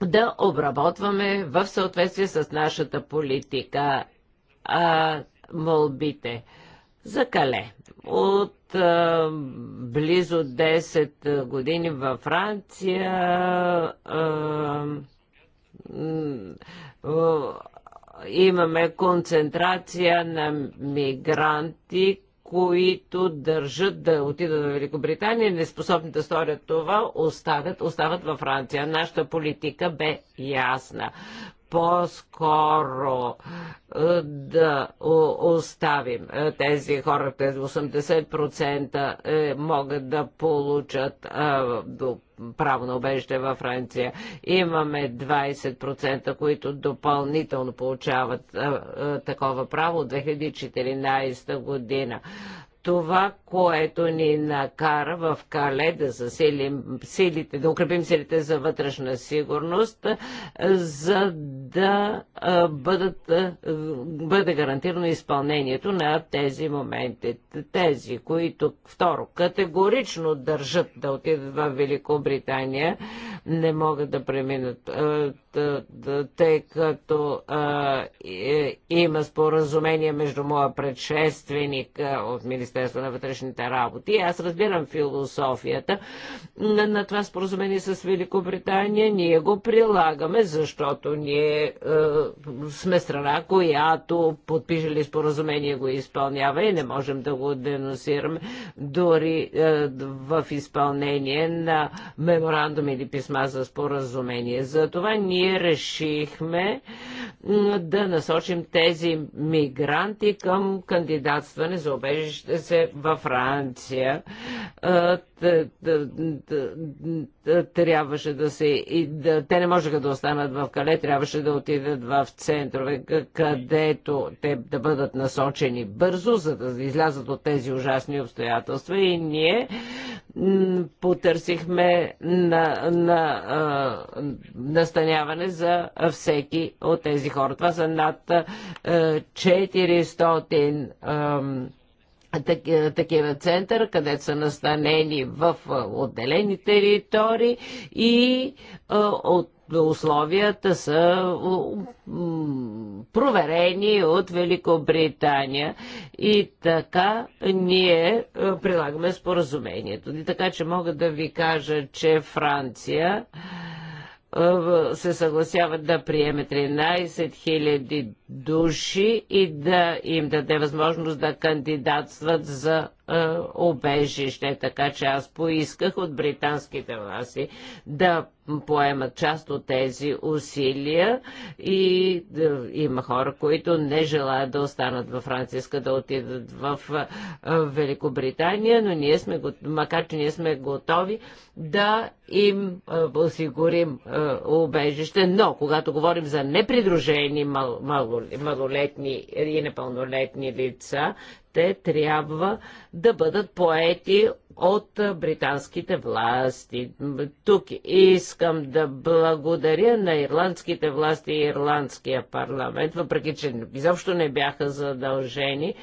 да обработваме в съответствие с нашата политика а, молбите за кале от а, близо 10 години във Франция. А, имаме концентрация на мигранти, които държат да отидат в Великобритания, неспособни да сторят това, остават, остават във Франция. Нашата политика бе ясна по-скоро е, да оставим е, тези хора, тези 80% е, могат да получат право на убежище във Франция. Имаме 20%, които допълнително получават такова право от 2014 година това, което ни накара в Кале да засилим силите, да укрепим силите за вътрешна сигурност, е, за да е, бъдат, е, бъде гарантирано изпълнението на тези моменти. Тези, които, второ, категорично държат да отидат в Великобритания, не могат да преминат тъй като а, е, има споразумение между моя предшественик а, от Министерство на вътрешните работи. Аз разбирам философията на, на това споразумение с Великобритания. Ние го прилагаме, защото ние а, е, сме страна, която подпишели споразумение го изпълнява и не можем да го денонсираме дори а, е, в изпълнение на меморандум или писма за споразумение. За това ние ние решихме да насочим тези мигранти към кандидатстване за обежище се във Франция. Трябваше да се... Те не можеха да останат в Кале, трябваше да отидат в центрове, където те да бъдат насочени бързо, за да излязат от тези ужасни обстоятелства и ние потърсихме на, на, на настаняване заболяване за всеки от тези хора. Това са над 400 е, е, такива центъра, където са настанени в е, отделени територии и от условията са проверени от Великобритания и така ние прилагаме споразумението. И така, че мога да ви кажа, че Франция се съгласяват да приеме 13 000 души и да им даде възможност да кандидатстват за е, обежище. Така че аз поисках от британските власти да поемат част от тези усилия и да, има хора, които не желаят да останат във Франция, да отидат в е, Великобритания, но ние сме, макар че ние сме готови да им е, осигурим обежище, но когато говорим за непридружени мал, малолетни и непълнолетни лица, те трябва да бъдат поети от британските власти. Тук искам да благодаря на ирландските власти и ирландския парламент, въпреки че изобщо не бяха задължени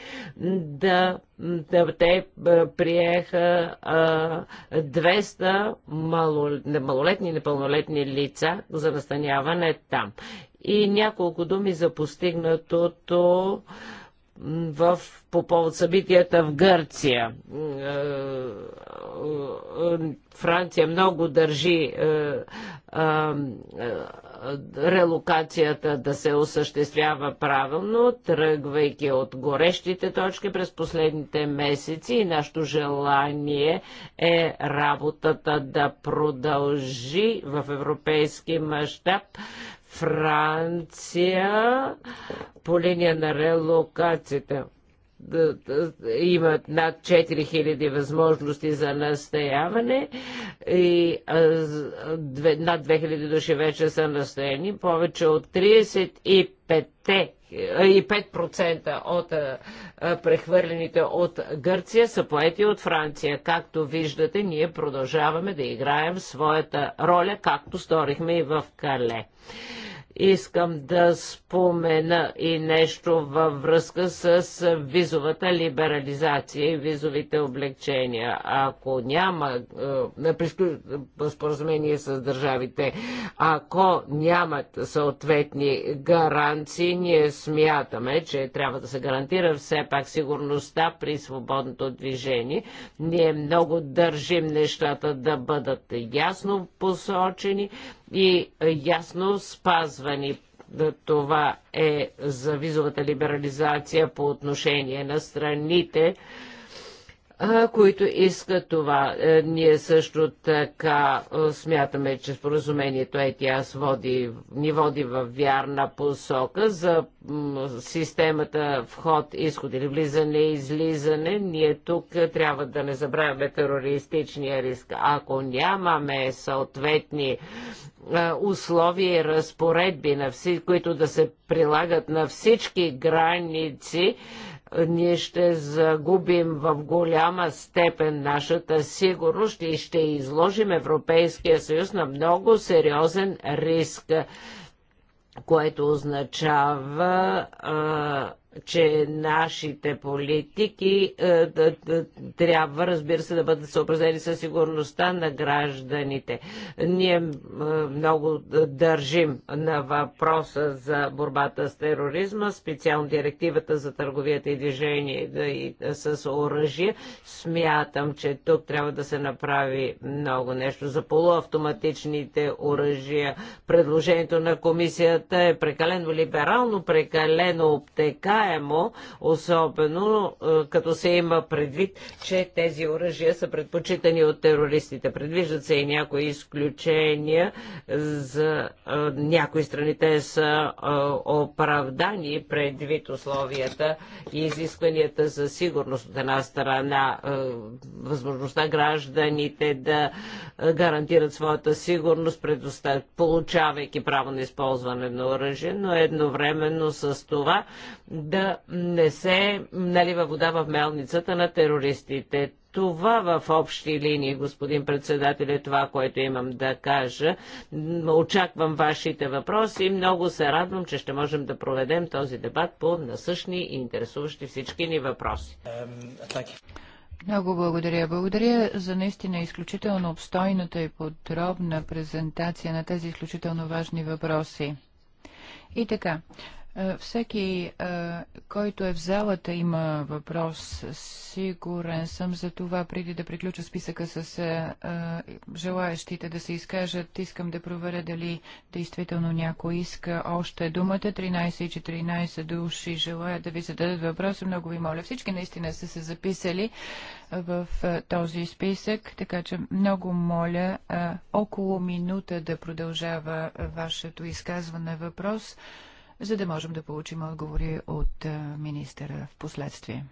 да, да те приеха а, 200 мало, малолетни и непълнолетни лица за настаняване там. И няколко думи за постигнатото в, по повод събитията в Гърция. Е, е, е, Франция много държи релокацията да се осъществява правилно, тръгвайки от горещите точки през последните месеци и нашето желание е работата да продължи в европейски мащаб Франция по линия на релокацията имат над 4000 възможности за настояване и над 2000 души вече са настояни. Повече от 35 и 5% от прехвърлените от Гърция са поети от Франция. Както виждате, ние продължаваме да играем своята роля, както сторихме и в Кале. Искам да спомена и нещо във връзка с визовата либерализация и визовите облегчения. Ако няма е, е, споразумение с държавите, ако нямат съответни гаранции, ние смятаме, че трябва да се гарантира все пак сигурността при свободното движение. Ние много държим нещата да бъдат ясно посочени, и ясно спазвани. Това е за визовата либерализация по отношение на страните, които искат това. Е, ние също така е, смятаме, че споразумението ЕТИАС води, ни води в вярна посока за системата вход-изход или влизане-излизане. Ние тук е, трябва да не забравяме терористичния риск. Ако нямаме съответни условия и разпоредби, на които да се прилагат на всички граници, ние ще загубим в голяма степен нашата сигурност и ще изложим Европейския съюз на много сериозен риск, което означава а, че нашите политики е, да, да, трябва, разбира се, да бъдат съобразени със сигурността на гражданите. Ние е, много държим на въпроса за борбата с тероризма, специално директивата за търговията и движение да, и, е, с оръжие. Смятам, че тук трябва да се направи много нещо за полуавтоматичните оръжия. Предложението на комисията е прекалено либерално, прекалено обтека разбираемо, особено е, като се има предвид, че тези оръжия са предпочитани от терористите. Предвиждат се и някои изключения за е, някои страни. Те са е, оправдани предвид условията и изискванията за сигурност от една страна, възможността гражданите да гарантират своята сигурност, получавайки право на използване на оръжие, но едновременно с това да не се налива вода в мелницата на терористите. Това в общи линии, господин председател, е това, което имам да кажа. Очаквам вашите въпроси. Много се радвам, че ще можем да проведем този дебат по насъщни и интересуващи всички ни въпроси. Много благодаря. Благодаря за наистина изключително обстойната и подробна презентация на тези изключително важни въпроси. И така, е, всеки, е, който е в залата, има въпрос. Сигурен съм за това. Преди да приключа списъка с е, желаящите да се изкажат, искам да проверя дали действително някой иска още думата. 13 и 14 души желаят да ви зададат въпроси. Много ви моля. Всички наистина са се записали в този списък, така че много моля около минута да продължава вашето изказване въпрос за да можем да получим отговори от е, министъра в последствие.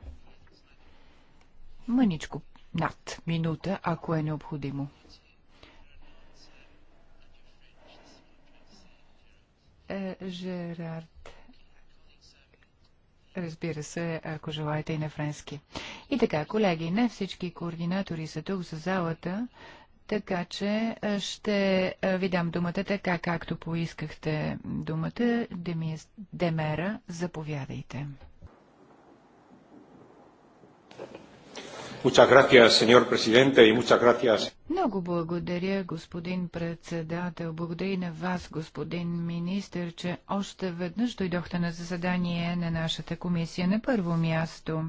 Мъничко над минута, ако е необходимо. Е, Жерард. Разбира се, ако желаете и на френски. И така, колеги, не всички координатори са тук за залата, така че е, ще е, ви дам думата така, както поискахте думата. Деми... Демера, заповядайте. Много благодаря, господин председател. Благодаря и на вас, господин министр, че още веднъж дойдохте на заседание на нашата комисия на първо място.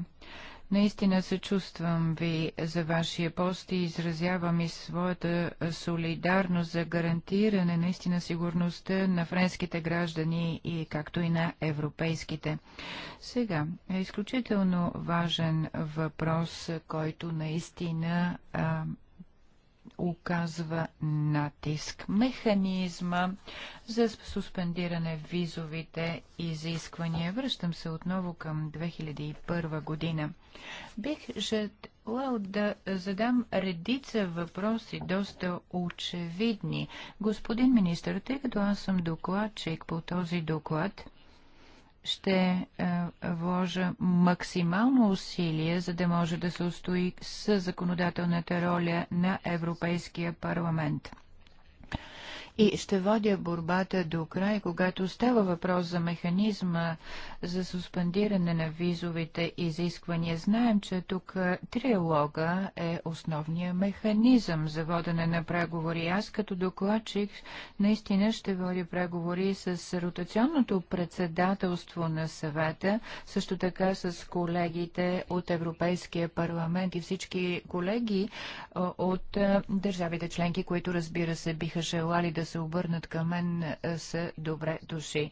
Наистина се чувствам ви за вашия пост и изразявам и своята солидарност за гарантиране наистина сигурността на френските граждани и както и на европейските. Сега, е изключително важен въпрос, който наистина а, оказва натиск. Механизма за суспендиране визовите изисквания. Връщам се отново към 2001 година. Бих желал да задам редица въпроси, доста очевидни. Господин министър, тъй като аз съм докладчик по този доклад, ще е, вложа максимално усилие, за да може да се устои с законодателната роля на Европейския парламент и ще водя борбата до край, когато става въпрос за механизма за суспендиране на визовите изисквания. Знаем, че тук триалога е основния механизъм за водене на преговори. Аз като докладчик наистина ще водя преговори с ротационното председателство на съвета, също така с колегите от Европейския парламент и всички колеги от държавите членки, които разбира се биха желали да да се обърнат към мен, е, са добре души.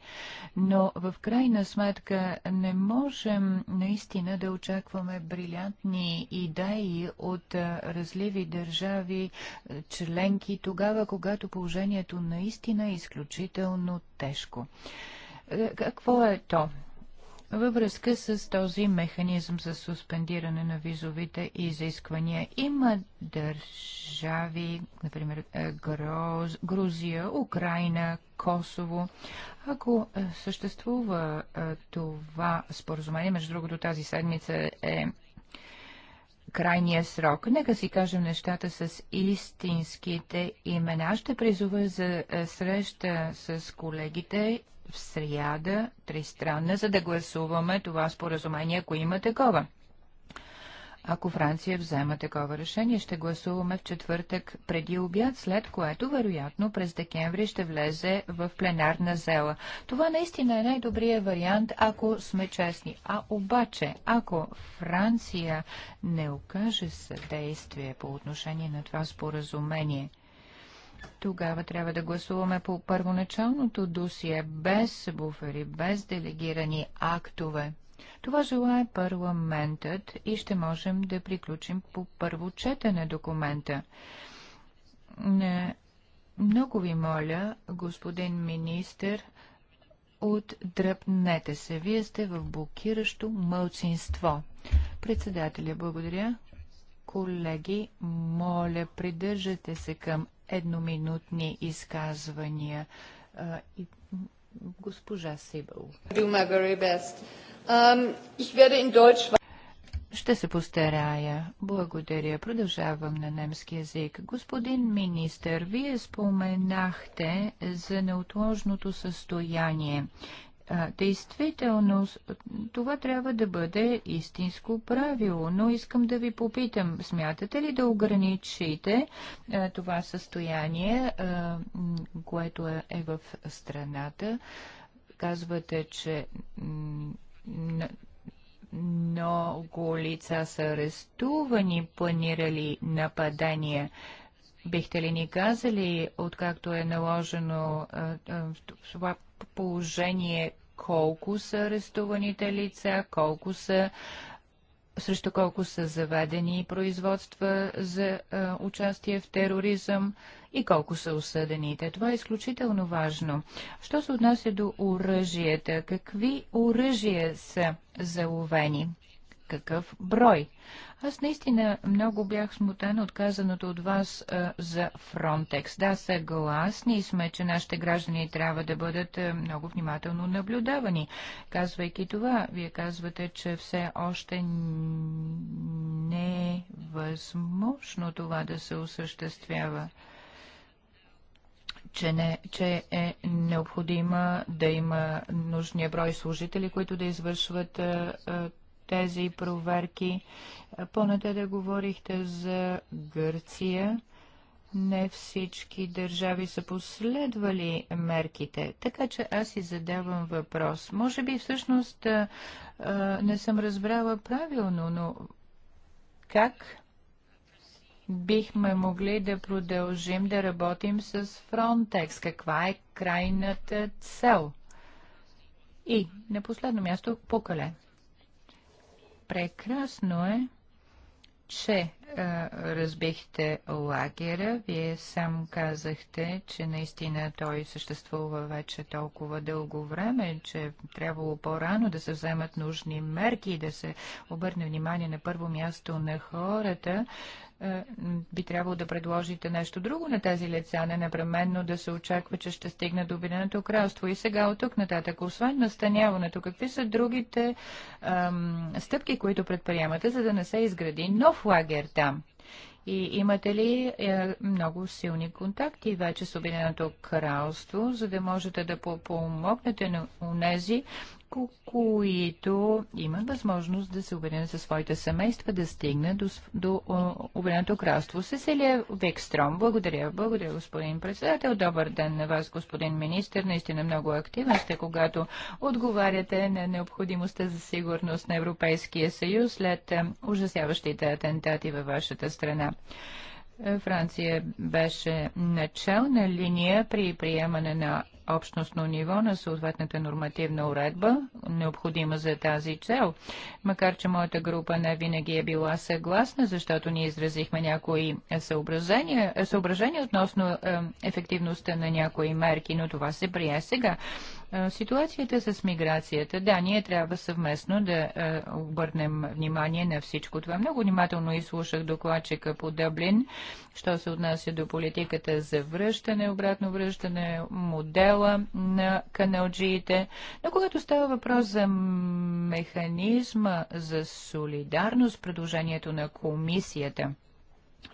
Но в крайна сметка не можем наистина да очакваме брилянтни идеи от е, разливи държави, е, членки, тогава, когато положението наистина е изключително тежко. Какво е то? във връзка с този механизъм за суспендиране на визовите изисквания. Има държави, например е, Гроз, Грузия, Украина, Косово. Ако е, съществува е, това споразумение, между другото тази седмица е крайния срок. Нека си кажем нещата с истинските имена. Ще призова за среща с колегите в сряда тристранна, за да гласуваме това споразумение, ако има такова. Ако Франция взема такова решение, ще гласуваме в четвъртък преди обяд, след което, вероятно, през декември ще влезе в пленарна зела. Това наистина е най-добрият вариант, ако сме честни. А обаче, ако Франция не окаже съдействие по отношение на това споразумение – тогава трябва да гласуваме по първоначалното досие, без буфери, без делегирани актове. Това желая парламентът и ще можем да приключим по първо четене документа. Не. Много ви моля, господин министр, отдръпнете се. Вие сте в блокиращо мълчинство. Председателя, благодаря. Колеги, моля, придържате се към едноминутни изказвания. Госпожа Сибъл. Um, Ще се постарая. Благодаря. Продължавам на немски язик. Господин министър, вие споменахте за неотложното състояние а, действително това трябва да бъде истинско правило, но искам да ви попитам, смятате ли да ограничите а, това състояние, а, което е, е в страната? Казвате, че много лица са арестувани, планирали нападания. Бихте ли ни казали, откакто е наложено а, това положение, колко са арестуваните лица, колко са срещу колко са заведени производства за а, участие в тероризъм и колко са осъдените. Това е изключително важно. Що се отнася до оръжията? Какви оръжия са заловени? Какъв брой? Аз наистина много бях смутен от казаното от вас а, за Фронтекс. Да, съгласни сме, че нашите граждани трябва да бъдат а, много внимателно наблюдавани. Казвайки това, вие казвате, че все още не е възможно това да се осъществява че, не, че е необходимо да има нужния брой служители, които да извършват а, а, тези проверки. Поната да говорихте за Гърция. Не всички държави са последвали мерките, така че аз си задавам въпрос. Може би всъщност а, не съм разбрала правилно, но как бихме могли да продължим да работим с Frontex? Каква е крайната цел? И на последно място Покале. Прекрасно е, че разбихте лагера. Вие сам казахте, че наистина той съществува вече толкова дълго време, че е трябвало по-рано да се вземат нужни мерки и да се обърне внимание на първо място на хората. Би трябвало да предложите нещо друго на тези лица, не непременно да се очаква, че ще стигне до Обединеното кралство. И сега от тук нататък, освен настаняването, какви са другите ам, стъпки, които предприемате, за да не се изгради нов лагер? там? И имате ли е, много силни контакти вече с Обединеното кралство, за да можете да помогнете на унези, които имат възможност да се обединят със своите семейства, да стигнат до, до Обединеното кралство. Сеселия Векстром, благодаря. Благодаря, господин председател. Добър ден на вас, господин министр. Наистина много активен сте, когато отговаряте на необходимостта за сигурност на Европейския съюз след е, ужасяващите атентати във вашата страна. Е, Франция беше начална линия при приемане на общностно ниво на съответната нормативна уредба, необходима за тази цел. Макар, че моята група не винаги е била съгласна, защото ние изразихме някои съображения, съображения относно ефективността на някои мерки, но това се прие сега. Ситуацията с миграцията. Да, ние трябва съвместно да обърнем внимание на всичко това. Много внимателно изслушах докладчика по Дъблин, що се отнася до политиката за връщане, обратно връщане, модела на каналджиите. Но когато става въпрос за механизма за солидарност, предложението на комисията –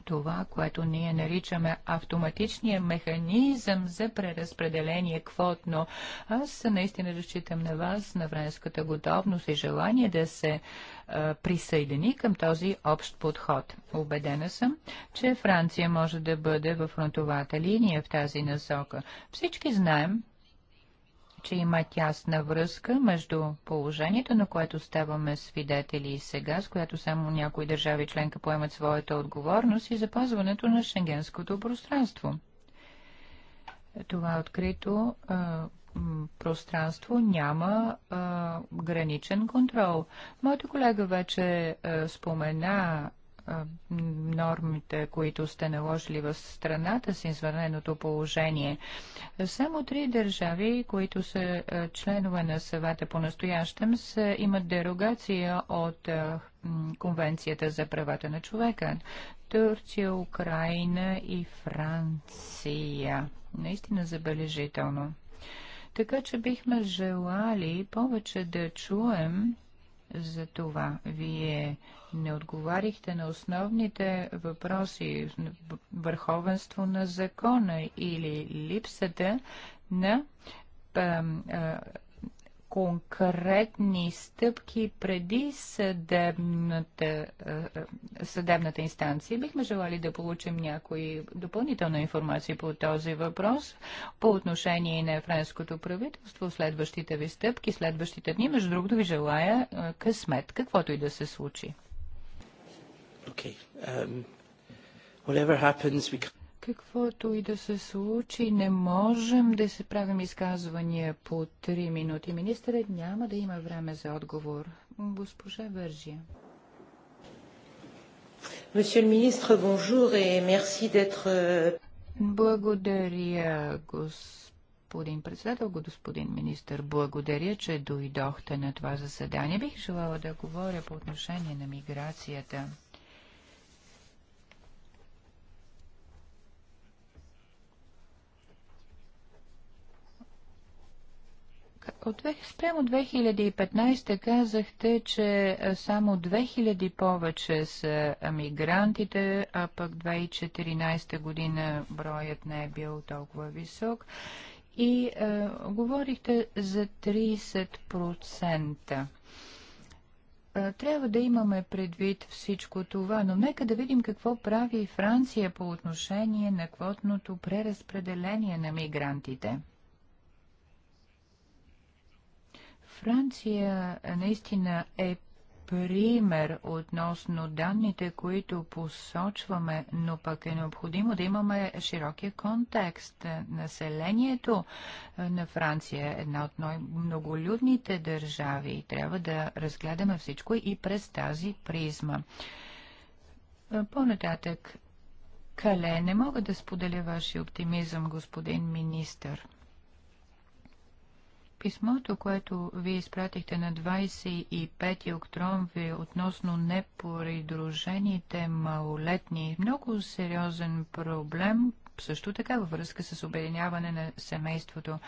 това, което ние наричаме автоматичния механизъм за преразпределение квотно. Аз наистина разчитам на вас, на вранската готовност и желание да се а, присъедини към този общ подход. Убедена съм, че Франция може да бъде в фронтовата линия в тази насока. Всички знаем, че има тясна връзка между положението, на което ставаме свидетели и сега, с което само някои държави членка поемат своята отговорност и запазването на шенгенското пространство. Това открито а, пространство няма а, граничен контрол. Моята колега вече а, спомена нормите, които сте наложили в страната с извънредното положение. Само три държави, които са членове на съвета по настоящем, са, имат дерогация от Конвенцията за правата на човека. Турция, Украина и Франция. Наистина забележително. Така че бихме желали повече да чуем за това. Вие не отговарихте на основните въпроси върховенство на закона или липсата на конкретни стъпки преди съдебната, съдебната инстанция. Бихме желали да получим някои допълнителна информация по този въпрос по отношение на френското правителство, следващите ви стъпки, следващите дни. Между другото ви желая късмет, каквото и да се случи. Okay. Um, whatever happens, we каквото и да се случи, не можем да се правим изказвания по три минути. Министърът няма да има време за отговор. Госпожа Вържия. Monsieur le ministre, bonjour et merci d'être... Euh, Благодаря, господин председател, господин министр. Благодаря, че дойдохте на това заседание. Бих желала да говоря по отношение на миграцията. От, спрямо 2015 казахте, че само 2000 повече са мигрантите, а пък 2014 година броят не е бил толкова висок. И е, говорихте за 30% трябва да имаме предвид всичко това, но нека да видим какво прави Франция по отношение на квотното преразпределение на мигрантите. Франция наистина е пример относно данните, които посочваме, но пък е необходимо да имаме широкия контекст. Населението е, на Франция е една от многолюдните държави. Трябва да разгледаме всичко и през тази призма. Е, по-нататък, Кале, не мога да споделя вашия оптимизъм, господин министър. Писмото, което ви изпратихте на 25 октомври относно непоридружените малолетни, много сериозен проблем, също така във връзка с обединяване на семейството.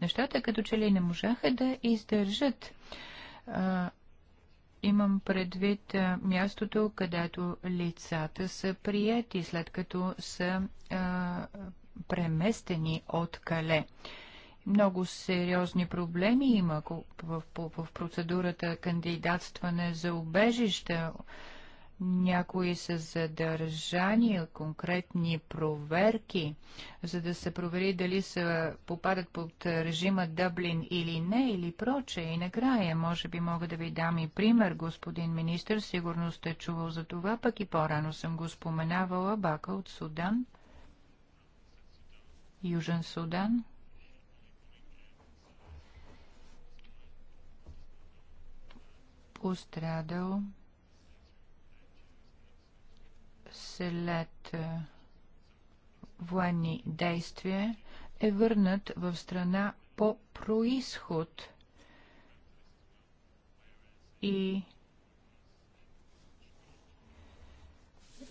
Нещата като че ли не можаха да издържат. А, имам предвид а, мястото, където лицата са приети, след като са а, преместени от кале. А, много сериозни проблеми има в, процедурата кандидатстване за убежище. Някои са задържани, конкретни проверки, за да се провери дали са попадат под режима Дъблин или не, или проче. И накрая, може би мога да ви дам и пример, господин министр, сигурно сте чувал за това, пък и по-рано съм го споменавала, бака от Судан, Южен Судан. пострадал след е, военни действия, е върнат в страна по происход и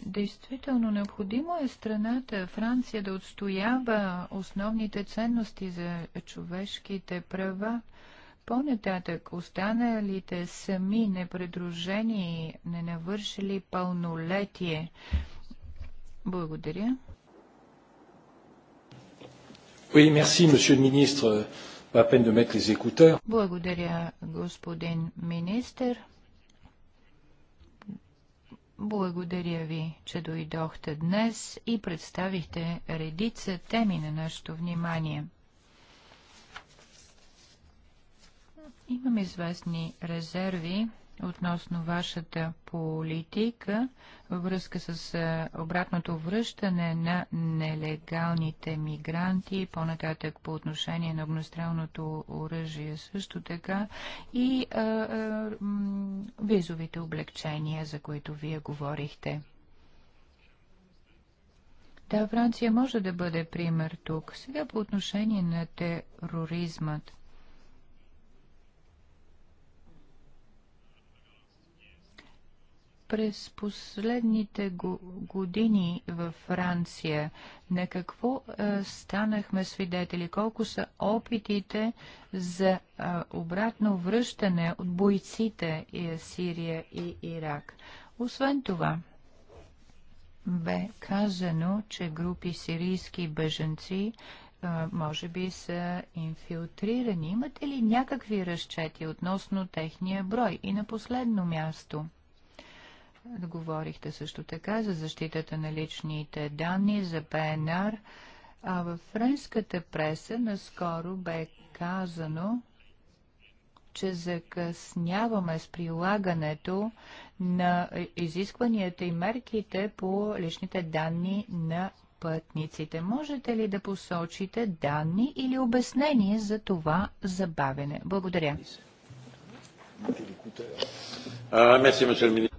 Действително необходимо е страната Франция да отстоява основните ценности за човешките права, по-нататък останалите сами непредружени, не навършили пълнолетие. Благодаря. Oui, merci, monsieur le ministre. Pas peine de mettre les écouteurs. Благодаря, господин министр. Благодаря ви, че дойдохте днес и представихте редица теми на нашето внимание. Имам известни резерви относно вашата политика във връзка с е, обратното връщане на нелегалните мигранти, по-нататък по отношение на огнестрелното оръжие също така и а, е, а, е, визовите облегчения, за които вие говорихте. Да, Франция може да бъде пример тук. Сега по отношение на тероризмът. през последните години във Франция? На какво е, станахме свидетели? Колко са опитите за обратно връщане от бойците и е, Сирия и Ирак? Освен това, бе казано, че групи сирийски беженци може би са инфилтрирани. Имате ли някакви разчети относно техния брой? И на последно място, Говорихте също така за защитата на личните данни, за ПНР. А във френската преса наскоро бе казано, че закъсняваме с прилагането на изискванията и мерките по личните данни на пътниците. Можете ли да посочите данни или обяснение за това забавене? Благодаря.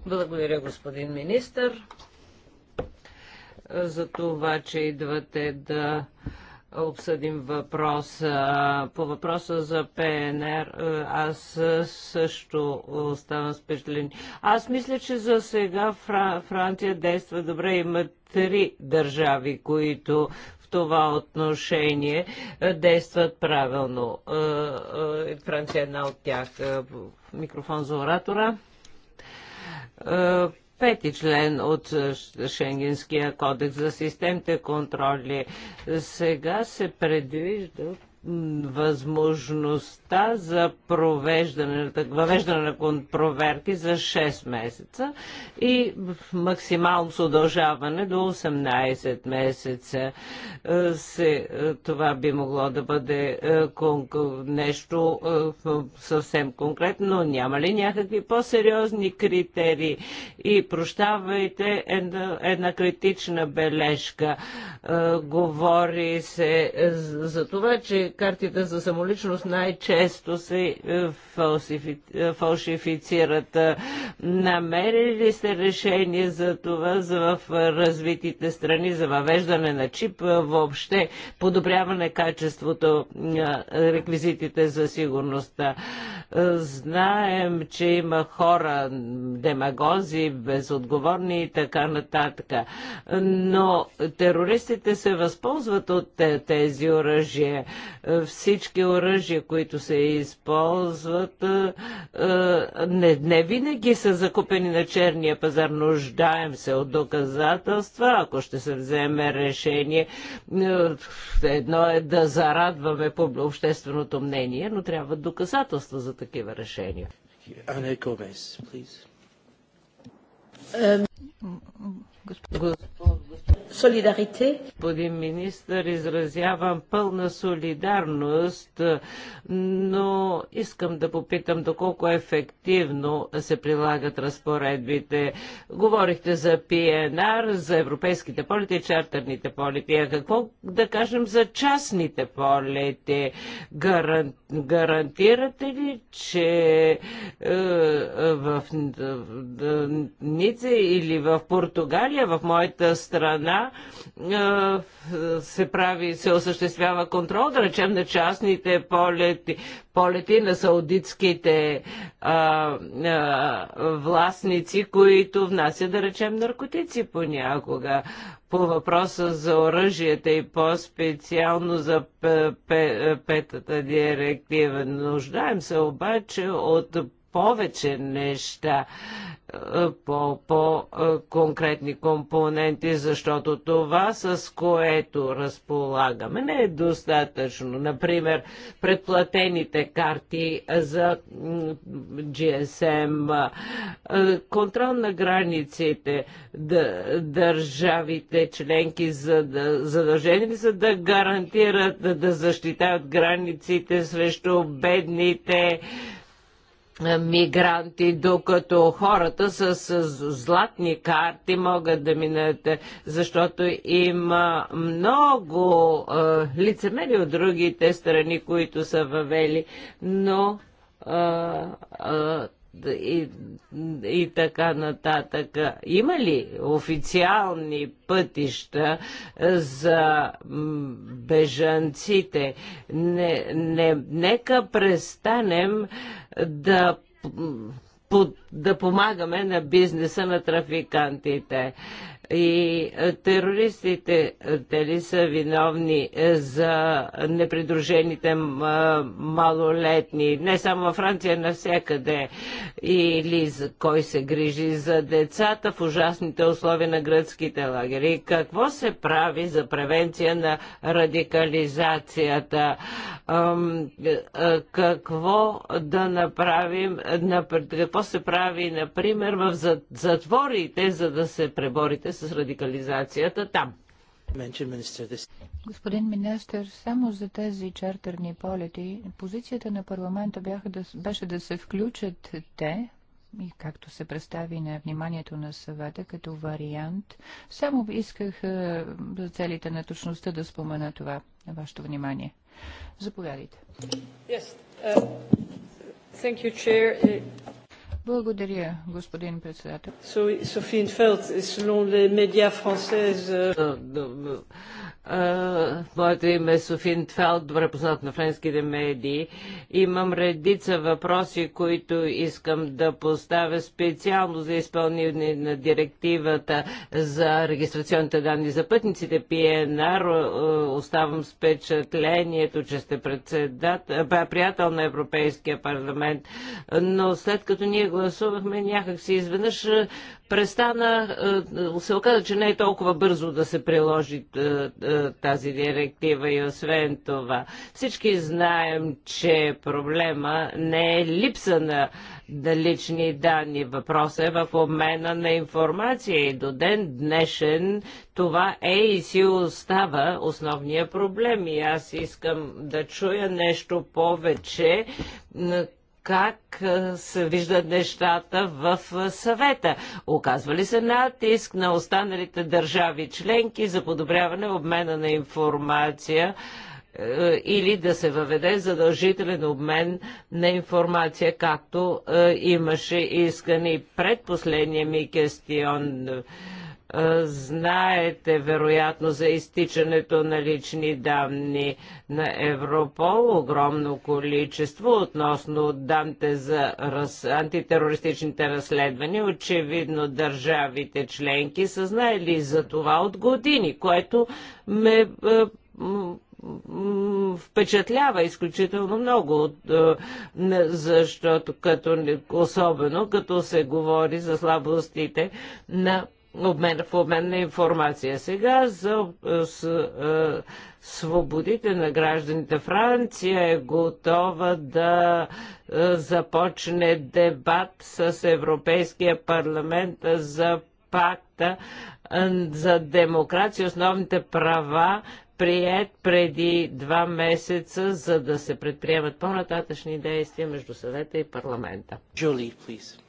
Благодаря, господин министр, за това, че идвате да обсъдим въпроса. По въпроса за ПНР, аз също оставам впечатление. Аз мисля, че за сега Франция действа добре. Има три държави, които това отношение е, действат правилно. Е, е, Франция е една от тях. Микрофон за оратора пети член от Шенгенския кодекс за системните контроли. Сега се предвижда възможността за провеждане, въвеждане на проверки за 6 месеца и максимално съдължаване удължаване до 18 месеца. Е, се, е, това би могло да бъде е, нещо съвсем конкретно. Няма ли някакви по-сериозни критерии? И прощавайте една, една критична бележка. Говори се за това, че картите за самоличност най-често се е, е, фалшифицират. Е, намерили ли сте решение за това за в развитите страни, за въвеждане на чип, въобще подобряване качеството на реквизитите за сигурността? Е, знаем, че има хора, демагози, безотговорни и така нататък. Но терористите се възползват от тези оръжия. Е, всички оръжия, които се използват, е, не, не винаги са закупени на черния пазар. Нуждаем се от доказателства, ако ще се вземе решение. Едно е да зарадваме по общественото мнение, но трябва доказателства за такива решения. Ане Гомес, please. Госпожо Солидарите. Господин министър, изразявам пълна солидарност, но искам да попитам доколко ефективно се прилагат разпоредбите. Говорихте за ПНР, за европейските полети, чартерните полети. А какво да кажем за частните полети? Гаран... Гарантирате ли, че е, в Ница или в Португалия, в моята страна, страна се прави, се осъществява контрол, да речем, на частните полети, полети на саудитските а, а, властници, които внасят, да речем, наркотици понякога. По въпроса за оръжията и по-специално за петата директива. Нуждаем се обаче от повече неща. Е, по, по конкретни компоненти, защото това, с което разполагаме, не е достатъчно. Например, предплатените карти за GSM, е, контрол на границите, държавите членки за да, задължени ли са да гарантират, да защитават границите срещу бедните, е, мигранти, докато хората с, златни карти могат да минат, е, защото има много е, лицемери от другите страни, които са въвели, но е, е, и, и така нататък. Има ли официални пътища е, за бежанците? Не, не, нека престанем да да помагаме на бизнеса на трафикантите. И е, терористите, те ли са виновни е, за непридружените е, малолетни, не само във Франция, навсякъде, или за кой се грижи за децата в ужасните условия на гръцките лагери? Какво се прави за превенция на радикализацията? Е, е, какво да направим, какво се прави, например, в затворите, за да се преборите с радикализацията там. Господин министър, само за тези чартерни полети, позицията на парламента бяха да, беше да се включат те, и както се представи на вниманието на съвета като вариант, само исках е, за целите на точността да спомена това на вашето внимание. Заповядайте. Uh, uh, Благодаря, господин председател. Софи Фелт, selon les médias françaises... Моето име е Софин Тфелд, добре познат на френските медии. Имам редица въпроси, които искам да поставя специално за изпълнение на директивата за регистрационните данни за пътниците. ПНР оставам с впечатлението, че сте председател, приятел на Европейския парламент, но след като ние гласувахме някакси изведнъж престана, се оказа, че не е толкова бързо да се приложи тази директива и освен това. Всички знаем, че проблема не е липса на лични данни. Въпросът е в обмена на информация и до ден днешен това е и си остава основния проблем. И аз искам да чуя нещо повече как се виждат нещата в съвета. Оказва ли се натиск на останалите държави членки за подобряване обмена на информация? или да се въведе задължителен обмен на информация, както имаше искани пред последния ми кестион. Знаете вероятно за изтичането на лични данни на Европол, огромно количество относно данните за раз... антитерористичните разследвания. Очевидно държавите членки са знаели за това от години, което ме впечатлява изключително много, защото като, особено като се говори за слабостите на обмен, в обмен на информация. Сега за е, с, е, свободите на гражданите. Франция е готова да е, започне дебат с Европейския парламент за пакта е, за демокрация, основните права, прият преди два месеца, за да се предприемат по-нататъчни действия между съвета и парламента. Джули, please.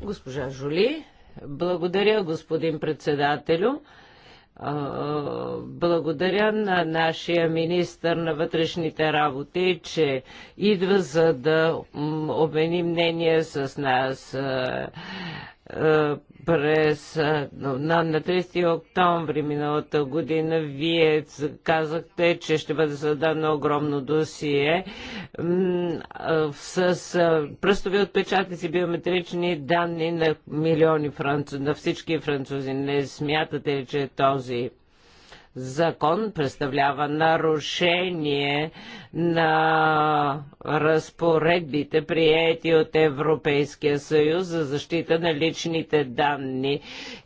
Госпожа Жули, благодаря, господин председателю. Благодаря на нашия министр на вътрешните работи, че идва за да обмени мнение с нас през, на, на 30 октомври миналата година вие казахте, че ще бъде създадено огромно досие с пръстови отпечатъци, биометрични данни на милиони французи, на всички французи. Не смятате ли, че този закон представлява нарушение на разпоредбите, приети от Европейския съюз за защита на личните данни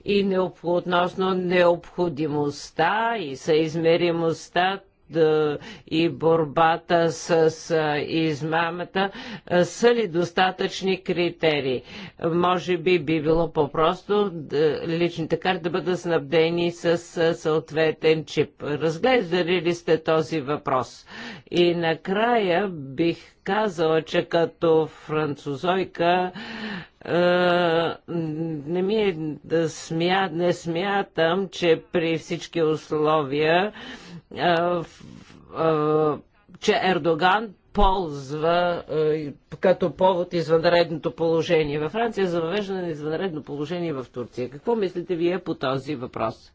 и относно необходимостта и съизмеримостта и борбата с измамата са ли достатъчни критерии? Може би би било по-просто личните карти да бъдат снабдени с съответен чип. Разглеждали ли сте този въпрос? И накрая бих казала, че като французойка е, не ми е да смя, не смятам, че при всички условия е, че Ердоган ползва като повод извънредното положение във Франция за въвеждане на извънредно положение в Турция. Какво мислите вие по този въпрос?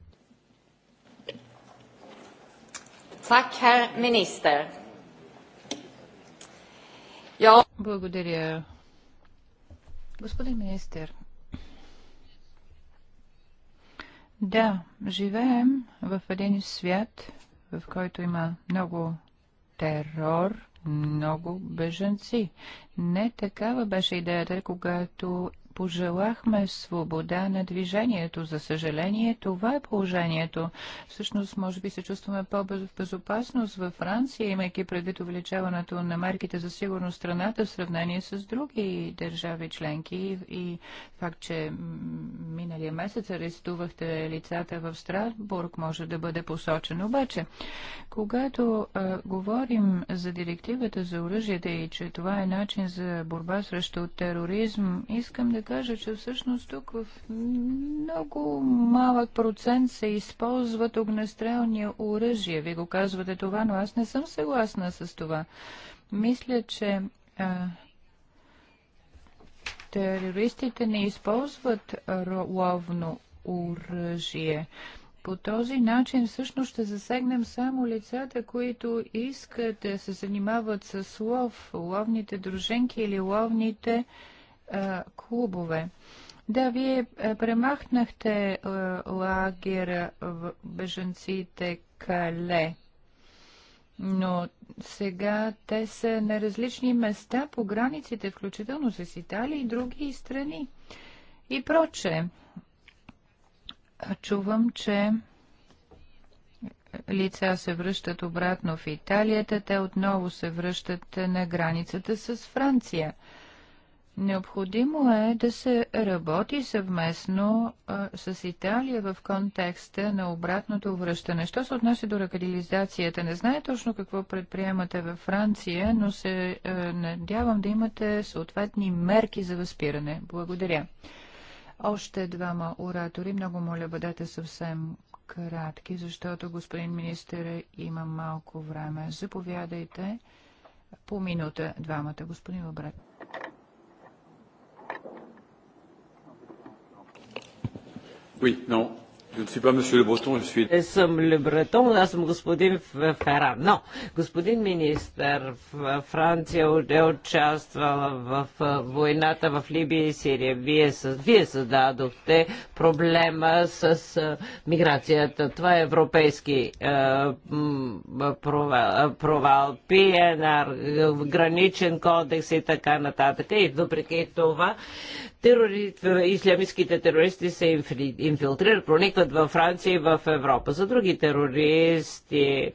Благодаря, Господин министр, да, живеем в един свят, в който има много терор, много беженци. Не такава беше идеята, когато пожелахме свобода на движението. За съжаление, това е положението. Всъщност, може би се чувстваме по-безопасност във Франция, имайки предвид увеличаването на мерките за сигурност страната в сравнение с други държави членки и факт, че миналия месец арестувахте лицата в Страсбург, може да бъде посочен. Обаче, когато а, говорим за директивата за оръжията и че това е начин за борба срещу тероризъм, искам да кажа, че всъщност тук в много малък процент се използват огнестрелни оръжия. Вие го казвате това, но аз не съм съгласна с това. Мисля, че а, терористите не използват ловно оръжие. По този начин всъщност ще засегнем само лицата, които искат да се занимават с лов, ловните дружинки или ловните а, клубове. Да, вие е, премахнахте е, лагера в беженците Кале, но сега те са на различни места по границите, включително с Италия и други страни. И проче, чувам, че лица се връщат обратно в Италията, те отново се връщат на границата с Франция – Необходимо е да се работи съвместно а, с Италия в контекста на обратното връщане. Що се отнася до рекалилизацията? Не знае точно какво предприемате във Франция, но се а, надявам да имате съответни мерки за възпиране. Благодаря. Още двама оратори. Много моля, бъдете съвсем кратки, защото господин министър има малко време. Заповядайте по минута двамата, господин Обрат. Oui, non. Je ne suis pas monsieur Le Breton, je suis... Не съм Ле Бретон, аз съм господин Феран. Но, господин министър, Франция е участвала в войната в Либия и Сирия. Вие, вие създадохте проблема с миграцията. Това е европейски провал, провал, ПНР, граничен кодекс и така нататък. И въпреки това терори, ислямистските терористи се инфилтрират, проникват във Франция и в Европа. За други терористи е,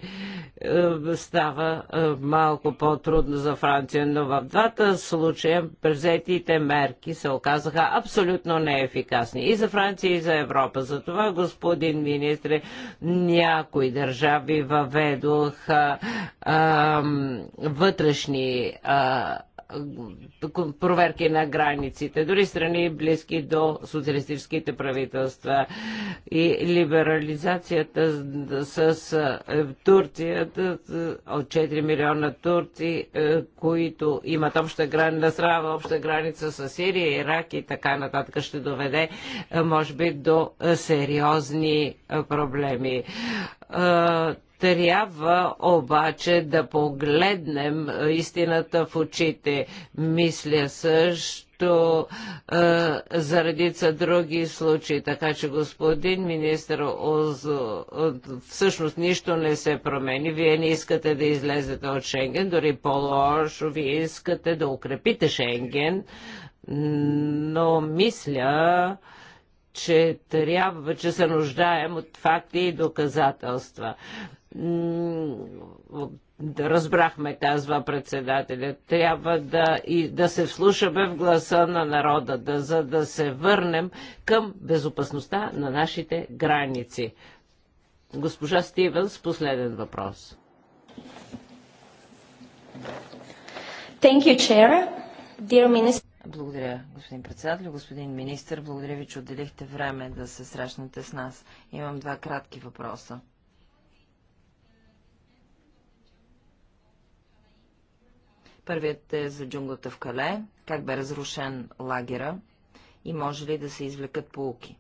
става е, малко по-трудно за Франция, но в двата случая презетите мерки се оказаха абсолютно неефикасни и за Франция, и за Европа. Затова, господин министр, някои държави въведоха вътрешни а, проверки на границите, дори страни близки до социалистическите правителства и либерализацията с, с е, Турция е, от 4 милиона турци, е, които имат обща граница, здрава обща граница с Сирия, Ирак и така нататък ще доведе, може би, до сериозни проблеми трябва обаче да погледнем е, истината в очите. Мисля също е, са други случаи. Така че, господин министр, е, всъщност нищо не се промени. Вие не искате да излезете от Шенген, дори по-лошо. Вие искате да укрепите Шенген, но мисля, че трябва, че се нуждаем от факти и доказателства разбрахме, казва председателя. Трябва да, и, да се вслушаме в гласа на народа, да, за да се върнем към безопасността на нашите граници. Госпожа Стивенс, последен въпрос. Thank you, Chair. Dear Minister... Благодаря, господин председател. Господин министр, благодаря ви, че отделихте време да се срещнете с нас. Имам два кратки въпроса. Първият е за джунглата в Кале, как бе разрушен лагера и може ли да се извлекат полуки.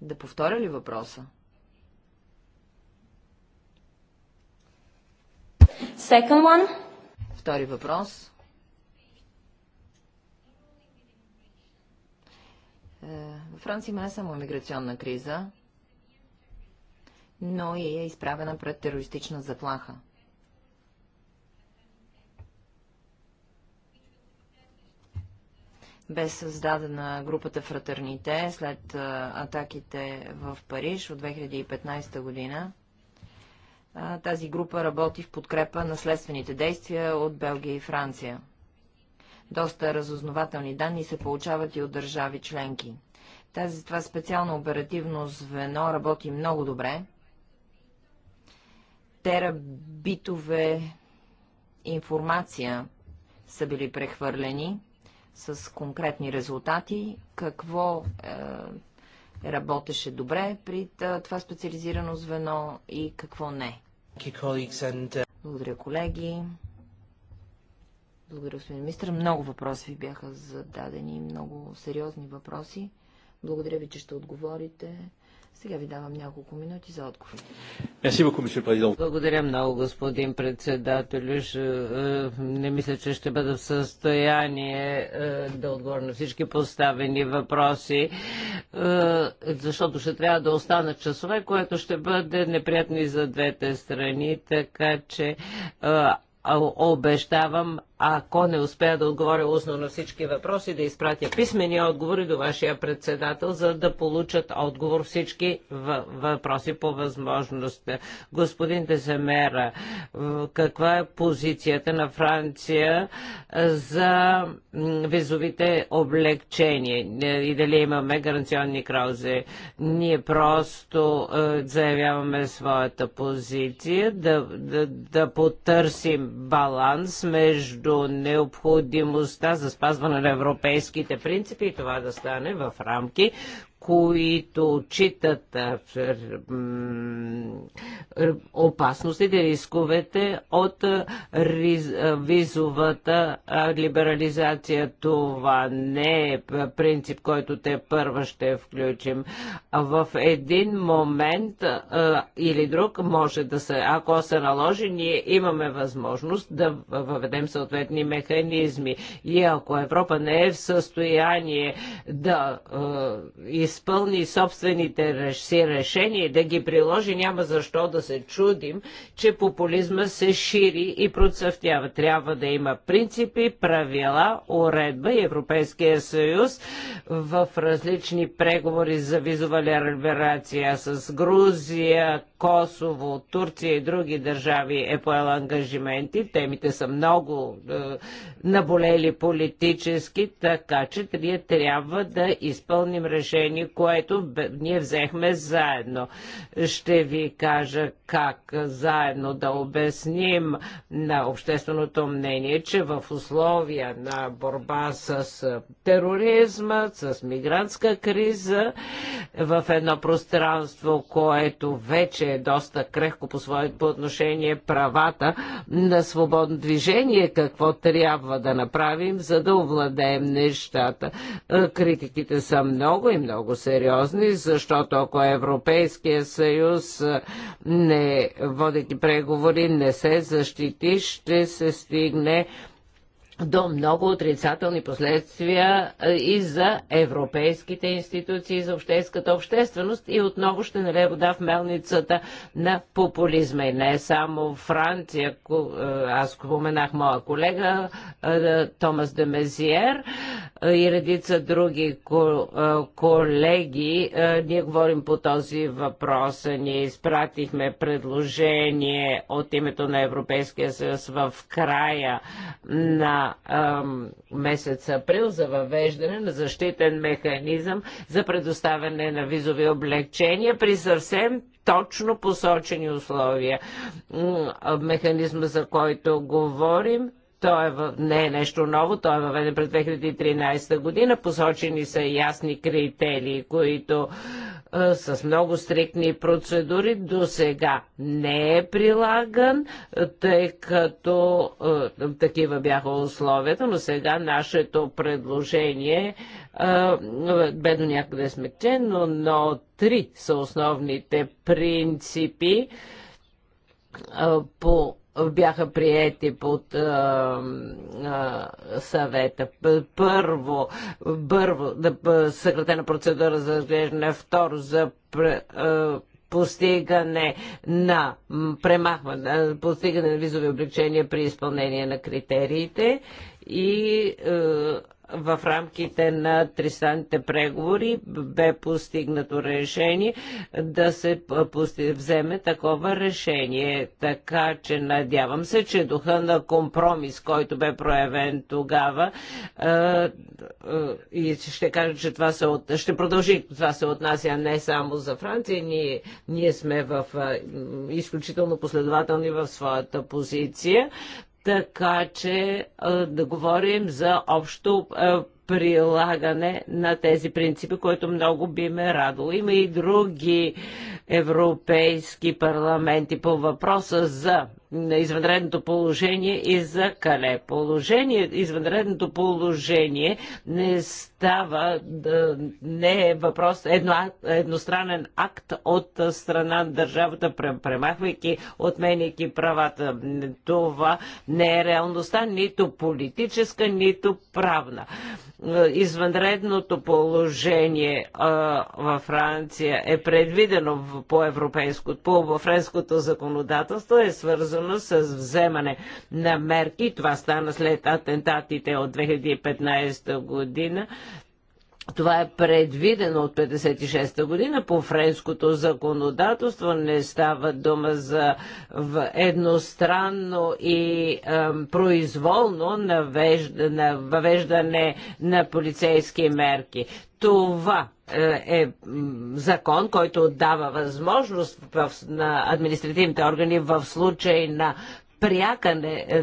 Да повторя ли въпроса? Second one. Втори въпрос. Е, във Франция има не само миграционна криза, но и е изправена пред терористична заплаха. бе създадена групата Фратерните след атаките в Париж от 2015 година. Тази група работи в подкрепа на следствените действия от Белгия и Франция. Доста разузнавателни данни се получават и от държави членки. Тази, това специално оперативно звено работи много добре. Терабитове информация са били прехвърлени с конкретни резултати, какво е, работеше добре при е, това специализирано звено и какво не. Uh, Благодаря, колеги. Благодаря, господин министр. Много въпроси ви бяха зададени, много сериозни въпроси. Благодаря ви, че ще отговорите. Сега ви давам няколко минути за отговор. Благодаря много, господин председател. Е, е, не мисля, че ще бъда в състояние е, да отговоря на всички поставени въпроси, защото ще трябва да останат часове, което ще бъде неприятно и за двете страни, така че обещавам, ако не успея да отговоря устно на всички въпроси, да изпратя писмени отговори до вашия председател, за да получат отговор всички въпроси по възможност. Господин Деземера, каква е позицията на Франция за визовите облегчения и дали имаме гаранционни краузи? Ние просто заявяваме своята позиция да, да, да потърсим баланс между необходимостта за спазване на европейските принципи и това да стане в рамки, които отчитат опасностите, рисковете от визовата либерализация. Това не е принцип, който те първа ще включим. В един момент или друг може да се, ако се наложи, ние имаме възможност да въведем съответни механизми. И ако Европа не е в състояние да из изпълни собствените си решения и да ги приложи, няма защо да се чудим, че популизма се шири и процъфтява. Трябва да има принципи, правила, уредба и Европейския съюз в различни преговори за визова либерация с Грузия, Косово, Турция и други държави е поел ангажименти. Темите са много е, наболели политически, така че ние трябва да изпълним решение решение, което ние взехме заедно. Ще ви кажа как заедно да обясним на общественото мнение, че в условия на борба с тероризма, с мигрантска криза, в едно пространство, което вече е доста крехко по своето отношение правата на свободно движение, какво трябва да направим, за да овладеем нещата. Критиките са много и много сериозни, защото ако Европейския съюз не водики преговори не се защити, ще се стигне до много отрицателни последствия и за европейските институции, и за общейската общественост и отново ще нале вода в мелницата на популизма. И не само Франция, аз споменах моя колега Томас де Мезиер и редица други колеги. Ние говорим по този въпрос. Ние изпратихме предложение от името на Европейския съюз в края на ам, месец април за въвеждане на защитен механизъм за предоставяне на визови облегчения при съвсем точно посочени условия. Механизма, за който говорим, той е не е нещо ново, той е въведен през 2013 година. Посочени са ясни критерии, които с много стрикни процедури. До сега не е прилаган, тъй като такива бяха условията, но сега нашето предложение бе до някъде смекчено, но три са основните принципи по бяха приети под а, а, съвета. Първо, първо да, съкратена процедура за разглеждане, второ за а, постигане на премахване, постигане на визови облегчения при изпълнение на критериите и в рамките на тристранните преговори бе постигнато решение да се вземе такова решение. Така че надявам се, че духа на компромис, който бе проявен тогава, и ще кажа, че това се от... ще продължи, това се отнася не само за Франция, ние, ние сме в изключително последователни в своята позиция така че да говорим за общо прилагане на тези принципи, което много би ме радило. Има и други европейски парламенти по въпроса за извънредното положение и за Кале. Положение, извънредното положение не става, не е въпрос, едно, едностранен акт от страна на държавата, премахвайки, отменяйки правата. Това не е реалността, нито политическа, нито правна. Извънредното положение във Франция е предвидено по европейското, по френското законодателство, е свързано включително с вземане на мерки. Това стана след атентатите от 2015 година. Това е предвидено от 56-та година по френското законодателство. Не става дума за едностранно и е, произволно въвеждане на полицейски мерки. Това е, е закон, който дава възможност на административните органи в случай на пряка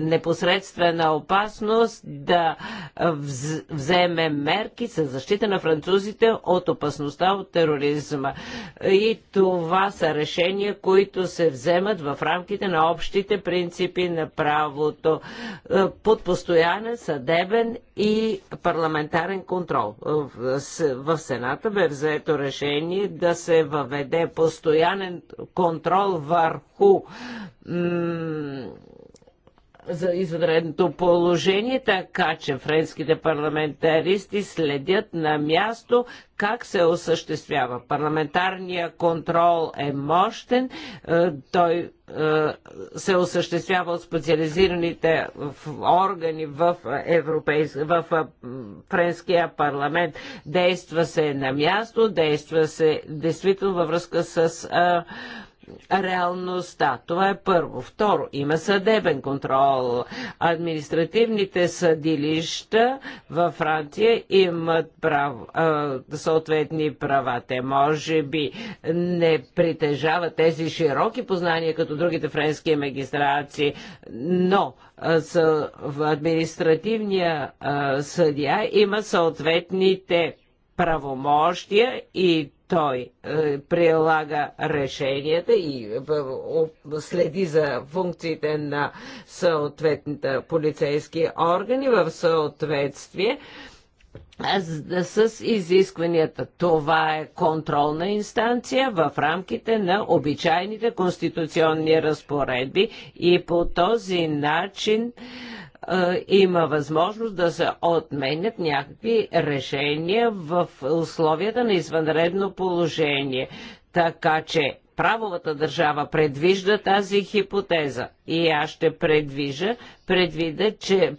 непосредствена опасност да вземе мерки за защита на французите от опасността от тероризма. И това са решения, които се вземат в рамките на общите принципи на правото е, под постоянен съдебен и парламентарен контрол. В Сената бе взето решение да се въведе постоянен контрол върху за извънредното положение, така че френските парламентаристи следят на място как се осъществява. Парламентарният контрол е мощен, е, той е, се осъществява от специализираните органи в, европейс... в е, френския парламент. Действа се на място, действа се действително във връзка с реалността. Това е първо. Второ, има съдебен контрол. Административните съдилища във Франция имат прав, а, съответни права. Те може би не притежават тези широки познания, като другите френски магистрации, но а, в административния съдия има съответните правомощия и той е, прилага решенията и е, следи за функциите на съответните полицейски органи в съответствие с изискванията. Това е контролна инстанция в рамките на обичайните конституционни разпоредби и по този начин е, има възможност да се отменят някакви решения в условията на извънредно положение. Така че правовата държава предвижда тази хипотеза и аз ще предвижа предвида, че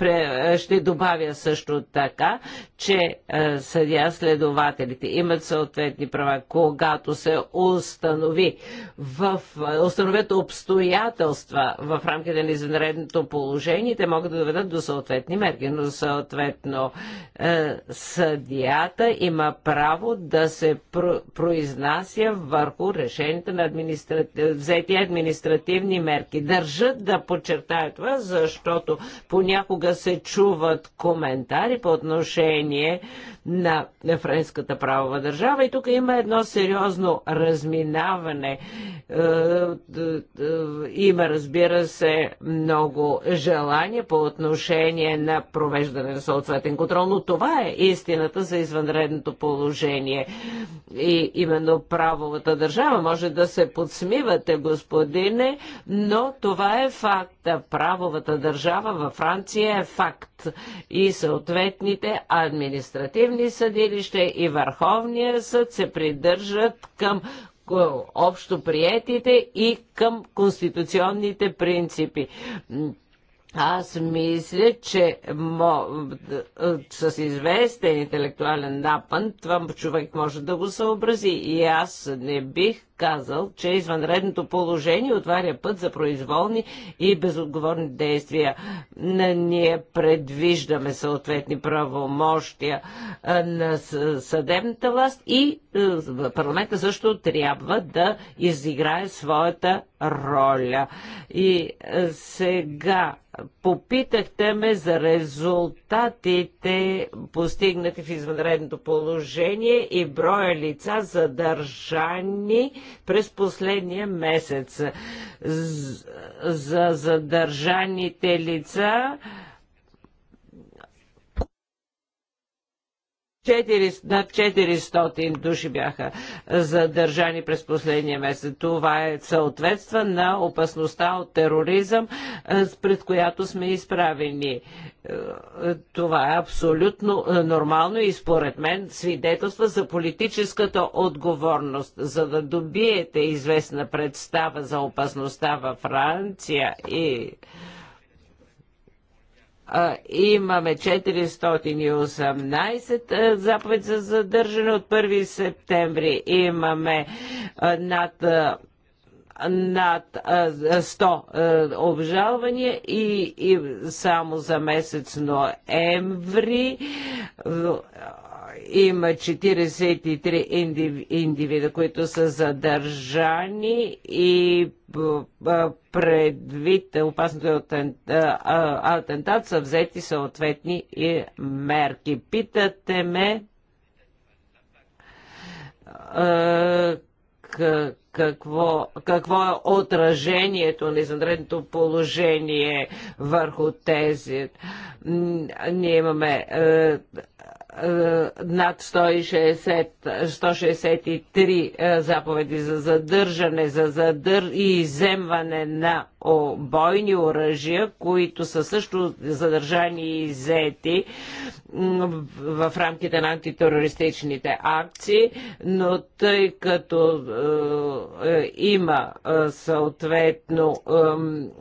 ще добавя също така, че е, съдя следователите имат съответни права, когато се установи в, е, установят обстоятелства в рамките на извънредното положение, те могат да доведат до съответни мерки, но съответно е, съдията има право да се произнася върху решенията на административ... взети административни мерки. Държат да подчертая това, защото защото понякога се чуват коментари по отношение на френската правова държава и тук има едно сериозно разминаване. Е, има, разбира се, много желание по отношение на провеждане на съответен контрол, но това е истината за извънредното положение. И именно правовата държава може да се подсмивате, господине, но това е факта. Правовата държава държава във Франция е факт и съответните административни съдилища и Върховния съд се придържат към общоприетите и към конституционните принципи. Аз мисля, че мо, с известен интелектуален напън това човек може да го съобрази. И аз не бих казал, че извънредното положение отваря път за произволни и безотговорни действия. Ние предвиждаме съответни правомощия на съдебната власт и парламента също трябва да изиграе своята роля. И сега Попитахте ме за резултатите, постигнати в извънредното положение и броя лица задържани през последния месец. За задържаните лица 400, над 400 души бяха задържани през последния месец. Това е съответства на опасността от тероризъм, пред която сме изправени. Е, е, това е абсолютно е, нормално и според мен свидетелства за политическата отговорност. За да добиете известна представа за опасността във Франция и Имаме 418 заповед за задържане от 1 септември. Имаме над над 100 обжалвания и, и само за месец ноември има 43 индив, индивида, които са задържани и предвид опасното е атентат са взети съответни и е, мерки. Питате ме какво, какво е отражението на извънредното положение върху тези. Ние имаме е, е, над 160, 163 е, заповеди за задържане за задър... и иземване на бойни оръжия, които са също задържани и иззети в рамките на антитерористичните акции, но тъй като е, е има съответно,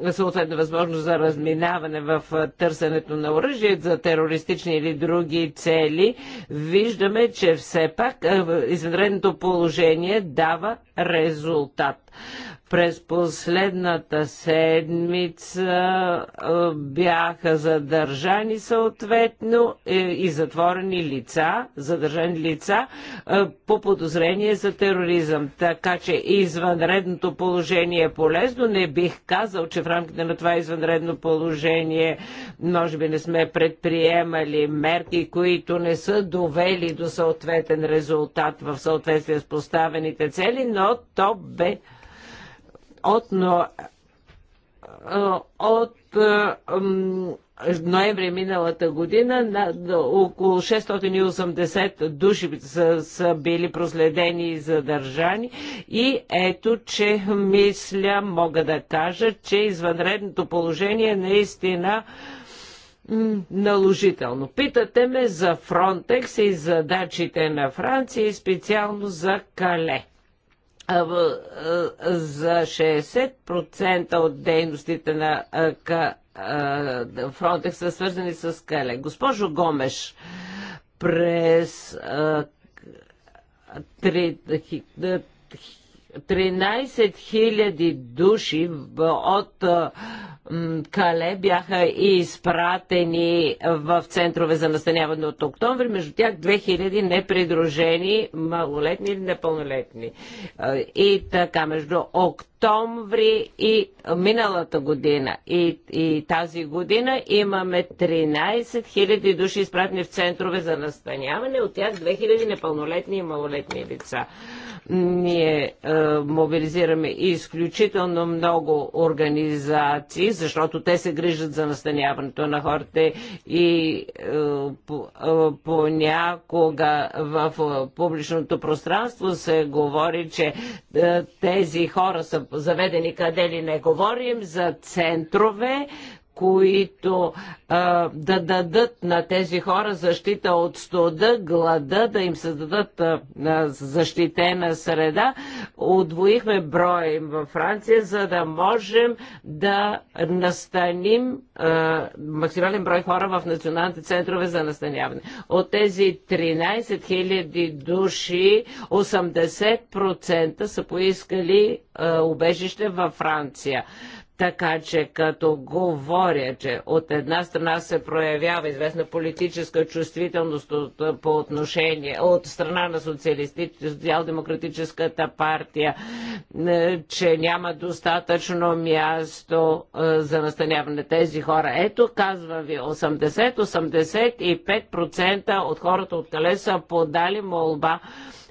е, съответно възможност за разминаване в търсенето на оръжие за терористични или други цели, цели, виждаме, че все пак извънредното положение дава резултат. През последната седмица бяха задържани съответно е, и затворени лица, задържани лица по подозрение за тероризъм. Така че извънредното положение е полезно. Не бих казал, че в рамките на това извънредно положение може би не сме предприемали мерки, които не са довели до съответен резултат в съответствие с поставените цели, но то бе от, но, от ноември миналата година на, около 680 души са, са били проследени и задържани. И ето, че мисля, мога да кажа, че извънредното положение е наистина наложително. Питате ме за Фронтекс и задачите на Франция и специално за Кале за 60% от дейностите на Фронтекс са свързани с Кале. Госпожо Гомеш, през 13 000 души от Кале бяха изпратени в центрове за настаняване от октомври, между тях 2000 непридружени малолетни или непълнолетни. И така, между октомври и миналата година и, и тази година имаме 13 000 души изпратени в центрове за настаняване, от тях 2000 непълнолетни и малолетни лица. Ние а, е, мобилизираме изключително много организации, защото те се грижат за настаняването на хората и е, е, понякога в публичното пространство се говори, че тези хора са заведени къде ли не говорим за центрове, които а, да дадат на тези хора защита от студа, глада, да им създадат а, защитена среда. отвоихме броя им във Франция, за да можем да настаним а, максимален брой хора в националните центрове за настаняване. От тези 13 000 души, 80% са поискали а, убежище във Франция. Така че като говоря, че от една страна се проявява известна политическа чувствителност от, по отношение от страна на социал-демократическата партия, е, че няма достатъчно място е, за настаняване на тези хора. Ето, казва ви, 80-85% от хората от Калеса са подали молба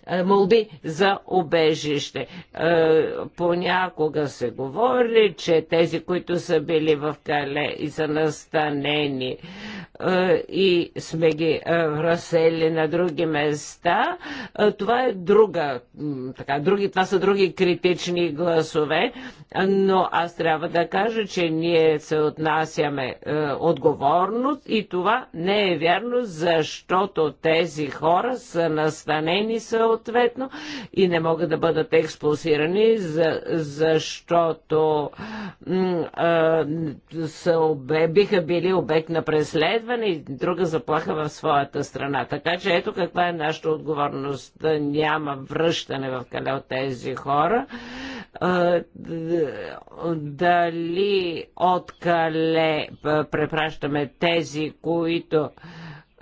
е, молби за обежище. Е, понякога се говори, че тези, които са били в Кале и са настанени е, и сме ги разсели на други места, това е друга, така, други, това са други критични гласове, но аз трябва да кажа, че ние се отнасяме отговорност и това не е вярно, защото тези хора са настанени са от съответно и не могат да бъдат експулсирани, за, защото а, обе, биха били обект на преследване и друга заплаха в своята страна. Така че ето каква е нашата отговорност. Да няма връщане в кале от тези хора. дали от кале препращаме тези, които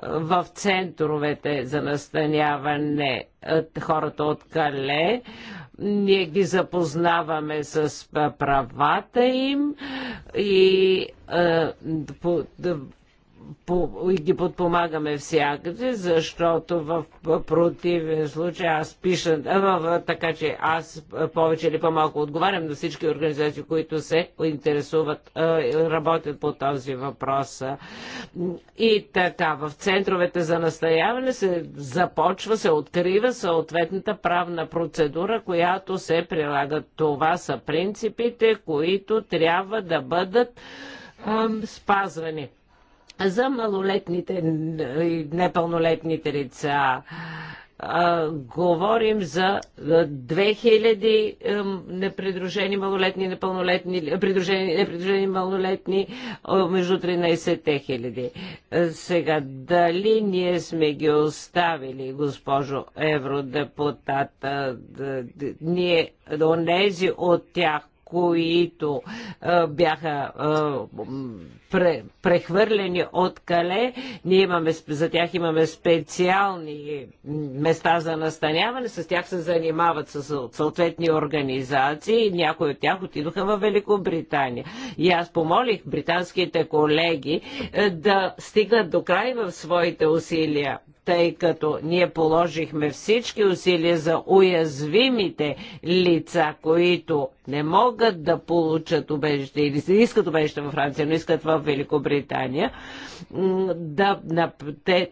в центровете за настаняване от хората от Кале. Ние ги запознаваме с правата им и по, и ги подпомагаме всякъде, защото в противен случай аз пиша, така че аз повече или по-малко отговарям на всички организации, които се интересуват, работят по този въпрос. И така, в центровете за настояване се започва, се открива съответната правна процедура, която се прилага. Това са принципите, които трябва да бъдат спазвани за малолетните и непълнолетните лица. А, говорим за 2000 непридружени малолетни, непълнолетни, придружени, непридружени малолетни между 13-те хиляди. Сега, дали ние сме ги оставили, госпожо евродепутата, да, да, ние, онези от тях, които а, бяха а, пре, прехвърлени от Кале. Ние имаме, за тях имаме специални места за настаняване. С тях се занимават с съответни организации. Някои от тях отидоха в Великобритания. И аз помолих британските колеги да стигнат до край в своите усилия тъй като ние положихме всички усилия за уязвимите лица, които не могат да получат убежище или не искат убежище във Франция, но искат в Великобритания, да, на, те,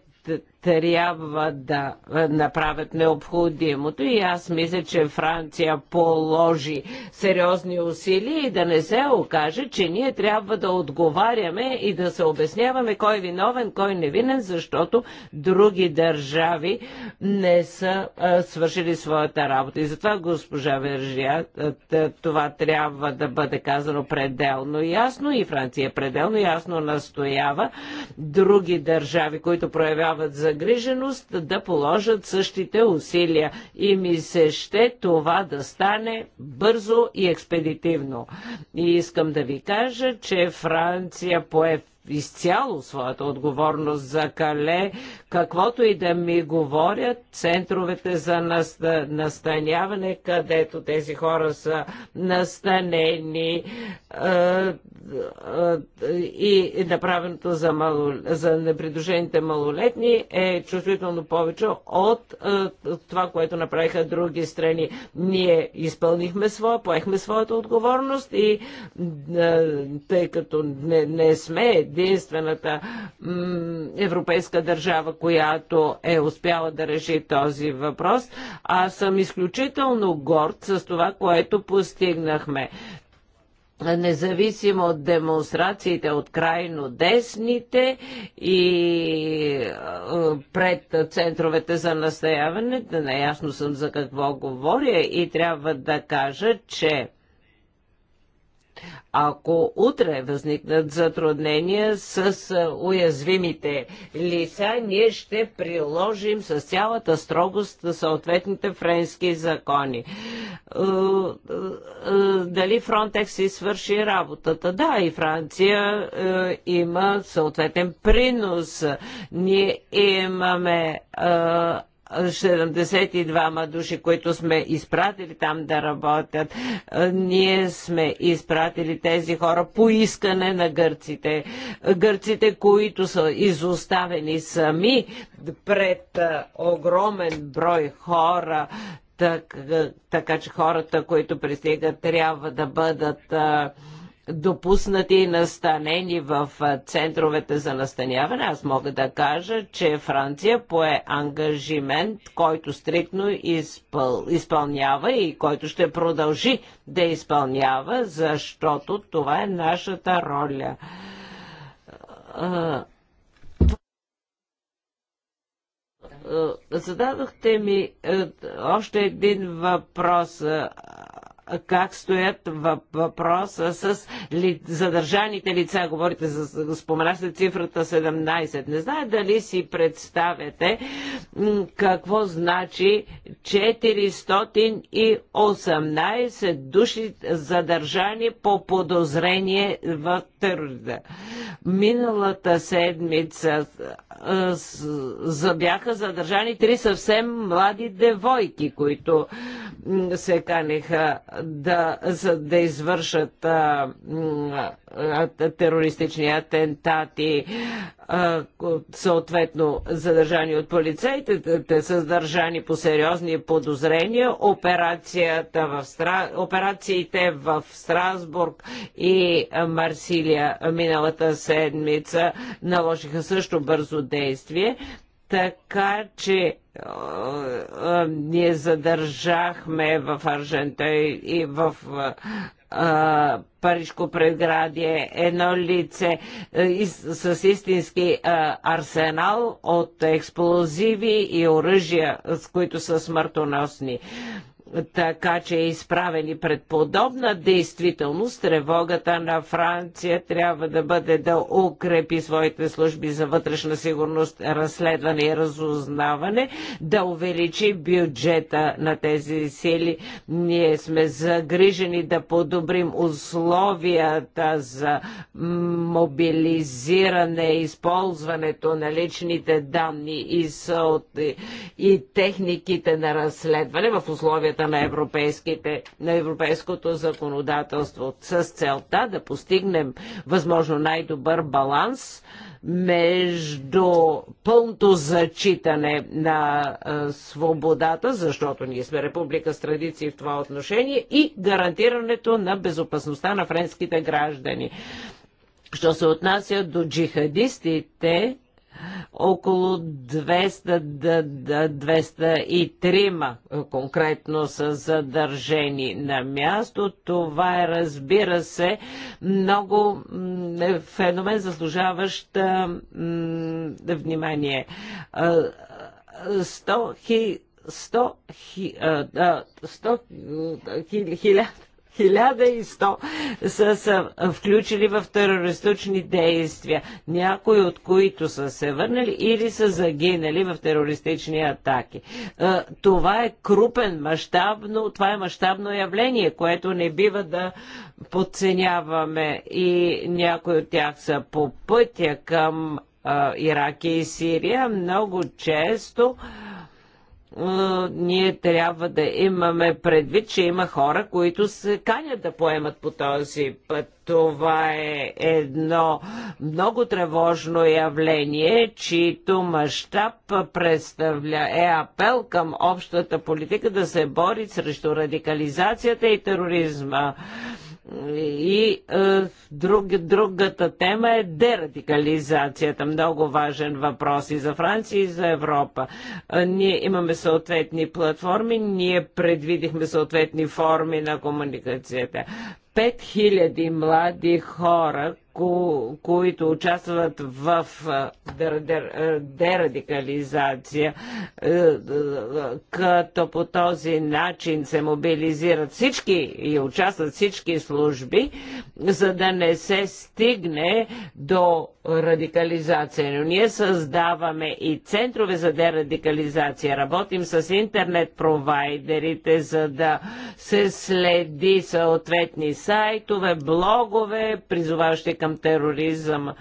трябва да е, направят необходимото и аз мисля, че Франция положи сериозни усилия и да не се окаже, че ние трябва да отговаряме и да се обясняваме кой е виновен, кой е невинен, защото други държави не са е, свършили своята работа. И затова, госпожа Вержия, е, това трябва да бъде казано пределно ясно и Франция пределно ясно настоява други държави, които проявяват за загриженост да положат същите усилия. И ми се ще това да стане бързо и експедитивно. И искам да ви кажа, че Франция пое изцяло своята отговорност за Кале. Каквото и да ми говорят, центровете за настаняване, където тези хора са настанени е, е, и направеното за, малол... за непридружените малолетни е чувствително повече от е, това, което направиха други страни. Ние изпълнихме своя, поехме своята отговорност и тъй като не, не сме единствената европейска държава, която е успяла да реши този въпрос. Аз съм изключително горд с това, което постигнахме независимо от демонстрациите от крайно десните и пред центровете за настояване, да наясно съм за какво говоря и трябва да кажа, че ако утре възникнат затруднения с уязвимите лица, ние ще приложим с цялата строгост на съответните френски закони. Е, е, е, дали Фронтекс си свърши работата? Да, и Франция има съответен принос. Ние имаме 72 души, които сме изпратили там да работят. Е, ние сме изпратили тези хора по искане на гърците. Е, гърците, които са изоставени сами пред е, огромен брой хора, така, така че хората, които пристигат, трябва да бъдат а, допуснати и настанени в центровете за настаняване. Аз мога да кажа, че Франция пое ангажимент, който стриктно изпъл... изпълнява и който ще продължи да изпълнява, защото това е нашата роля. Зададохте ми още един въпрос как стоят въпроса с ли, задържаните лица. Говорите, за, споменахте цифрата 17. Не знае дали си представяте какво значи 418 души задържани по подозрение в тероризъм. Миналата седмица бяха задържани три съвсем млади девойки, които се канеха да, за да извършат а, а, терористични атентати, а, съответно задържани от полицейите, те са задържани по сериозни подозрения. Операцията в Стра... Операциите в Страсбург и Марсилия миналата седмица наложиха също бързо действие, така че е, е, ние задържахме в Аржентай и в а, е, Парижко преградие едно лице с, с истински а, арсенал от експлозиви и оръжия, с които са смъртоносни така че е изправени пред подобна действителност, тревогата на Франция трябва да бъде да укрепи своите служби за вътрешна сигурност, разследване и разузнаване, да увеличи бюджета на тези сили. Ние сме загрижени да подобрим условията за мобилизиране, използването на личните данни и, и техниките на разследване в условията изискванията на, на европейското законодателство с целта да постигнем възможно най-добър баланс между пълното зачитане на свободата, защото ние сме република с традиции в това отношение, и гарантирането на безопасността на френските граждани. Що се отнася до джихадистите, около 200, 203 е, конкретно са задържени на място. Това е, разбира се, много е, феномен, заслужаващ е, внимание. 100 100 1100 са, се включили в терористични действия, някои от които са се върнали или са загинали в терористични атаки. Е, това е крупен, мащабно, това е мащабно явление, което не бива да подценяваме и някои от тях са по пътя към е, Ирак и Сирия. Много често ние трябва да имаме предвид, че има хора, които се канят да поемат по този път. Това е едно много тревожно явление, чието мащаб представля е апел към общата политика да се бори срещу радикализацията и тероризма. Нали, и е, друг, другата тема е дерадикализацията. Много важен въпрос и за Франция, и за Европа. Е, ние имаме съответни платформи, ние предвидихме съответни форми на комуникацията. 5000 млади хора, ко, които участват в дерадикализация, като по този начин се мобилизират всички и участват всички служби, за да не се стигне до радикализация. Но ние създаваме и центрове за дерадикализация. Работим с интернет провайдерите, за да се следи съответни сайтове, блогове, призоваващи към към тероризъм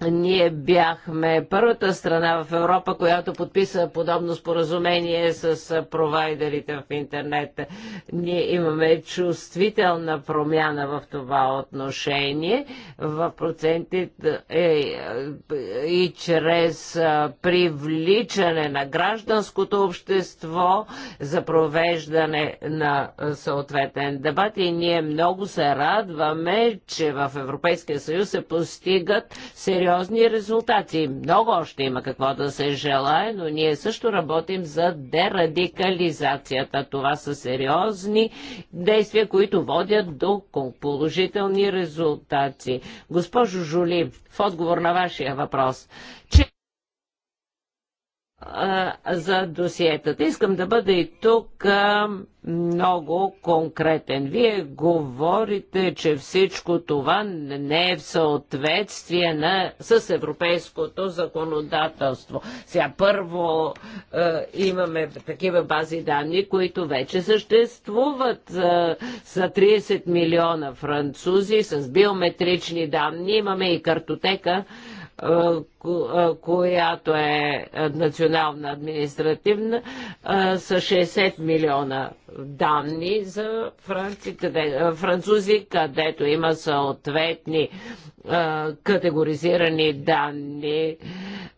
ние бяхме първата страна в Европа, която подписа подобно споразумение с провайдерите в интернет. Ние имаме чувствителна промяна в това отношение в процентите е, и чрез привличане на гражданското общество за провеждане на съответен дебат и ние много се радваме, че в Европейския съюз се постигат сериозни сериозни резултати. Много още има какво да се желае, но ние също работим за дерадикализацията. Това са сериозни действия, които водят до положителни резултати. Госпожо Жули, в отговор на вашия въпрос, че за досиетата. Искам да бъда и тук много конкретен. Вие говорите, че всичко това не е в съответствие на, с европейското законодателство. Сега първо а, имаме такива бази данни, които вече съществуват. за 30 милиона французи с биометрични данни. Имаме и картотека която е национална административна, с 60 милиона данни за франци, къде, французи, където има съответни категоризирани данни.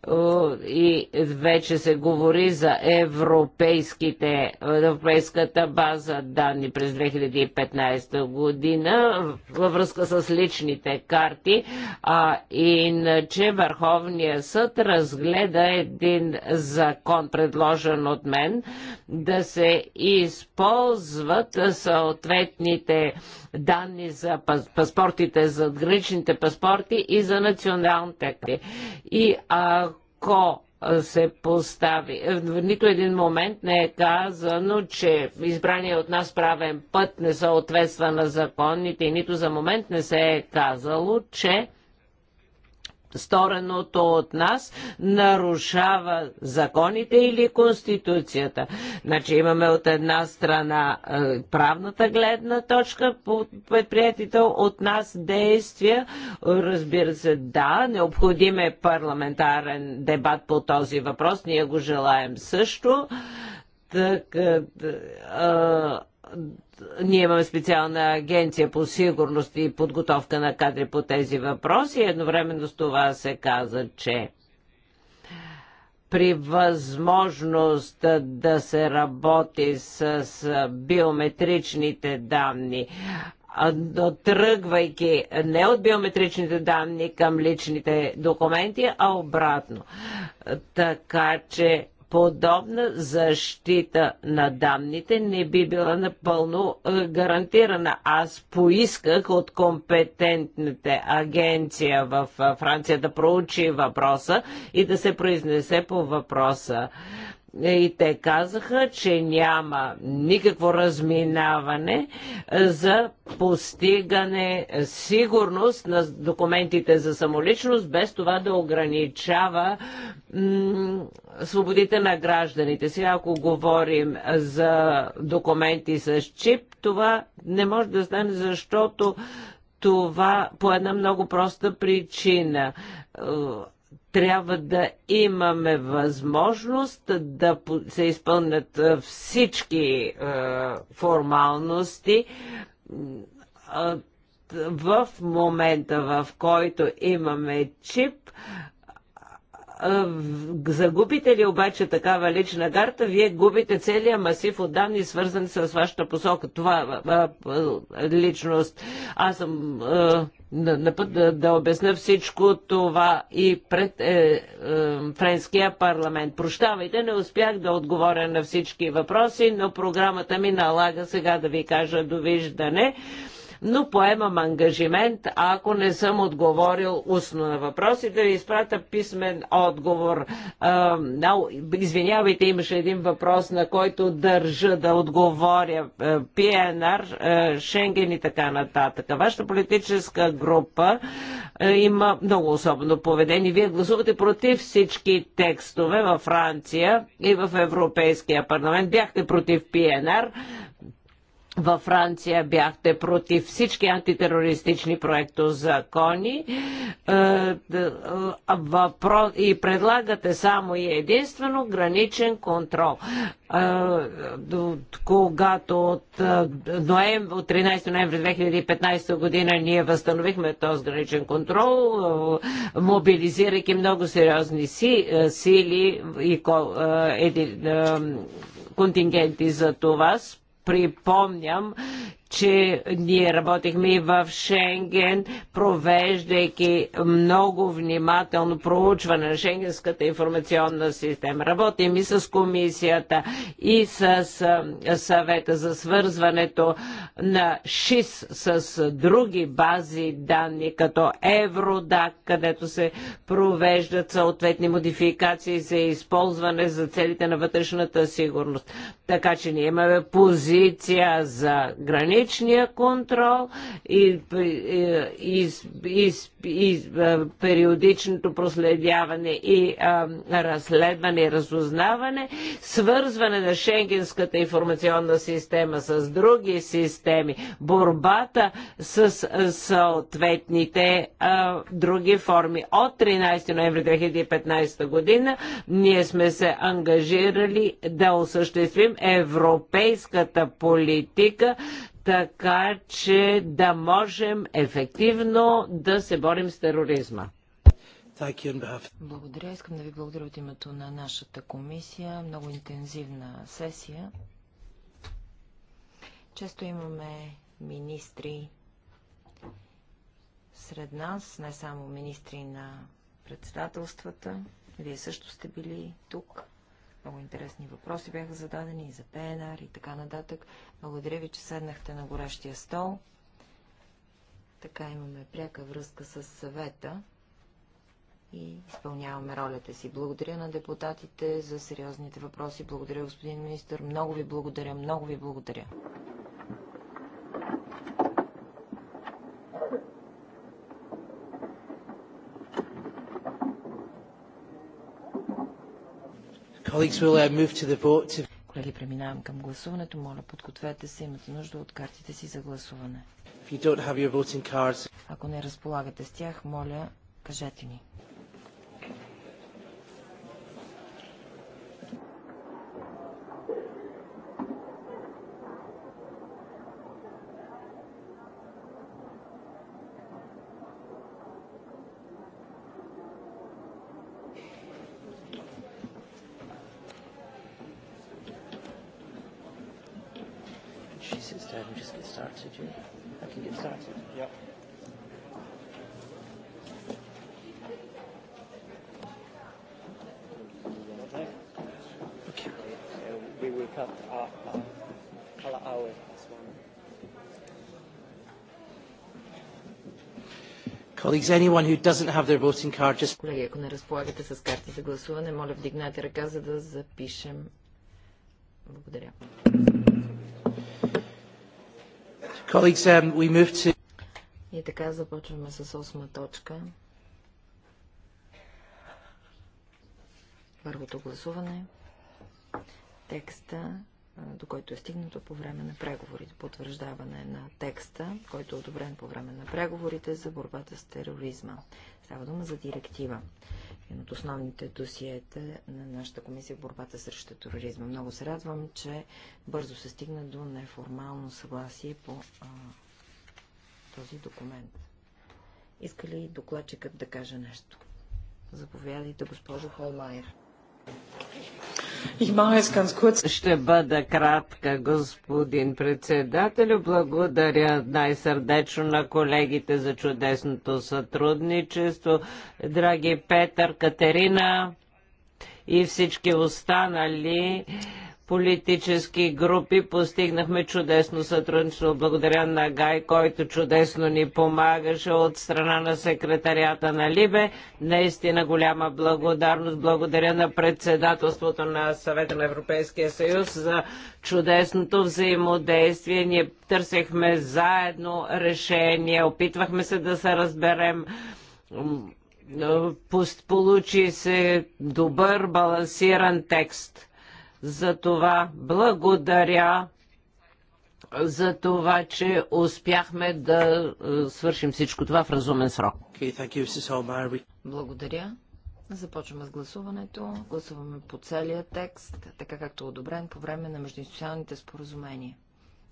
Е, и вече се говори за европейските, европейската база данни през 2015 година във връзка с личните карти, а иначе Върховния съд разгледа един закон, предложен от мен, да се използват съответните данни за паспортите, за граничните паспорти и за националните. И ако се постави. В нито един момент не е казано, че избрания от нас правен път не съответства на законните и нито за момент не се е казало, че стореното от нас нарушава законите или Конституцията. Значи имаме от една страна е, правната гледна точка, предприятите от нас действия. Разбира се, да, необходим е парламентарен дебат по този въпрос. Ние го желаем също. Така, ние имаме специална агенция по сигурност и подготовка на кадри по тези въпроси. Едновременно с това се каза, че при възможност да се работи с биометричните данни, но тръгвайки не от биометричните данни към личните документи, а обратно. Така че подобна защита на данните не би била напълно е, гарантирана. Аз поисках от компетентните агенция в е, Франция да проучи въпроса и да се произнесе по въпроса. Е, и те казаха, че няма никакво разминаване е, за постигане сигурност на документите за самоличност, без това да ограничава свободите на гражданите. Сега, ако говорим за документи с чип, това не може да стане, защото това по една много проста причина е, трябва да имаме възможност да се изпълнят всички формалности в момента, в който имаме чип, загубите ли обаче такава лична карта, вие губите целия масив от данни, свързани с вашата посока. Това а, а, личност. Аз съм а, на, на път да, да обясня всичко това и пред е, е, френския парламент. Прощавайте, не успях да отговоря на всички въпроси, но програмата ми налага сега да ви кажа довиждане. виждане но поемам ангажимент, ако не съм отговорил устно на въпроси, да ви изпратя писмен отговор. А, извинявайте, имаше един въпрос, на който държа да отговоря. ПНР, Шенген и така нататък. Вашата политическа група има много особено поведение. Вие гласувате против всички текстове във Франция и в Европейския парламент. Бяхте против ПНР, във Франция бяхте против всички антитерористични проектозакони е, е, и предлагате само и единствено граничен контрол. Е, когато от, от 13 ноември 2015 година ние възстановихме този граничен контрол, мобилизирайки много сериозни сили и контингенти за това, Припомням, че ние работихме и в Шенген, провеждайки много внимателно проучване на Шенгенската информационна система. Работим и с комисията, и с съвета за свързването на ШИС с други бази данни, като Евродак, където се провеждат съответни модификации за използване за целите на вътрешната сигурност. Така че ние имаме позиция за граница граничния контрол и, и, и, и периодичното проследяване и а, разследване и разузнаване, свързване на Шенгенската информационна система с други системи, борбата с съответните а, други форми. От 13 ноември 2015 година ние сме се ангажирали да осъществим европейската политика така че да можем ефективно да се борим с тероризма. Благодаря. Искам да ви благодаря от името на нашата комисия. Много интензивна сесия. Често имаме министри сред нас, не само министри на председателствата. Вие също сте били тук. Много интересни въпроси бяха зададени и за ПНР и така нататък. Благодаря ви, че седнахте на горещия стол. Така имаме пряка връзка с съвета и изпълняваме ролята си. Благодаря на депутатите за сериозните въпроси. Благодаря, господин министр. Много ви благодаря. Много ви благодаря. Колеги, преминавам към гласуването. Моля, подгответе се, имате нужда от картите си за гласуване. Ако не разполагате с тях, моля, кажете ми. Colleagues, anyone who doesn't have their voting card, just... Колеги, ако не разполагате с карта за гласуване, моля вдигнете ръка, за да запишем. Благодаря. Colleagues, um, we move to... И така започваме с осма точка. Първото гласуване. Текста до който е стигнато по време на преговорите, потвърждаване на текста, който е одобрен по време на преговорите за борбата с тероризма. Става дума за директива. Един от основните досиета на нашата комисия в борбата срещу тероризма. Много се радвам, че бързо се стигна до неформално съгласие по а, този документ. Иска ли докладчикът да каже нещо? Заповядайте, госпожо Холмайер. Ще бъда кратка, господин председател. Благодаря най-сърдечно на колегите за чудесното сътрудничество. Драги Петър, Катерина и всички останали политически групи постигнахме чудесно сътрудничество. Благодаря на Гай, който чудесно ни помагаше от страна на секретарията на Либе. Наистина голяма благодарност. Благодаря на председателството на съвета на Европейския съюз за чудесното взаимодействие. Ние търсехме заедно решение, опитвахме се да се разберем получи се добър, балансиран текст. За това благодаря за това, че успяхме да е, свършим всичко това в разумен срок. благодаря. Започваме с гласуването. Гласуваме по целия текст, така както е одобрен по време на междуинституционалните споразумения.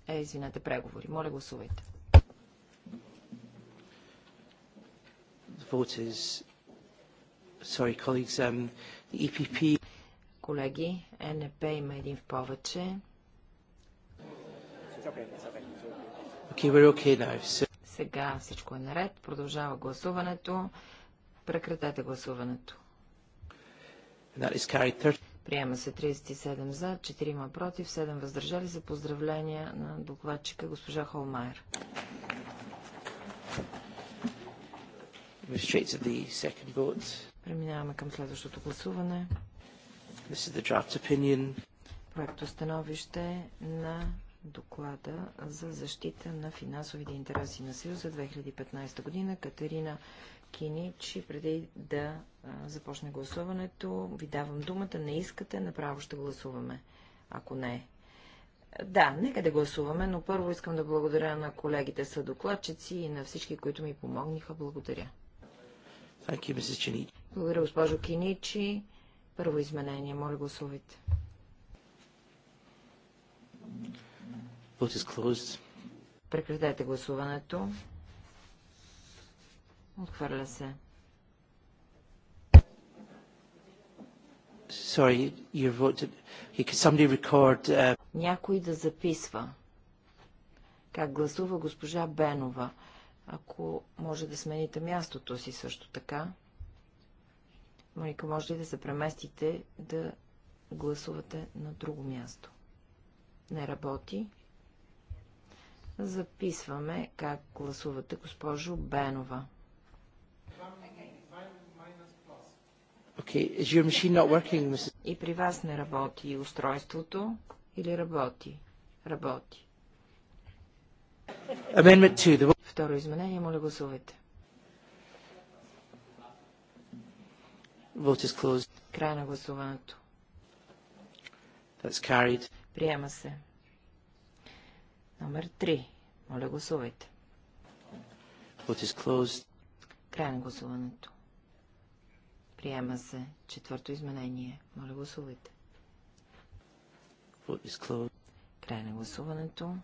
Е, извинете, преговори. Моля, гласувайте. Sorry, um, EPP колеги. НП има един в повече. Сега всичко е наред. Продължава гласуването. Прекратете гласуването. Приема се 37 за, 4 против, 7 въздържали се. Поздравления на докладчика госпожа Холмайер. Преминаваме към следващото гласуване. This is the draft opinion. становище на доклада за защита на финансовите интереси на за 2015 година. Катерина Киничи, преди да започне гласуването, ви давам думата. Не искате, направо ще гласуваме. Ако не. Да, нека да гласуваме, но първо искам да благодаря на колегите са докладчици и на всички, които ми помогнаха. Благодаря. You, Благодаря, госпожо Киничи. Първо изменение. Моля гласувайте. Прекратете гласуването. Отхвърля се. Sorry, your vote. Somebody record. Uh... Някой да записва. Как гласува госпожа Бенова. Ако може да смените мястото си също така. Моника, може ли да се преместите да гласувате на друго място? Не работи. Записваме как гласувате госпожо Бенова. Okay. Is your machine not working, Mrs. И при вас не работи устройството или работи? Работи. Amendment Второ изменение, моля гласувайте. Vote is closed. Край на гласуването. That's carried. Приема се. Номер 3. Моля, гласувайте. Vote is closed. Край на гласуването. Приема се. Четвърто изменение. Моля, гласувайте. Vote is closed. Край на гласуването.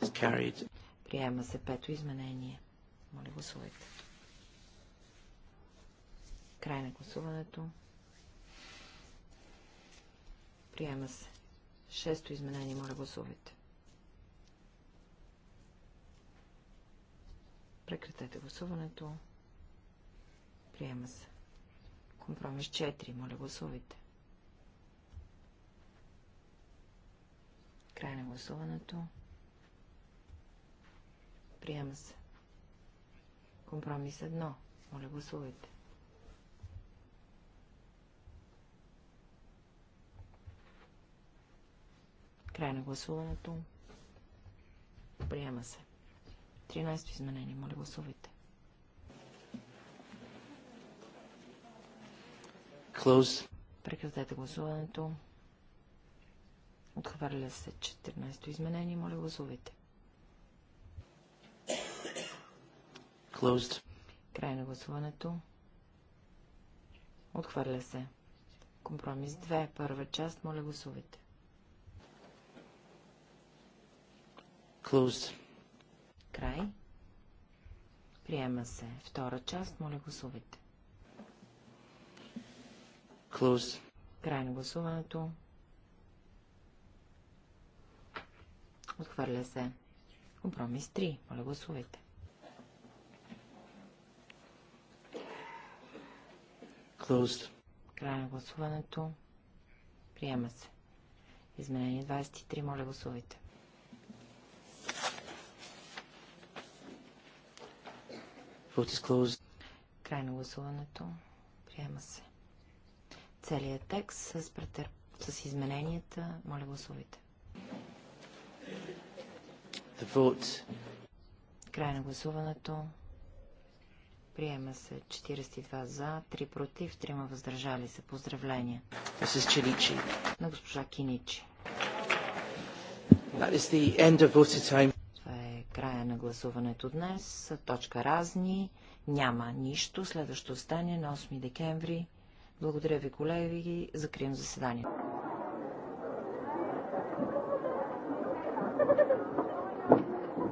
It's carried. Приема се пето изменение. Моля, гласувайте. Край на гласуването. Приема се. Шесто изменение, моля гласувайте. Прекратете гласуването. Приема се. Компромис 4, моля гласувайте. Край на гласуването. Приема се. Компромис 1, моля гласувайте. Край на гласуването. Приема се. 13 изменение. Моля, гласувайте. Close. Прекратете гласуването. Отхвърля се 14-то изменение. Моля, гласувайте. Closed. Край на гласуването. Отхвърля се. Компромис 2. Първа част. Моля, гласувайте. Closed. Край. Приема се. Втора част. Моля гласувайте. Closed. Край на гласуването. Отхвърля се. Компромис 3. Моля гласувайте. Closed. Край на гласуването. Приема се. Изменение 23. Моля гласувайте. Vote is closed. Край на гласуването. Приема се. Целият текст с, претър... с измененията. Моля гласувайте. The vote. Край на гласуването. Приема се 42 за, 3 против, 3 въздържали се. Поздравления. This Чиничи. На госпожа Киничи. That is the end of voting time края на гласуването днес. Точка разни. Няма нищо. Следващо стане на 8 декември. Благодаря ви, колеги. Закрием заседанието.